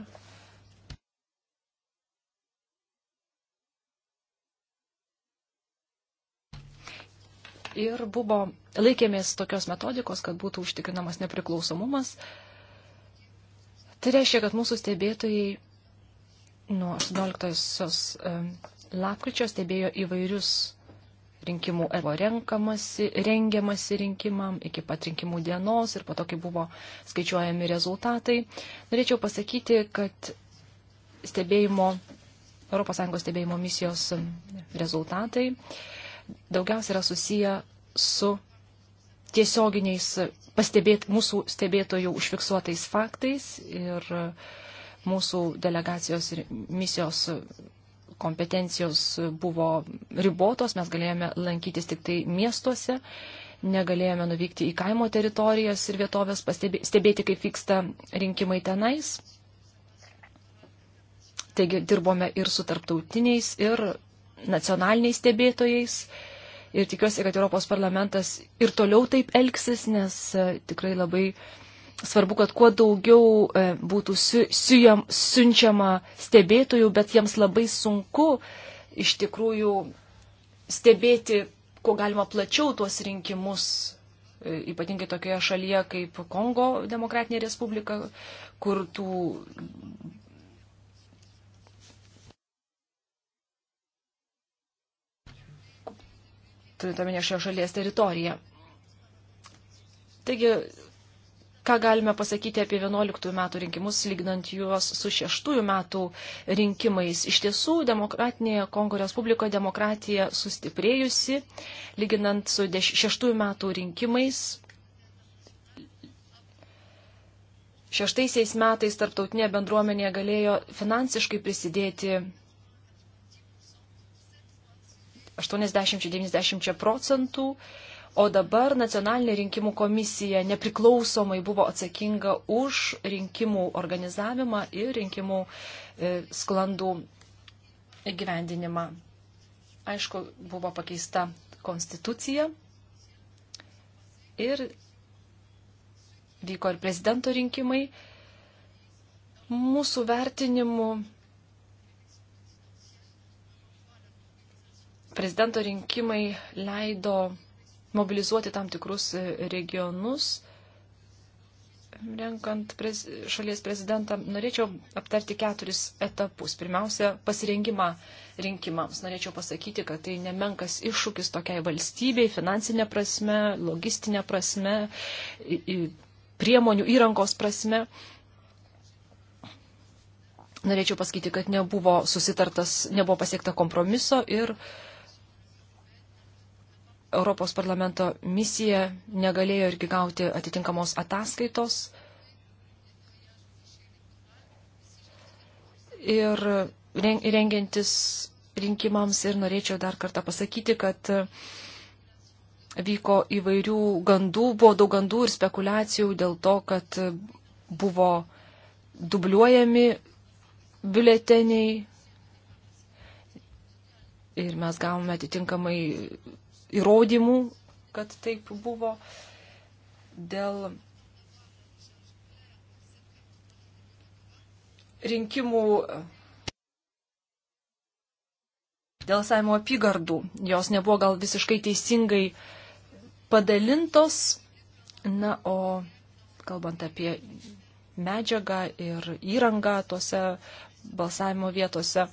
[SPEAKER 1] ir buvo, laikėmės tokios metodikos, kad būtų užtikrinamas nepriklausomumas. Tai reiškia, kad mūsų stebėtojai nuo 18 e, lapkričio stebėjo įvairius rinkimų e, buvo renkamasi, rengiamasi rinkimam iki pat rinkimų dienos ir po to, kai buvo skaičiuojami rezultatai. Norėčiau pasakyti, kad stebėjimo, ES stebėjimo misijos e, rezultatai daugiausia yra susiję su tiesioginiais pastebėt, mūsų stebėtojų užfiksuotais faktais ir uh, mūsų delegacijos ir misijos kompetencijos buvo ribotos, mes galėjome lankytis tik tai miestuose, negalėjome nuvykti į kaimo teritorijas ir vietovės, stebėti, kaip vyksta rinkimai tenais. Taigi dirbome ir su tarptautiniais, ir nacionaliniais stebėtojais. Ir tikiuosi, kad Europos parlamentas ir toliau taip elgsis, nes e, tikrai labai uh, svarbu, kad kuo daugiau e, būtų siunčiama stebėtojų, bet jiems labai sunku iš tikrųjų stebėti, kuo galima plačiau tuos rinkimus, e, ypatingai tokioje šalyje kaip Kongo Demokratinė Respublika, kur tų. Turint omenyje šios šalies teritoriją. Taigi Ką galime pasakyti apie 11 metų rinkimus, lygnant juos su 6 metų rinkimais? Iš tiesų, demokratinėje Kongo Respublikoje demokratija sustiprėjusi, lyginant su 6 metų rinkimais. Šeštaisiais metais tarptautinė bendruomenė galėjo finansiškai prisidėti 80-90 procentų, o dabar nacionalinė rinkimų komisija nepriklausomai buvo atsakinga už rinkimų organizavimą ir rinkimų e, sklandų įgyvendinimą. Aišku, buvo pakeista konstitucija ir vyko ir prezidento rinkimai. Mūsų vertinimu prezidento rinkimai leido mobilizuoti tam tikrus e, regionus, renkant prez, šalies prezidentą. Norėčiau aptarti keturis etapus. Pirmiausia, pasirengimą rinkimams. Norėčiau pasakyti, kad tai nemenkas iššūkis tokiai valstybei, finansinė prasme, logistinė prasme, priemonių įrankos prasme. Norėčiau pasakyti, kad nebuvo susitartas, nebuvo pasiekta kompromiso ir uh, Europos parlamento misija negalėjo irgi gauti atitinkamos ataskaitos. Ir rengiantis rinkimams ir norėčiau dar kartą pasakyti, kad e, vyko įvairių gandų, buvo daug gandų ir spekulacijų dėl to, kad e, buvo dubliuojami biuleteniai. Ir mes gavome atitinkamai įrodymų, kad taip buvo. Dėl rinkimų dėl saimo apygardų. Jos nebuvo gal visiškai teisingai padalintos. Na, o kalbant apie medžiagą ir įrangą tose balsavimo vietose,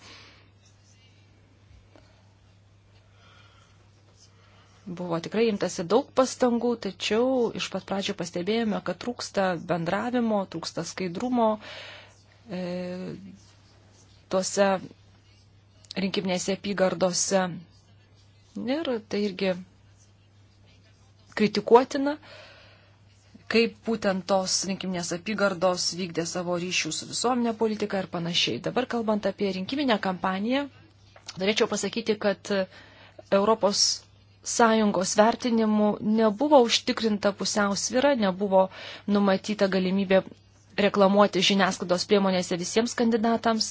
[SPEAKER 1] Buvo tikrai imtasi daug pastangų, tačiau iš pat pradžio pastebėjome, kad trūksta bendravimo, trūksta skaidrumo e, tuose rinkimnėse apygardose. Ir tai irgi kritikuotina, kaip būtent tos rinkiminės apygardos vykdė savo ryšių su visuomenė politika ir panašiai. Dabar kalbant apie rinkiminę kampaniją, norėčiau pasakyti, kad Europos sąjungos vertinimu nebuvo užtikrinta pusiausvyra, nebuvo numatyta galimybė reklamuoti žiniasklaidos priemonėse visiems kandidatams.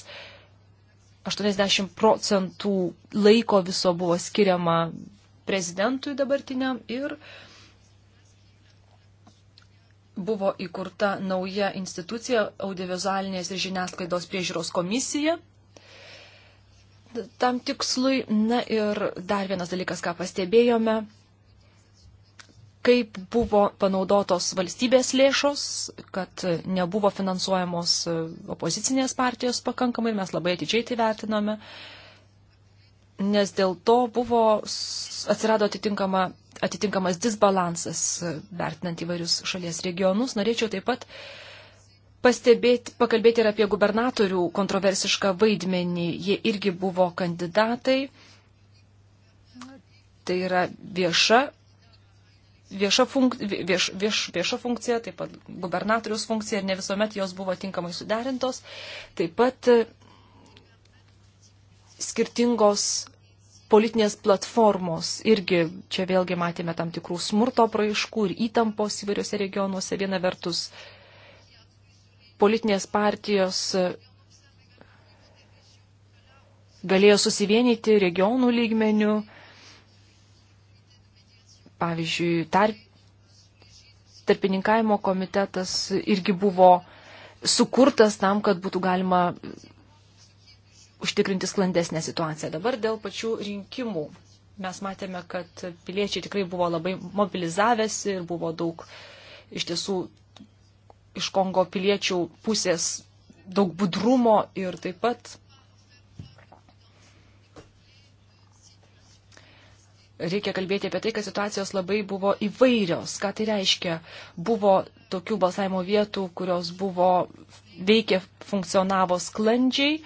[SPEAKER 1] 80 procentų laiko viso buvo skiriama prezidentui dabartiniam ir buvo įkurta nauja institucija audiovizualinės ir žiniasklaidos priežiūros komisija tam tikslui. Na ir dar vienas dalykas, ką pastebėjome, kaip buvo panaudotos valstybės lėšos, kad nebuvo finansuojamos opozicinės partijos pakankamai, mes labai atidžiai tai vertinome, nes dėl to buvo, atsirado atitinkama, atitinkamas disbalansas vertinant įvairius šalies regionus. Norėčiau taip pat uh, pastebėti, pakalbėti ir apie gubernatorių kontroversišką vaidmenį. Jie irgi buvo kandidatai. Tai yra vieša, vieša, funk, vieš, vieš, vieša funkcija, taip pat gubernatorius funkcija ir ne visuomet jos buvo tinkamai suderintos. Taip pat e, skirtingos politinės platformos irgi čia vėlgi matėme tam tikrų smurto praaiškų ir įtampos įvairiose regionuose. Viena vertus politinės partijos e, galėjo susivienyti regionų lygmenių, pavyzdžiui, tarp, tarpininkavimo komitetas irgi buvo sukurtas tam, kad būtų galima užtikrinti sklandesnę situaciją. Dabar dėl pačių rinkimų. Mes matėme, kad piliečiai tikrai buvo labai mobilizavęsi ir buvo daug iš tiesų iš Kongo piliečių pusės daug budrumo ir taip pat reikia kalbėti apie tai, kad situacijos labai buvo įvairios. Ką tai reiškia? Buvo tokių balsavimo vietų, kurios buvo veikė, funkcionavo sklandžiai,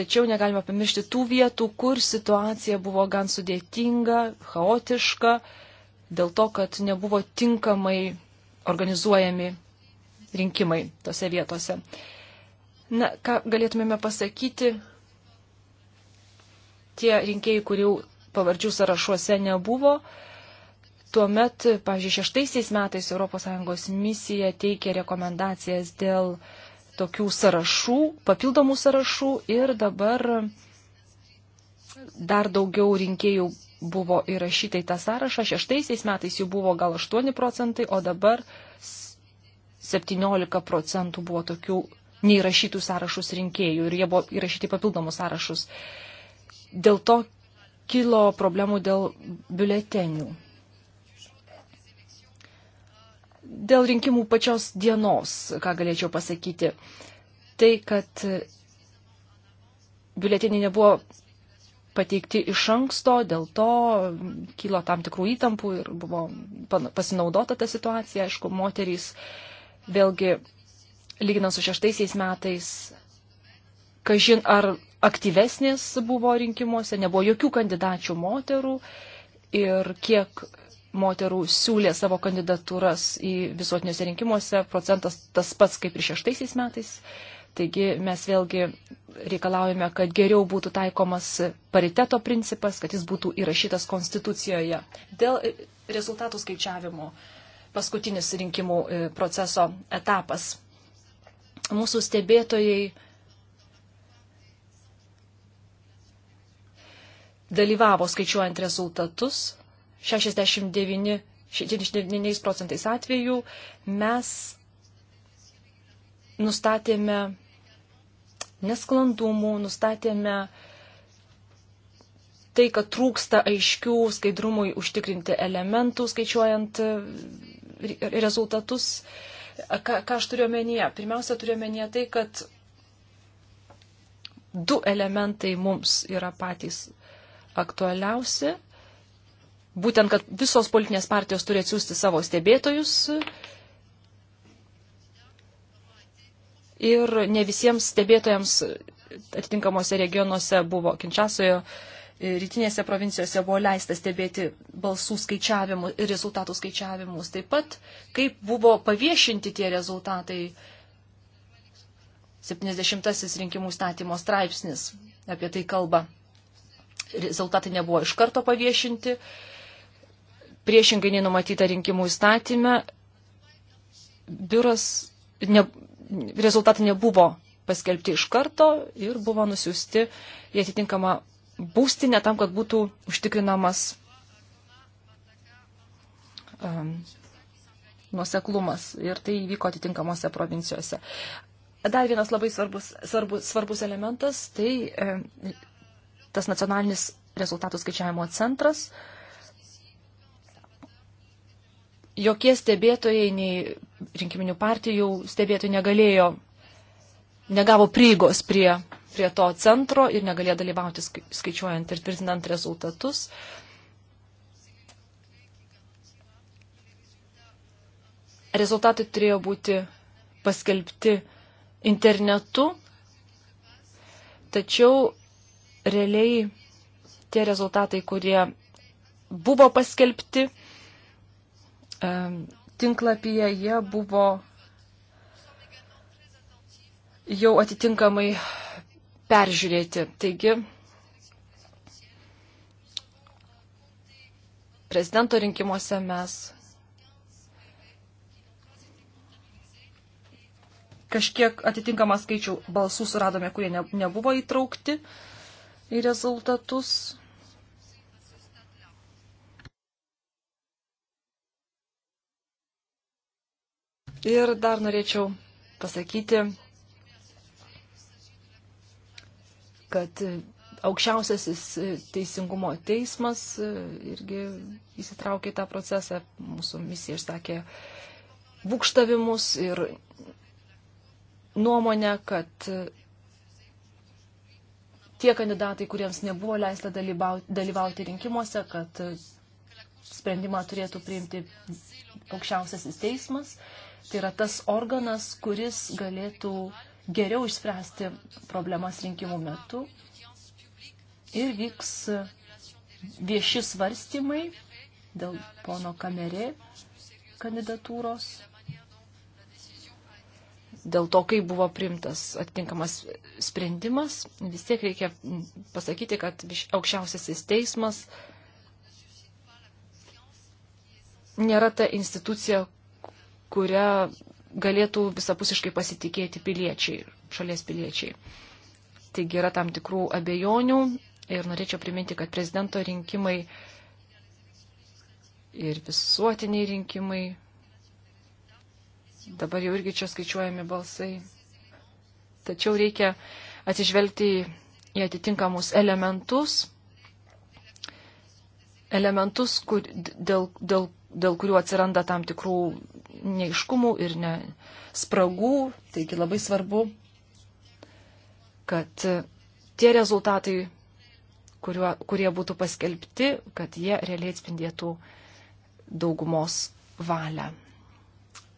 [SPEAKER 1] tačiau negalime pamiršti tų vietų, kur situacija buvo gan sudėtinga, chaotiška, dėl to, kad nebuvo tinkamai organizuojami rinkimai tose vietose. Na, ką galėtumėme pasakyti, tie rinkėjai, kurių pavardžių sąrašuose nebuvo, tuomet, pažiūrėjau, šeštaisiais metais ES misija teikė rekomendacijas dėl tokių sąrašų, papildomų sąrašų ir dabar dar daugiau rinkėjų buvo įrašyta į tą sąrašą. Šeštaisiais metais jų buvo gal 8 procentai, o dabar 17 procentų buvo tokių neįrašytų sąrašus rinkėjų ir jie buvo įrašyti papildomus sąrašus. Dėl to kilo problemų dėl biuletenių. Dėl rinkimų pačios dienos, ką galėčiau pasakyti, tai, kad biuleteniai nebuvo pateikti iš anksto, dėl to kilo tam tikrų įtampų ir buvo pasinaudota ta situacija. Aišku, moterys vėlgi, lyginant su šeštaisiais metais, kažin ar aktyvesnės buvo rinkimuose, nebuvo jokių kandidačių moterų ir kiek moterų siūlė savo kandidatūras į visuotiniuose rinkimuose, procentas tas pats kaip ir šeštaisiais metais. Taigi mes vėlgi reikalaujame, kad geriau būtų taikomas pariteto principas, kad jis būtų įrašytas konstitucijoje. Dėl e, rezultatų skaičiavimo paskutinis rinkimų e, proceso etapas. Mūsų stebėtojai dalyvavo skaičiuojant rezultatus 69, 69 procentais atvejų mes nustatėme nesklandumų, nustatėme tai, kad trūksta aiškių skaidrumui užtikrinti elementų, skaičiuojant e, rezultatus. Ką, ką aš turiu omenyje? Pirmiausia, turiu omenyje tai, kad du elementai mums yra patys aktualiausi. Būtent, kad visos politinės partijos turi atsiųsti savo stebėtojus ir ne visiems stebėtojams atitinkamuose regionuose buvo Kinčasojo, e, rytinėse provincijose buvo leista stebėti balsų skaičiavimus ir rezultatų skaičiavimus. Taip pat, kaip buvo paviešinti tie rezultatai 70-asis rinkimų statymo straipsnis apie tai kalba. Rezultatai nebuvo iš karto paviešinti. Priešingai nei numatyta rinkimų įstatymė, biuras ne, rezultatai nebuvo paskelbti iš karto ir buvo nusiųsti į atitinkamą būstinę tam, kad būtų užtikrinamas um, nuoseklumas. Ir tai įvyko atitinkamose provincijose. Dar vienas labai svarbus, svarbus, svarbus elementas - tai e, tas nacionalinis rezultatų skaičiavimo centras. E, jokie stebėtojai, nei rinkiminių partijų stebėtojai negalėjo, negavo prieigos prie, prie to centro ir negalėjo dalyvauti skaičiuojant ir tvirtinant rezultatus. Rezultatai turėjo būti paskelbti internetu, tačiau realiai tie rezultatai, kurie buvo paskelbti, tinklapyje jie buvo jau atitinkamai peržiūrėti. Taigi, prezidento rinkimuose mes kažkiek atitinkamą skaičių balsų suradome, kurie ne, nebuvo įtraukti į rezultatus. Ir dar norėčiau pasakyti, kad aukščiausiasis teisingumo teismas e, irgi įsitraukė į tą procesą. Mūsų misija išsakė būkštavimus ir nuomonę, kad tie kandidatai, kuriems nebuvo leista dalyvauti, dalyvauti rinkimuose, kad sprendimą turėtų priimti aukščiausiasis teismas. Tai yra tas organas, kuris galėtų geriau išspręsti problemas rinkimų metu. Ir vyks vieši svarstymai dėl pono Kamerė kandidatūros, dėl to, kai buvo primtas atitinkamas sprendimas, vis tiek reikia pasakyti, kad aukščiausiasis teismas nėra ta institucija, kurią galėtų visapusiškai pasitikėti piliečiai, šalies piliečiai. Taigi yra tam tikrų abejonių ir norėčiau priminti, kad prezidento rinkimai ir visuotiniai rinkimai, dabar jau irgi čia skaičiuojami balsai, tačiau reikia atsižvelgti į atitinkamus elementus, elementus, kur, dėl, dėl dėl kurių atsiranda tam tikrų neiškumų ir ne spragų. Taigi labai svarbu, kad tie rezultatai, kuriuo, kurie būtų paskelbti, kad jie realiai atspindėtų daugumos valią.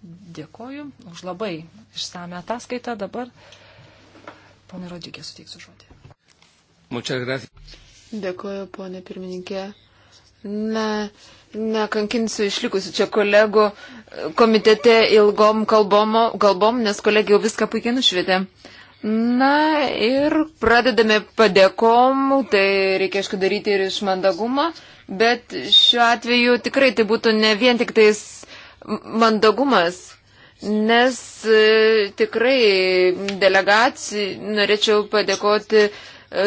[SPEAKER 1] Dėkoju už labai išsame ataskaitą. Dabar ponai Rodžikė suteiksiu žodį. Dėkoju, ponė
[SPEAKER 3] pirmininkė. Na. Ne Nekankinsiu išlikusių čia kolegų komitete ilgom kalbomo, kalbom, nes kolegija jau viską puikiai nušvietė. Na ir pradedame padėkom, tai reikia aišku daryti ir iš mandagumo, bet šiuo atveju tikrai tai būtų ne vien tik tais mandagumas, nes e, tikrai delegacijai norėčiau padėkoti uh,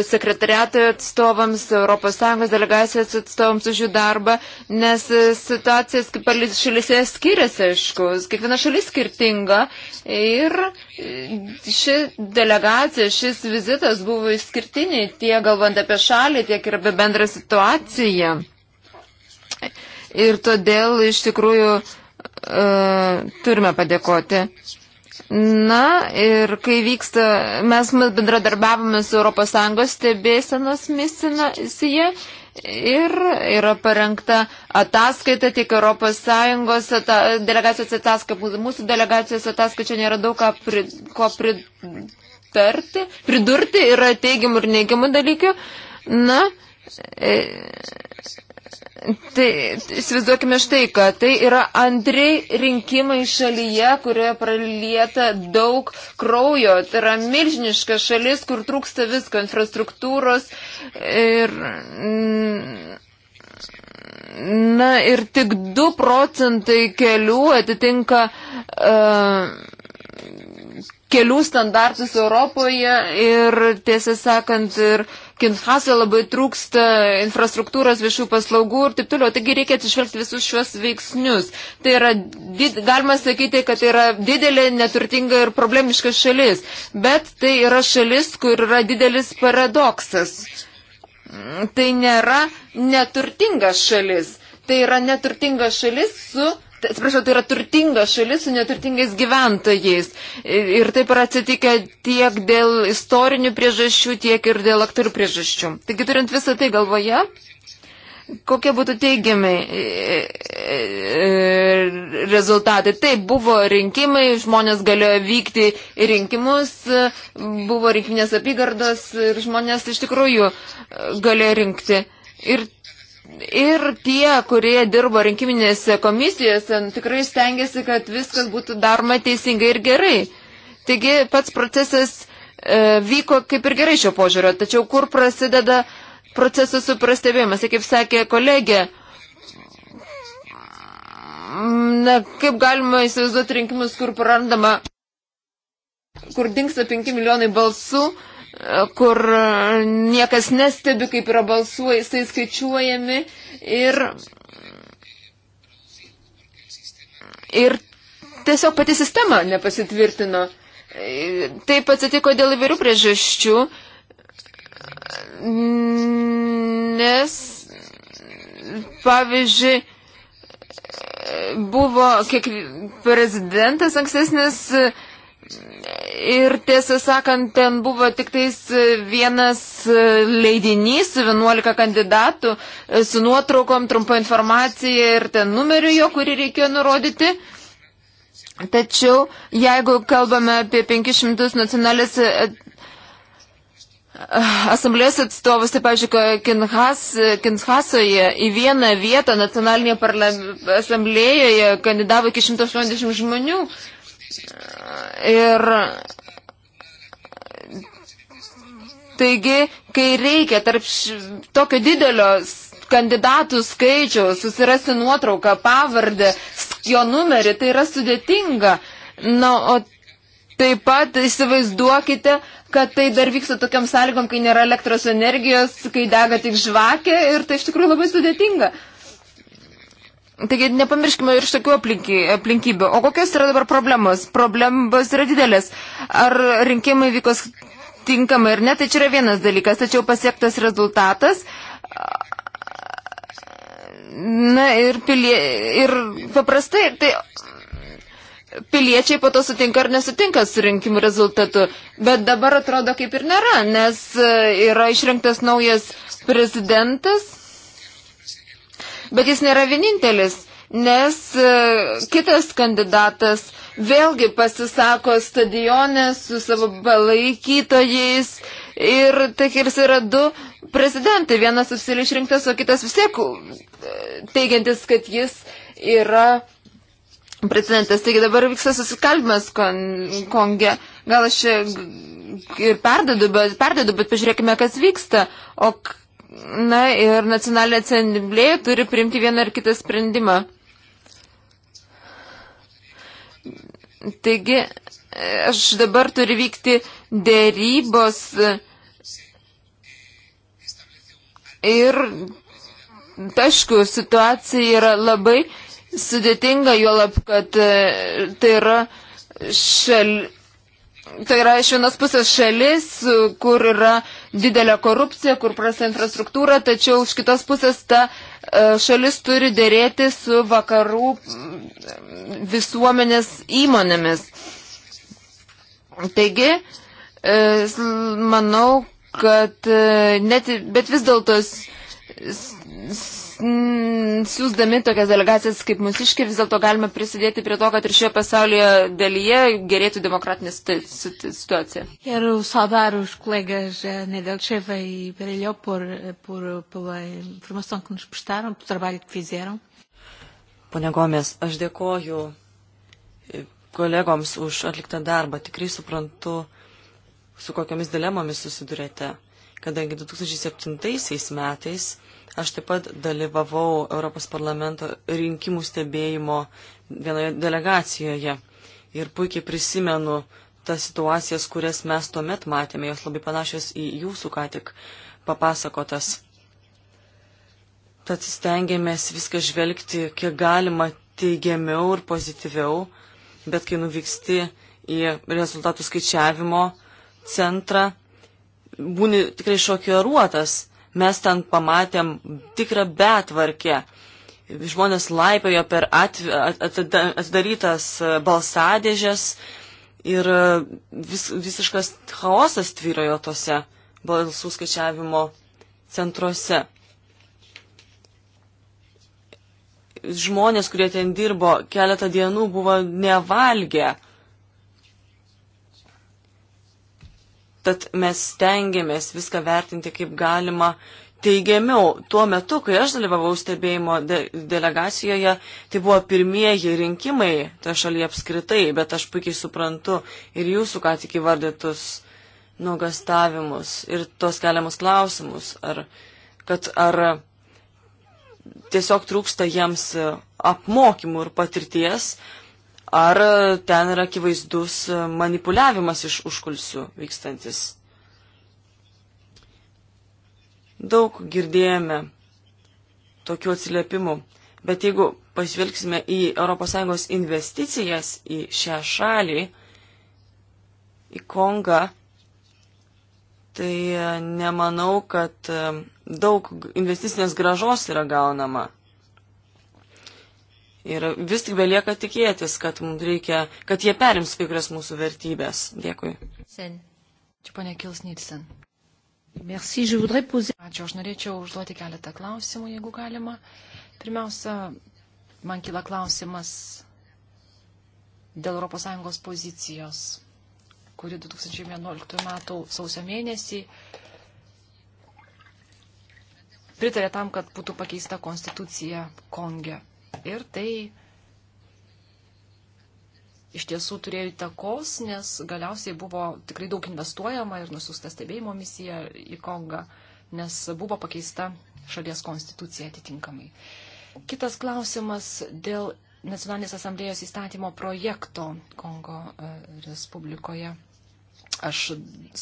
[SPEAKER 3] sekretariato atstovams, ES delegacijos atstovams už jų darbą, nes e, situacijas kaip šalise skiriasi, aišku, kiekviena šalis skirtinga ir e, ši delegacija, šis vizitas buvo išskirtiniai tiek galvant apie šalį, tiek ir apie bendrą situaciją. Ir todėl iš tikrųjų uh, turime padėkoti. Na ir kai vyksta, mes bendradarbiavome su ES stebėsenos misija ir yra parengta ataskaita tiek ES ata, delegacijos ataskaita, mūsų delegacijos ataskaita, čia nėra daug ką pri, ko pritarti, pridurti, yra teigiamų ir neigiamų dalykų. Na, e, Tai įsivaizduokime štai, kad tai yra antrai rinkimai šalyje, kurioje pralieta daug kraujo. Tai yra milžiniška šalis, kur trūksta visko, infrastruktūros ir. Mm, na ir tik 2 procentai kelių atitinka uh, kelių standartus Europoje ir, tiesą sakant, ir Kinshasa labai trūksta infrastruktūros viešų paslaugų ir taip toliau. Taigi reikia atsižvelgti visus šiuos veiksnius. Tai yra, did, galima sakyti, kad tai yra didelė, neturtinga ir problemiška šalis. Bet tai yra šalis, kur yra didelis paradoksas. Tai nėra neturtinga šalis. Tai yra neturtinga šalis su atsiprašau, tai yra turtinga šalis su neturtingais gyventojais. Ir taip yra atsitikę tiek dėl istorinių priežasčių, tiek ir dėl aktorių priežasčių. Taigi turint visą tai galvoje, kokie būtų teigiami e, e, rezultatai. Taip, buvo rinkimai, žmonės galėjo vykti į rinkimus, buvo rinkiminės apygardos ir žmonės iš tikrųjų e, galėjo rinkti. Ir Ir tie, kurie dirbo rinkiminėse komisijose, nu, tikrai stengiasi, kad viskas būtų daroma teisingai ir gerai. Taigi pats procesas e, vyko kaip ir gerai šio požiūrio, tačiau kur prasideda proceso suprastebėjimas, tai kaip sakė kolegė, na, kaip galima įsivaizduoti rinkimus, kur prarandama, kur dinksta 5 milijonai balsų, e, kur e, niekas nestebi, kaip yra balsuoja, jisai skaičiuojami ir, ir tiesiog pati sistema nepasitvirtino. Taip atsitiko dėl įvairių priežasčių, nes, pavyzdžiui, buvo kiek prezidentas ankstesnis Ir tiesą sakant, ten buvo tik tais e, vienas e, leidinys su 11 kandidatų, e, su nuotraukom, trumpa informacija ir ten numeriu jo, kurį reikėjo nurodyti. Tačiau jeigu kalbame apie 500 nacionalės asamblės atstovus, tai, pažiūrėjau, Kinhas, Kinshasoje į vieną vietą nacionalinėje asamblėjoje kandidavo iki 180 žmonių. Ir taigi, kai reikia tarp š... tokio didelio kandidatų skaičiaus susirasti nuotrauką, pavardę, jo numerį, tai yra sudėtinga. Na, o taip pat įsivaizduokite, kad tai dar vyksta tokiam sąlygom, kai nėra elektros energijos, kai dega tik žvakė ir tai iš tikrųjų labai sudėtinga. Uh, Taigi nepamirškime ir šitokių aplinky, aplinkybių. O kokios yra dabar problemos? Problemos yra didelės. Ar rinkimai vyko tinkamai ir ne, tai čia yra vienas dalykas, tačiau pasiektas rezultatas. Na ir, pilie, ir paprastai tai piliečiai po to sutinka ar nesutinka su rinkimų rezultatu. Bet dabar atrodo kaip ir nėra, nes yra išrinktas naujas prezidentas Bet jis nėra vienintelis, nes e, kitas kandidatas vėlgi pasisako stadione su savo palaikytojais ir takirs yra du prezidentai, vienas oficialiai išrinktas, o kitas vis tiek e, teigiantis, kad jis yra prezidentas. Taigi dabar vyksta susikalbimas kon, Konge. Gal aš ir perdedu, bet, perdedu, bet pažiūrėkime, kas vyksta. O ok Na ir nacionalinė asamblėja turi priimti vieną ar kitą sprendimą. Taigi, aš dabar turi vykti dėrybos ir, aišku, situacija yra labai sudėtinga, juolab, kad e, tai yra šal, Tai yra iš vienos pusės šalis, kur yra didelė korupcija, kur prasta infrastruktūra, tačiau iš kitos pusės ta e, šalis turi dėrėti su vakarų mm, visuomenės įmonėmis. Taigi, e, manau, kad e, net, bet vis dėlto Mm, siūsdami tokias delegacijas kaip mūsiškė, vis dėlto galime prisidėti prie to, kad ir šioje pasaulio dalyje gerėtų demokratinė situacija. Quero saudar os colegas eh, Nedelcheva e Berelho eh, por, por, pela informação que nos prestaram, pelo trabalho que fizeram.
[SPEAKER 2] Pone Gomes, aš dėkoju eh, kolegoms už atliktą darbą. Tikrai suprantu, su kokiamis dilemomis susidurėte, kadangi 2007 metais Aš taip pat dalyvavau Europos parlamento rinkimų stebėjimo vienoje delegacijoje ir puikiai prisimenu tas situacijas, kurias mes tuomet matėme, jos labai panašios į jūsų ką tik papasakotas. Tad stengiamės viską žvelgti kiek galima teigiamiau ir pozityviau, bet kai nuvyksti į rezultatų skaičiavimo centrą, būni tikrai šokiruotas Mes ten pamatėm tikrą betvarkę. Žmonės laipėjo per atidarytas e, balsadėžės ir e, vis, visiškas chaosas tvyrojo tose balsų skaičiavimo centruose. Žmonės, kurie ten dirbo keletą dienų, buvo nevalgę Tad mes stengiamės viską vertinti kaip galima teigiamiau. Tuo metu, kai aš dalyvavau stebėjimo de delegacijoje, tai buvo pirmieji rinkimai to šalyje apskritai, bet aš puikiai suprantu ir jūsų ką tik įvardytus nuogastavimus ir tos keliamus klausimus, ar, kad ar tiesiog trūksta jiems apmokymų ir patirties, ar ten yra akivaizdus manipuliavimas iš užkulsių vykstantis. Daug girdėjome tokių atsiliepimų, bet jeigu pažvelgsime į ES investicijas į šią šalį, į Kongą, tai nemanau, kad daug investicinės gražos yra gaunama. Ir vis tik belieka tikėtis, kad, reikia, kad jie perims kai kurias mūsų vertybės. Dėkui.
[SPEAKER 1] Sen. Čia ponia Kilsnytsen. Merci, je voudrais poser. Ačiū, aš norėčiau užduoti keletą klausimų, jeigu galima. Pirmiausia, man kyla klausimas dėl ES pozicijos, kuri 2011 m. sausio mėnesį pritarė tam, kad būtų pakeista konstitucija Konge. Ir tai iš tiesų turėjo įtakos, nes galiausiai buvo tikrai daug investuojama ir nusiusta stebėjimo misija į Kongą, nes buvo pakeista šalies konstitucija atitinkamai. Kitas klausimas dėl Nacionalinės asamblėjos įstatymo projekto Kongo e, Respublikoje. Aš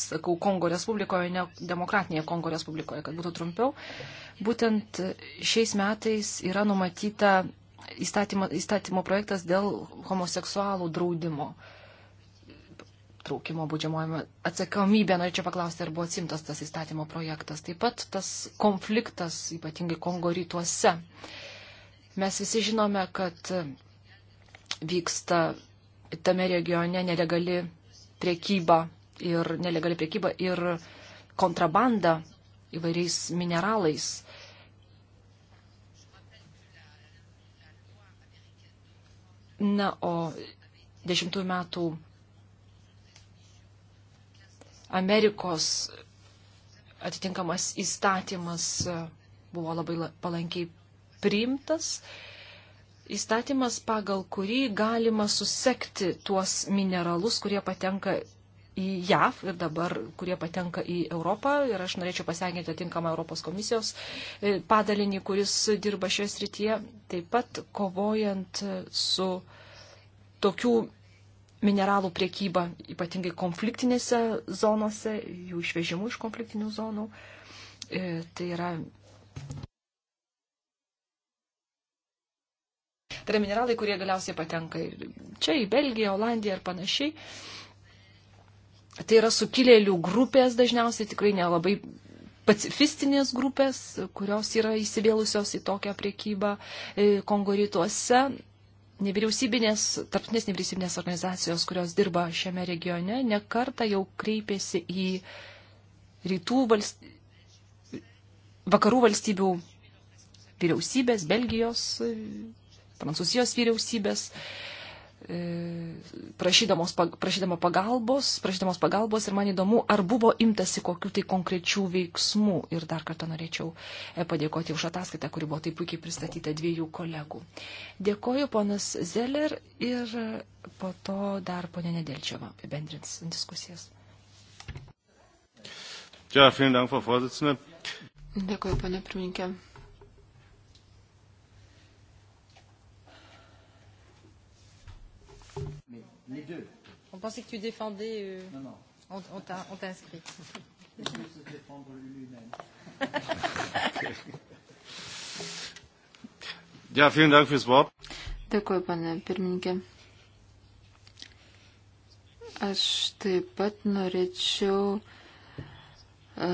[SPEAKER 1] sakau Kongo Respublikoje, ne demokratinėje Kongo Respublikoje, kad būtų trumpiau. Būtent šiais metais yra numatyta įstatymo, įstatymo projektas dėl homoseksualų draudimo traukimo būdžiamojame atsakomybė. Norėčiau paklausti, ar buvo atsimtas tas įstatymo projektas. Taip pat tas konfliktas, ypatingai Kongo rytuose. Mes visi žinome, kad vyksta tame regione nelegali priekyba ir nelegali priekyba ir kontrabanda įvairiais mineralais. Na, o dešimtųjų metų Amerikos atitinkamas įstatymas buvo labai palankiai priimtas. Įstatymas, pagal kurį galima susekti tuos mineralus, kurie patenka į JAV ir dabar, kurie patenka į Europą. Ir aš norėčiau pasveikinti atinkamą Europos komisijos e, padalinį, kuris dirba šioje srityje, taip pat kovojant su tokių mineralų priekyba, ypatingai konfliktinėse zonose, jų išvežimu iš konfliktinių zonų. E, tai yra Tai yra mineralai, kurie galiausiai patenka ir čia, į Belgiją, Olandiją ir panašiai. Tai yra sukilėlių grupės dažniausiai, tikrai nelabai pacifistinės grupės, kurios yra įsivėlusios į tokią priekybą e, Kongo rytuose. Nevyriausybinės, tarptautinės nevyriausybinės organizacijos, kurios dirba šiame regione, nekarta jau kreipėsi į rytų valstybių, vakarų valstybių vyriausybės, Belgijos, Prancūzijos vyriausybės, E, prašydamos, prašydama pagalbos, prašydamos pagalbos ir man įdomu, ar buvo imtasi kokių tai konkrečių veiksmų. Ir dar kartą norėčiau e, padėkoti už ataskaitą, kuri buvo taip puikiai pristatyta dviejų kolegų. Dėkoju ponas Zeller ir po to dar ponė Nedelčiava apibendrins diskusijas. Ja, Dėkoju, ponė pirmininkė. Les deux. On pensait que tu défendais. Euh... Non, non. On, on t'a, on t'a inscrit. Il se défendre lui-même.
[SPEAKER 3] Ja, vielen Dank fürs Wort. Dėkuoju, pane pirmininkė. Aš taip pat norėčiau uh,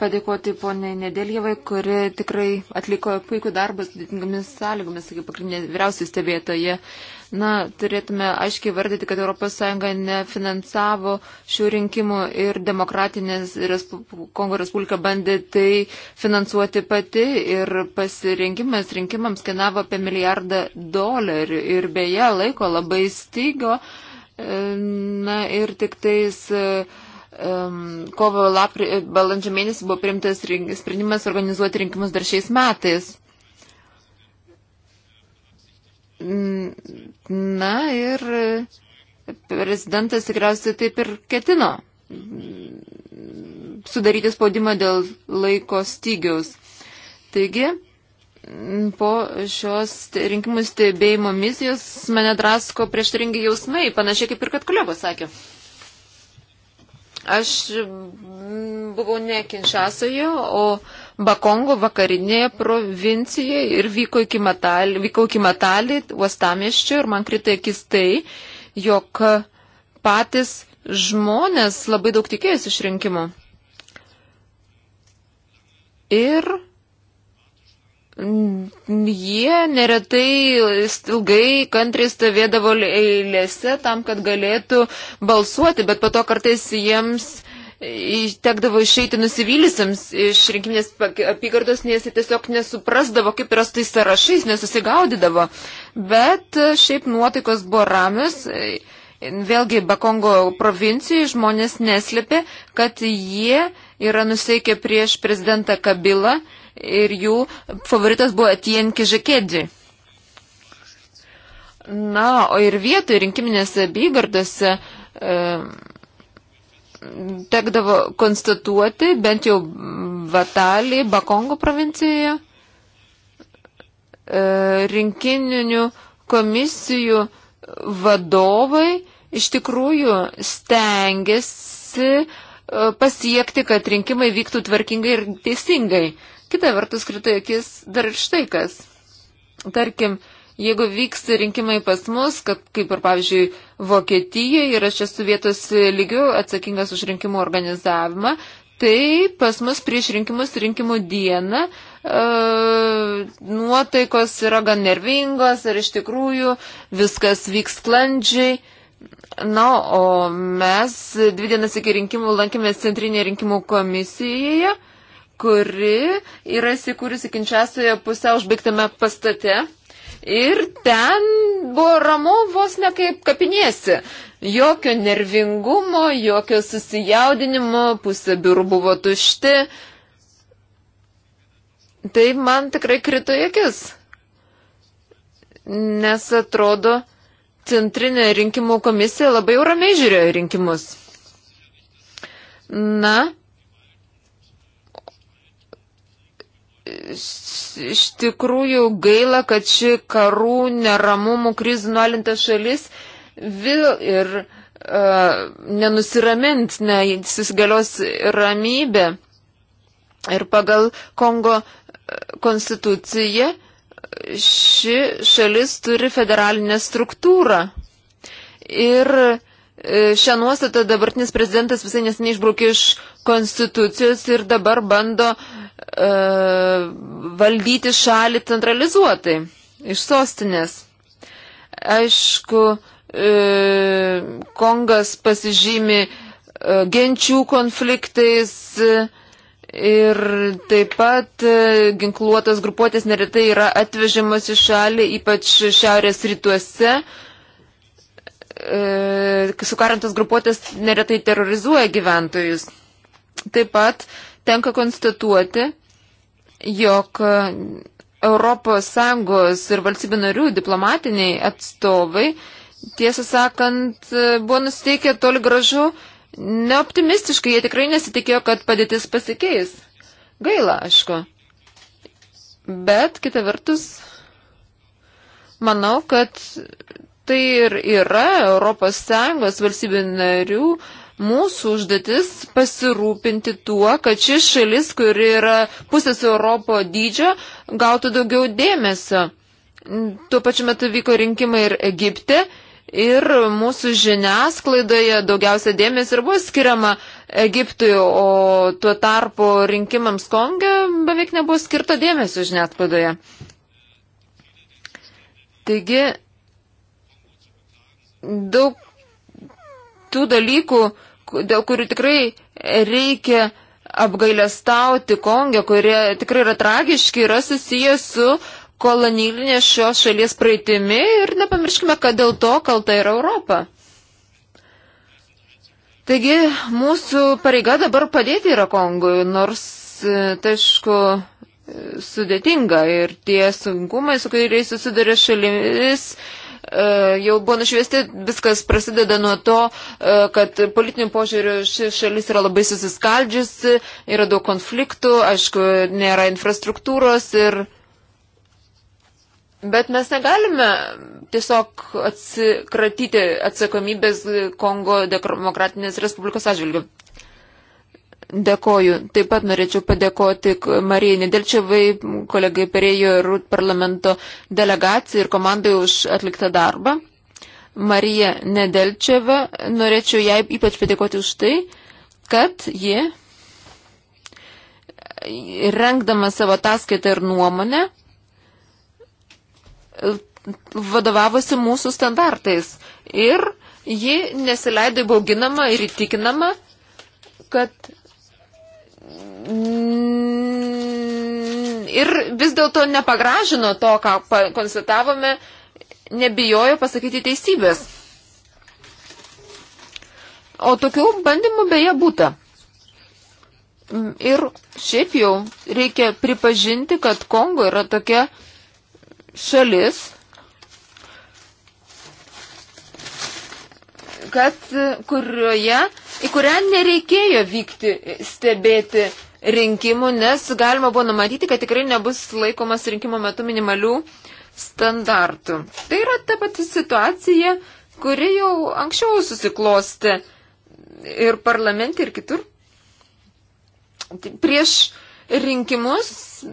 [SPEAKER 3] padėkoti poniai Nedėlievai, kuri tikrai atliko puikų darbą sudėtingomis sąlygomis, kaip pagrindinė vyriausiai stebėtoje. Na, turėtume aiškiai vardyti, kad ES nefinansavo šių rinkimų ir demokratinės Respu Kongo Respublika bandė tai finansuoti pati ir pasirinkimas rinkimams kainavo apie milijardą dolerių ir beje laiko labai stygo. Na ir tik tais. Uh, kovo lapri, balandžio mėnesį buvo priimtas rink, sprendimas organizuoti rinkimus dar šiais metais. Na ir prezidentas tikriausiai taip ir ketino sudaryti spaudimą dėl laiko stygiaus. Taigi, po šios rinkimų stebėjimo misijos mane drasko prieštaringi jausmai, panašiai kaip ir kad kolegos sakė. Aš mm, buvau ne Kinšasoje, o Bakongo vakarinėje provincijoje ir vyko iki Matalį, vyko iki Matalį uostamieščio ir man krito akis tai, jog patys žmonės labai daug tikėjosi išrinkimo. Ir Jie neretai ilgai kantriai stovėdavo eilėse tam, kad galėtų balsuoti, bet po to kartais jiems tekdavo išeiti nusivylisams iš rinkiminės apygardos, nes jie tiesiog nesuprasdavo, kaip yra su tais sąrašais, nesusigaudydavo. Bet šiaip nuotaikos buvo ramius. Vėlgi, Bakongo provincijai žmonės neslėpė, kad jie yra nuseikę prieš prezidentą Kabilą ir jų favoritas buvo Tien Kižakedži. Na, o ir vietoje rinkiminėse bygardose e, tekdavo konstatuoti, bent jau Vatalį, Bakongo provincijoje, e, rinkininių komisijų vadovai iš tikrųjų stengiasi e, pasiekti, kad rinkimai vyktų tvarkingai ir teisingai. E, Kita vertus, krito akis dar ir štai kas. Tarkim, jeigu vyks rinkimai pas mus, kad, kaip ir pavyzdžiui Vokietijoje ir aš esu vietos lygių atsakingas už rinkimų organizavimą, tai pas mus prieš rinkimus rinkimų dieną e, nuotaikos yra gan nervingos ir iš tikrųjų viskas vyks sklandžiai. Na, o mes dvi dienas iki rinkimų lankėmės Centrinėje rinkimų komisijoje. E, kuri yra įsikūrusi Kinčiasoje pusiau užbaigtame pastate. Ir ten buvo ramu vos ne kaip kapinėsi. Jokio nervingumo, jokio susijaudinimo, pusė biurų buvo tušti. Tai man tikrai krito akis. Nes atrodo, centrinė rinkimų komisija labai ramiai žiūrėjo rinkimus. Na, iš tikrųjų gaila, kad ši karų neramumų krizų nualinta šalis vėl ir uh, nenusiramint, nesusigalios ramybė. Ir pagal Kongo e, konstituciją ši šalis turi federalinę struktūrą. Ir e, šią nuostatą dabartinis prezidentas visai nesiniai išbraukė iš konstitucijos ir dabar bando uh, E, valdyti šalį centralizuotai iš sostinės. Aišku, e, Kongas pasižymi e, genčių konfliktais ir taip pat ginkluotas grupuotės neretai yra atvežiamas į šalį, ypač šiaurės rytuose. Sukarantas grupuotės neretai terrorizuoja gyventojus. Taip pat tenka konstatuoti, jog ES ir valstybių narių diplomatiniai atstovai, tiesą sakant, buvo nusteikę toli gražu neoptimistiškai, jie tikrai nesitikėjo, kad padėtis pasikeis. Gaila, aišku. Bet kita vertus, manau, kad tai ir yra ES valstybių narių Mūsų užduotis pasirūpinti tuo, kad ši šalis, kuri yra pusės Europo dydžio, gautų daugiau dėmesio. Tuo pačiu metu vyko rinkimai ir Egipte ir mūsų žiniasklaidoje daugiausia dėmesio ir buvo skiriama Egiptui, o tuo tarpu rinkimams Konge beveik nebuvo skirta dėmesio žiniasklaidoje. Taigi, daug tų dalykų, dėl kurių tikrai reikia apgailestauti Kongę, kurie tikrai yra tragiški, yra susijęs su kolonilinė šios šalies praeitimi ir nepamirškime, kad dėl to kalta yra Europa. Taigi mūsų pareiga dabar padėti yra Kongui, nors, e, tai aišku, e, sudėtinga ir tie sunkumai, su kuriais susiduria šalimis, E, jau buvo nušviesti, viskas prasideda nuo to, e, kad politiniu požiūriu ši šalis yra labai susiskaldžiusi, yra daug konfliktų, aišku, nėra infrastruktūros ir. Bet mes negalime tiesiog atsikratyti atsakomybės Kongo demokratinės Respublikos atžvilgių. Dėkoju. Taip pat norėčiau padėkoti Marijai Nedelčiavai, kolegai Perėjo ir parlamento delegacijai ir komandai už atliktą darbą. Marija Nedelčiava, norėčiau jai ypač padėkoti už tai, kad ji, rengdama savo ataskaitą ir nuomonę, vadovavosi mūsų standartais. Ir ji nesileido įbauginama ir įtikinama, kad Mm, ir vis dėlto nepagražino to, ką konstatavome, nebijojo pasakyti teisybės. O tokių bandymų beje būta. Mm, ir šiaip jau reikia pripažinti, kad Kongo yra tokia šalis, kad kurioje į kurią nereikėjo vykti stebėti rinkimų, nes galima buvo numatyti, kad tikrai nebus laikomas rinkimo metu minimalių standartų. Tai yra ta pati situacija, kuri jau anksčiau susiklosti ir parlamente, ir kitur. Prieš rinkimus,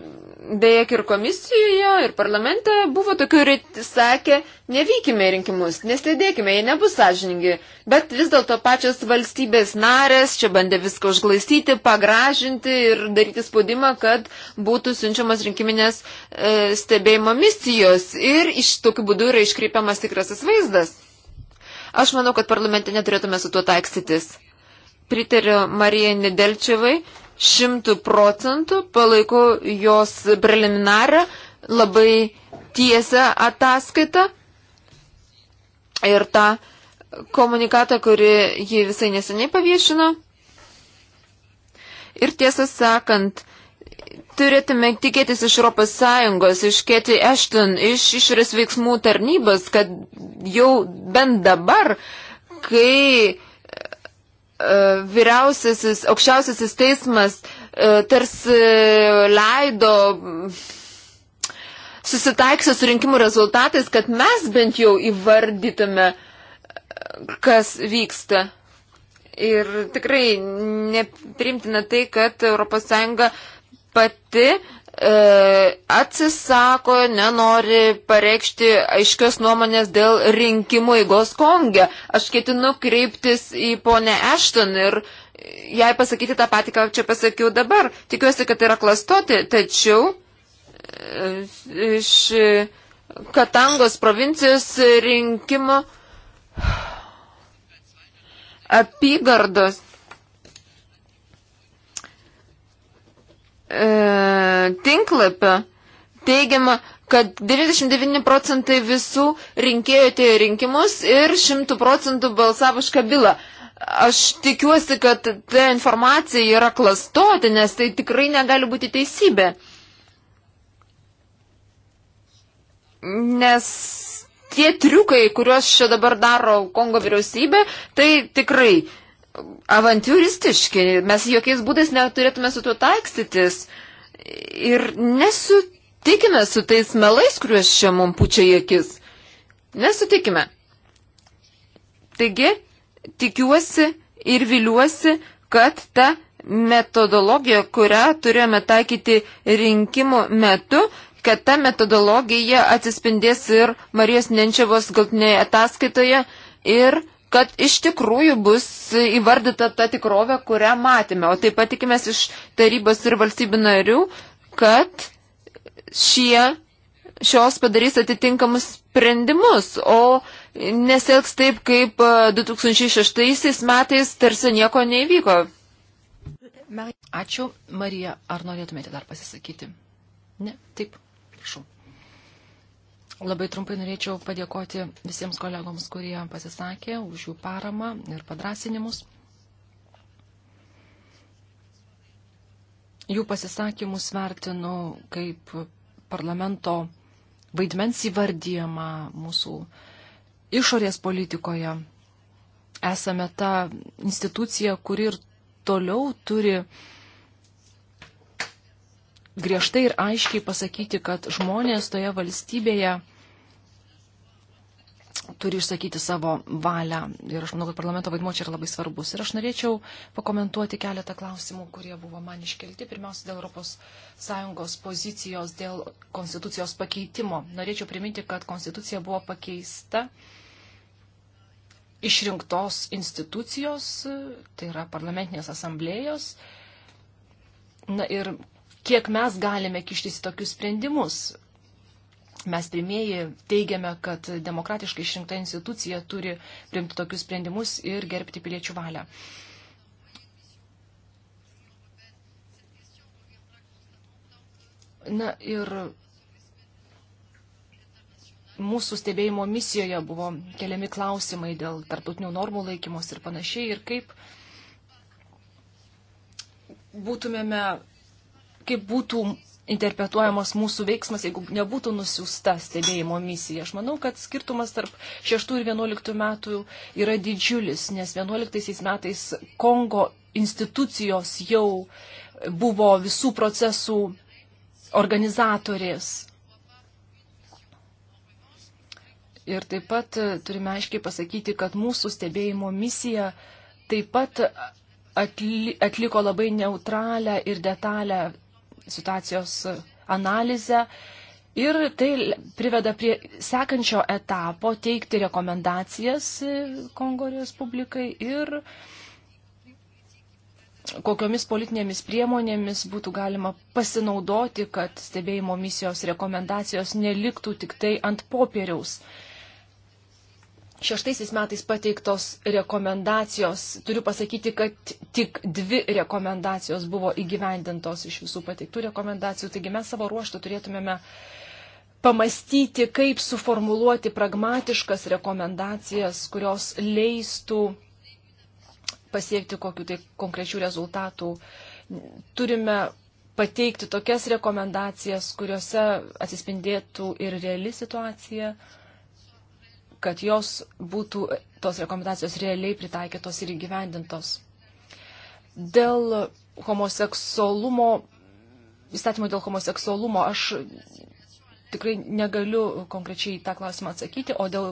[SPEAKER 3] beje, ir komisijoje, ir parlamente buvo tokių, kurie sakė, nevykime rinkimus, nesėdėkime, jie nebus sąžiningi. Bet vis dėlto pačios valstybės narės čia bandė viską užglaistyti, pagražinti ir daryti spaudimą, kad būtų siunčiamas rinkiminės e, stebėjimo misijos ir iš tokių būdų yra iškreipiamas tikrasis vaizdas. Aš manau, kad parlamente neturėtume su tuo taikstytis. Pritariu Marijai Nedelčiavai šimtų procentų palaikau jos preliminarę, labai tiesę ataskaitą ir tą komunikatą, kurį ji visai neseniai paviešino. Ir tiesą sakant, turėtume tikėtis iš Europos Sąjungos, iš Keti Ešton, iš išorės veiksmų tarnybos, kad jau bent dabar, kai uh, vyriausiasis, aukščiausiasis teismas e, tarsi leido mm, susitaiksti su rinkimų rezultatais, kad mes bent jau įvardytume, e, kas vyksta. Ir tikrai neprimtina tai, kad ES pati E, atsisako, nenori pareikšti aiškios nuomonės dėl rinkimų įgos Konge. Aš ketinu kreiptis į ponę Ešton ir jai pasakyti tą patį, ką čia pasakiau dabar. Tikiuosi, kad yra klastoti, tačiau e, iš Katangos provincijos rinkimo apygardos E, tinklapio teigiama, kad 99 procentai visų rinkėjų atėjo rinkimus ir 100 procentų balsavo už kabilą. Aš tikiuosi, kad ta informacija yra klastoti, nes tai tikrai negali būti teisybė. Nes tie triukai, kuriuos čia dabar daro Kongo vyriausybė, tai tikrai uh, avantūristiški, mes jokiais būdais neturėtume su tuo taikstytis ir nesutikime su tais melais, kuriuos čia mum pučia į akis. Nesutikime. Taigi, tikiuosi ir viliuosi, kad ta metodologija, kurią turėjome taikyti rinkimų metu, kad ta metodologija atsispindės ir Marijos Nenčiavos galtinėje ataskaitoje ir kad iš tikrųjų bus įvardyta ta tikrovė, kurią matėme. O taip pat tikimės iš tarybos ir valstybių narių, kad šie, šios padarys atitinkamus sprendimus, o nesielgs taip, kaip 2006 e, metais tarsi nieko neįvyko.
[SPEAKER 1] Ačiū, Marija. Ar norėtumėte dar pasisakyti? Ne, taip. Labai trumpai norėčiau padėkoti visiems kolegoms, kurie pasisakė už jų paramą ir padrasinimus. Jų pasisakymus vertinu kaip parlamento vaidmens įvardyjama mūsų išorės politikoje. Esame ta institucija, kuri ir toliau turi griežtai ir aiškiai pasakyti, kad žmonės toje valstybėje turi išsakyti savo valią. Ir aš manau, kad parlamento vaidmo čia yra labai svarbus. Ir aš norėčiau pakomentuoti keletą klausimų, kurie buvo man iškelti. Pirmiausia, dėl ES pozicijos, dėl konstitucijos pakeitimo. Norėčiau priminti, kad konstitucija buvo pakeista išrinktos institucijos, tai yra parlamentinės asamblėjos. Na ir kiek mes galime kištis į tokius sprendimus. Mes pirmieji teigiame, kad demokratiškai išrinkta institucija turi priimti tokius sprendimus ir gerbti piliečių valią. Na ir mūsų stebėjimo misijoje buvo keliami klausimai dėl tarptautinių normų laikymos ir panašiai, ir kaip būtumėme, kaip būtų interpretuojamas mūsų veiksmas, jeigu nebūtų nusiųsta stebėjimo misija. Aš manau, kad skirtumas tarp 6 ir 11 metų yra didžiulis, nes 11 metais Kongo institucijos jau buvo visų procesų organizatorės. Ir taip pat turime aiškiai pasakyti, kad mūsų stebėjimo misija taip pat atliko labai neutralią ir detalę situacijos analizę. Ir tai priveda prie sekančio etapo teikti rekomendacijas Kongo Respublikai ir kokiomis politinėmis priemonėmis būtų galima pasinaudoti, kad stebėjimo misijos rekomendacijos neliktų tik tai ant popieriaus šeštaisiais metais pateiktos rekomendacijos, turiu pasakyti, kad tik dvi rekomendacijos buvo įgyvendintos iš visų pateiktų rekomendacijų, taigi mes savo ruoštų turėtumėme pamastyti, kaip suformuluoti pragmatiškas rekomendacijas, kurios leistų pasiekti kokiu tai konkrečių rezultatų. Turime pateikti tokias rekomendacijas, kuriuose atsispindėtų ir reali situacija, uh, kad jos būtų tos rekomendacijos realiai pritaikytos ir įgyvendintos. Dėl homoseksualumo, įstatymo dėl homoseksualumo aš tikrai negaliu konkrečiai tą klausimą atsakyti, o dėl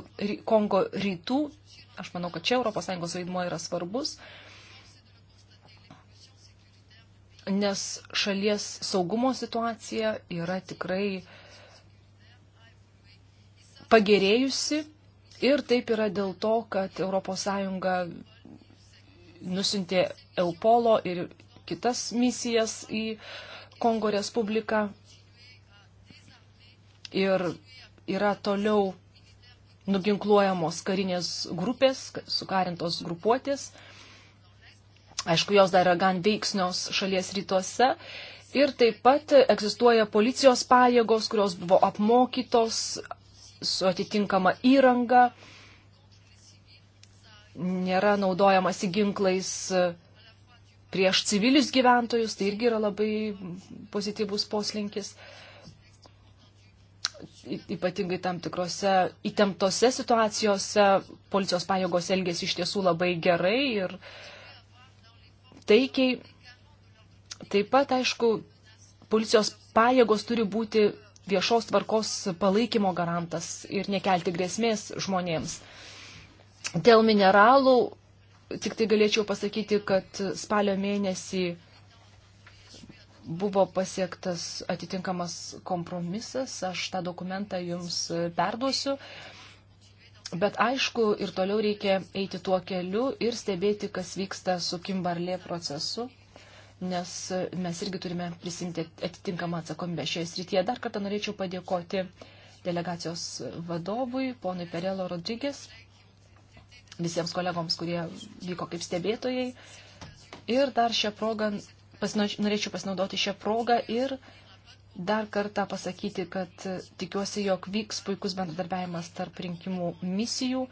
[SPEAKER 1] Kongo rytų, aš manau, kad čia ES vaidmuo yra svarbus, nes šalies saugumo situacija yra tikrai pagerėjusi Ir taip yra dėl to, kad ES nusintė Eupolo ir kitas misijas į Kongo Respubliką ir yra toliau nuginkluojamos karinės grupės, sukarintos grupuotės. Aišku, jos dar yra gan veiksnios šalies rytuose. Ir taip pat egzistuoja policijos pajėgos, kurios buvo apmokytos su atitinkama įranga, nėra naudojamasi ginklais e, prieš civilius gyventojus, tai irgi yra labai pozityvus poslinkis. Ypatingai tam tikrose įtemptose situacijose policijos pajėgos elgėsi iš tiesų labai gerai ir taikiai. Taip pat, aišku, policijos pajėgos turi būti viešos tvarkos palaikymo garantas ir nekelti grėsmės žmonėms. Dėl mineralų tik tai galėčiau pasakyti, kad spalio mėnesį buvo pasiektas atitinkamas kompromisas, aš tą dokumentą jums perduosiu. Bet aišku, ir toliau reikia eiti tuo keliu ir stebėti, kas vyksta su Kimbarlė procesu nes mes irgi turime prisimti atitinkamą atsakomybę šioje srityje. Dar kartą norėčiau padėkoti delegacijos vadovui, ponui Perelo Rodrygės, visiems kolegoms, kurie vyko kaip stebėtojai. Ir dar šią progą, pasino, norėčiau pasinaudoti šią progą ir dar kartą pasakyti, kad tikiuosi, jog vyks puikus bendradarbiavimas tarp rinkimų misijų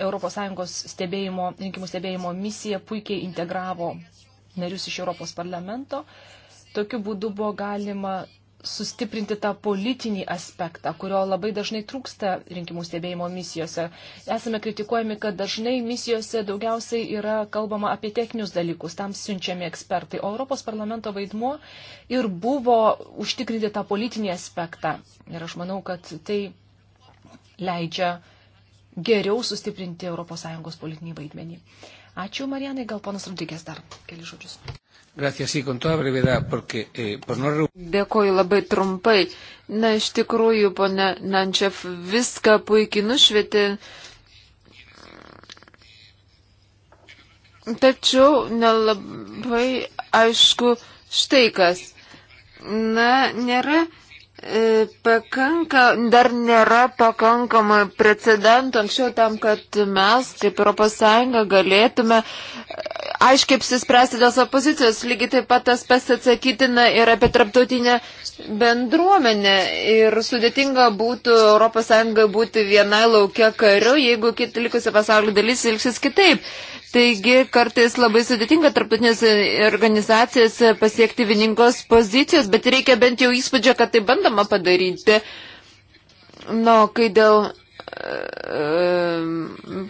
[SPEAKER 1] ES stebėjimo, rinkimų stebėjimo misija puikiai integravo narius iš Europos parlamento. Tokiu būdu buvo galima sustiprinti tą politinį aspektą, kurio labai dažnai trūksta rinkimų stebėjimo misijose. Esame kritikuojami, kad dažnai misijose daugiausiai yra kalbama apie techninius dalykus, tam siunčiami ekspertai. O Europos parlamento vaidmuo ir buvo užtikrinti tą politinį aspektą. Ir aš manau, kad tai leidžia uh, geriau sustiprinti ES politinį vaidmenį. Ačiū, Marijanai, gal ponas Rudikės dar keli žodžius.
[SPEAKER 2] Gracias, sí, con toda brevedad, porque, eh, por no...
[SPEAKER 3] Dėkoju labai trumpai. Na, iš tikrųjų, ponė Nančiaf viską puikiai nušvietė. Tačiau nelabai aišku štai kas. Na, nėra E, pakanka, dar nėra pakankama precedentų anksčiau tam, kad mes, kaip ES, galėtume e, aiškiai apsispręsti dėl savo pozicijos. Lygiai taip pat tas pasisakytina ir apie traptautinę bendruomenę. Ir sudėtinga būtų ES būti vienai laukia kariu, jeigu kiti likusi pasaulio dalis ilgsis kitaip. Taigi kartais labai sudėtinga tarptautinės organizacijas pasiekti vieningos pozicijos, bet reikia bent jau įspūdžio, kad tai bandoma padaryti. Nu, kai dėl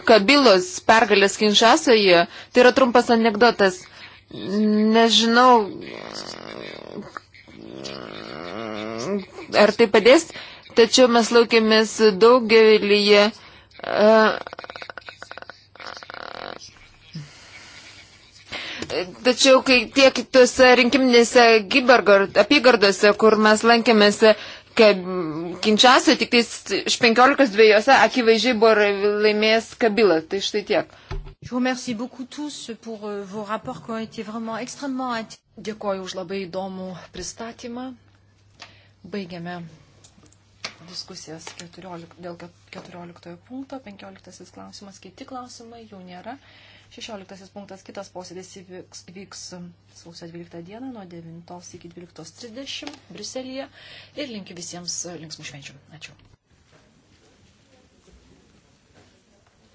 [SPEAKER 3] kabilos pergalės Kinšasoje, tai yra trumpas anegdotas. Nežinau, ar tai padės, tačiau mes laukėmės daugelyje e, Tačiau, kai tiek kitose rinkiminėse apygardose, kur mes lankėmės, kad Kinčiasio tik tais iš 15 dviejose akivaizdžiai buvo laimėjęs Kabila. Tai štai tiek.
[SPEAKER 1] Euh, Dėkoju už labai įdomų pristatymą. Baigiame diskusijas 14, dėl 14 punkto, 15 klausimas, kiti klausimai jau nėra. 16 punktas kitas posėdis įvyks, įvyks sausio 12 dieną nuo 9 iki 12.30 Briuselėje ir linkiu visiems linksmų švenčių. Ačiū.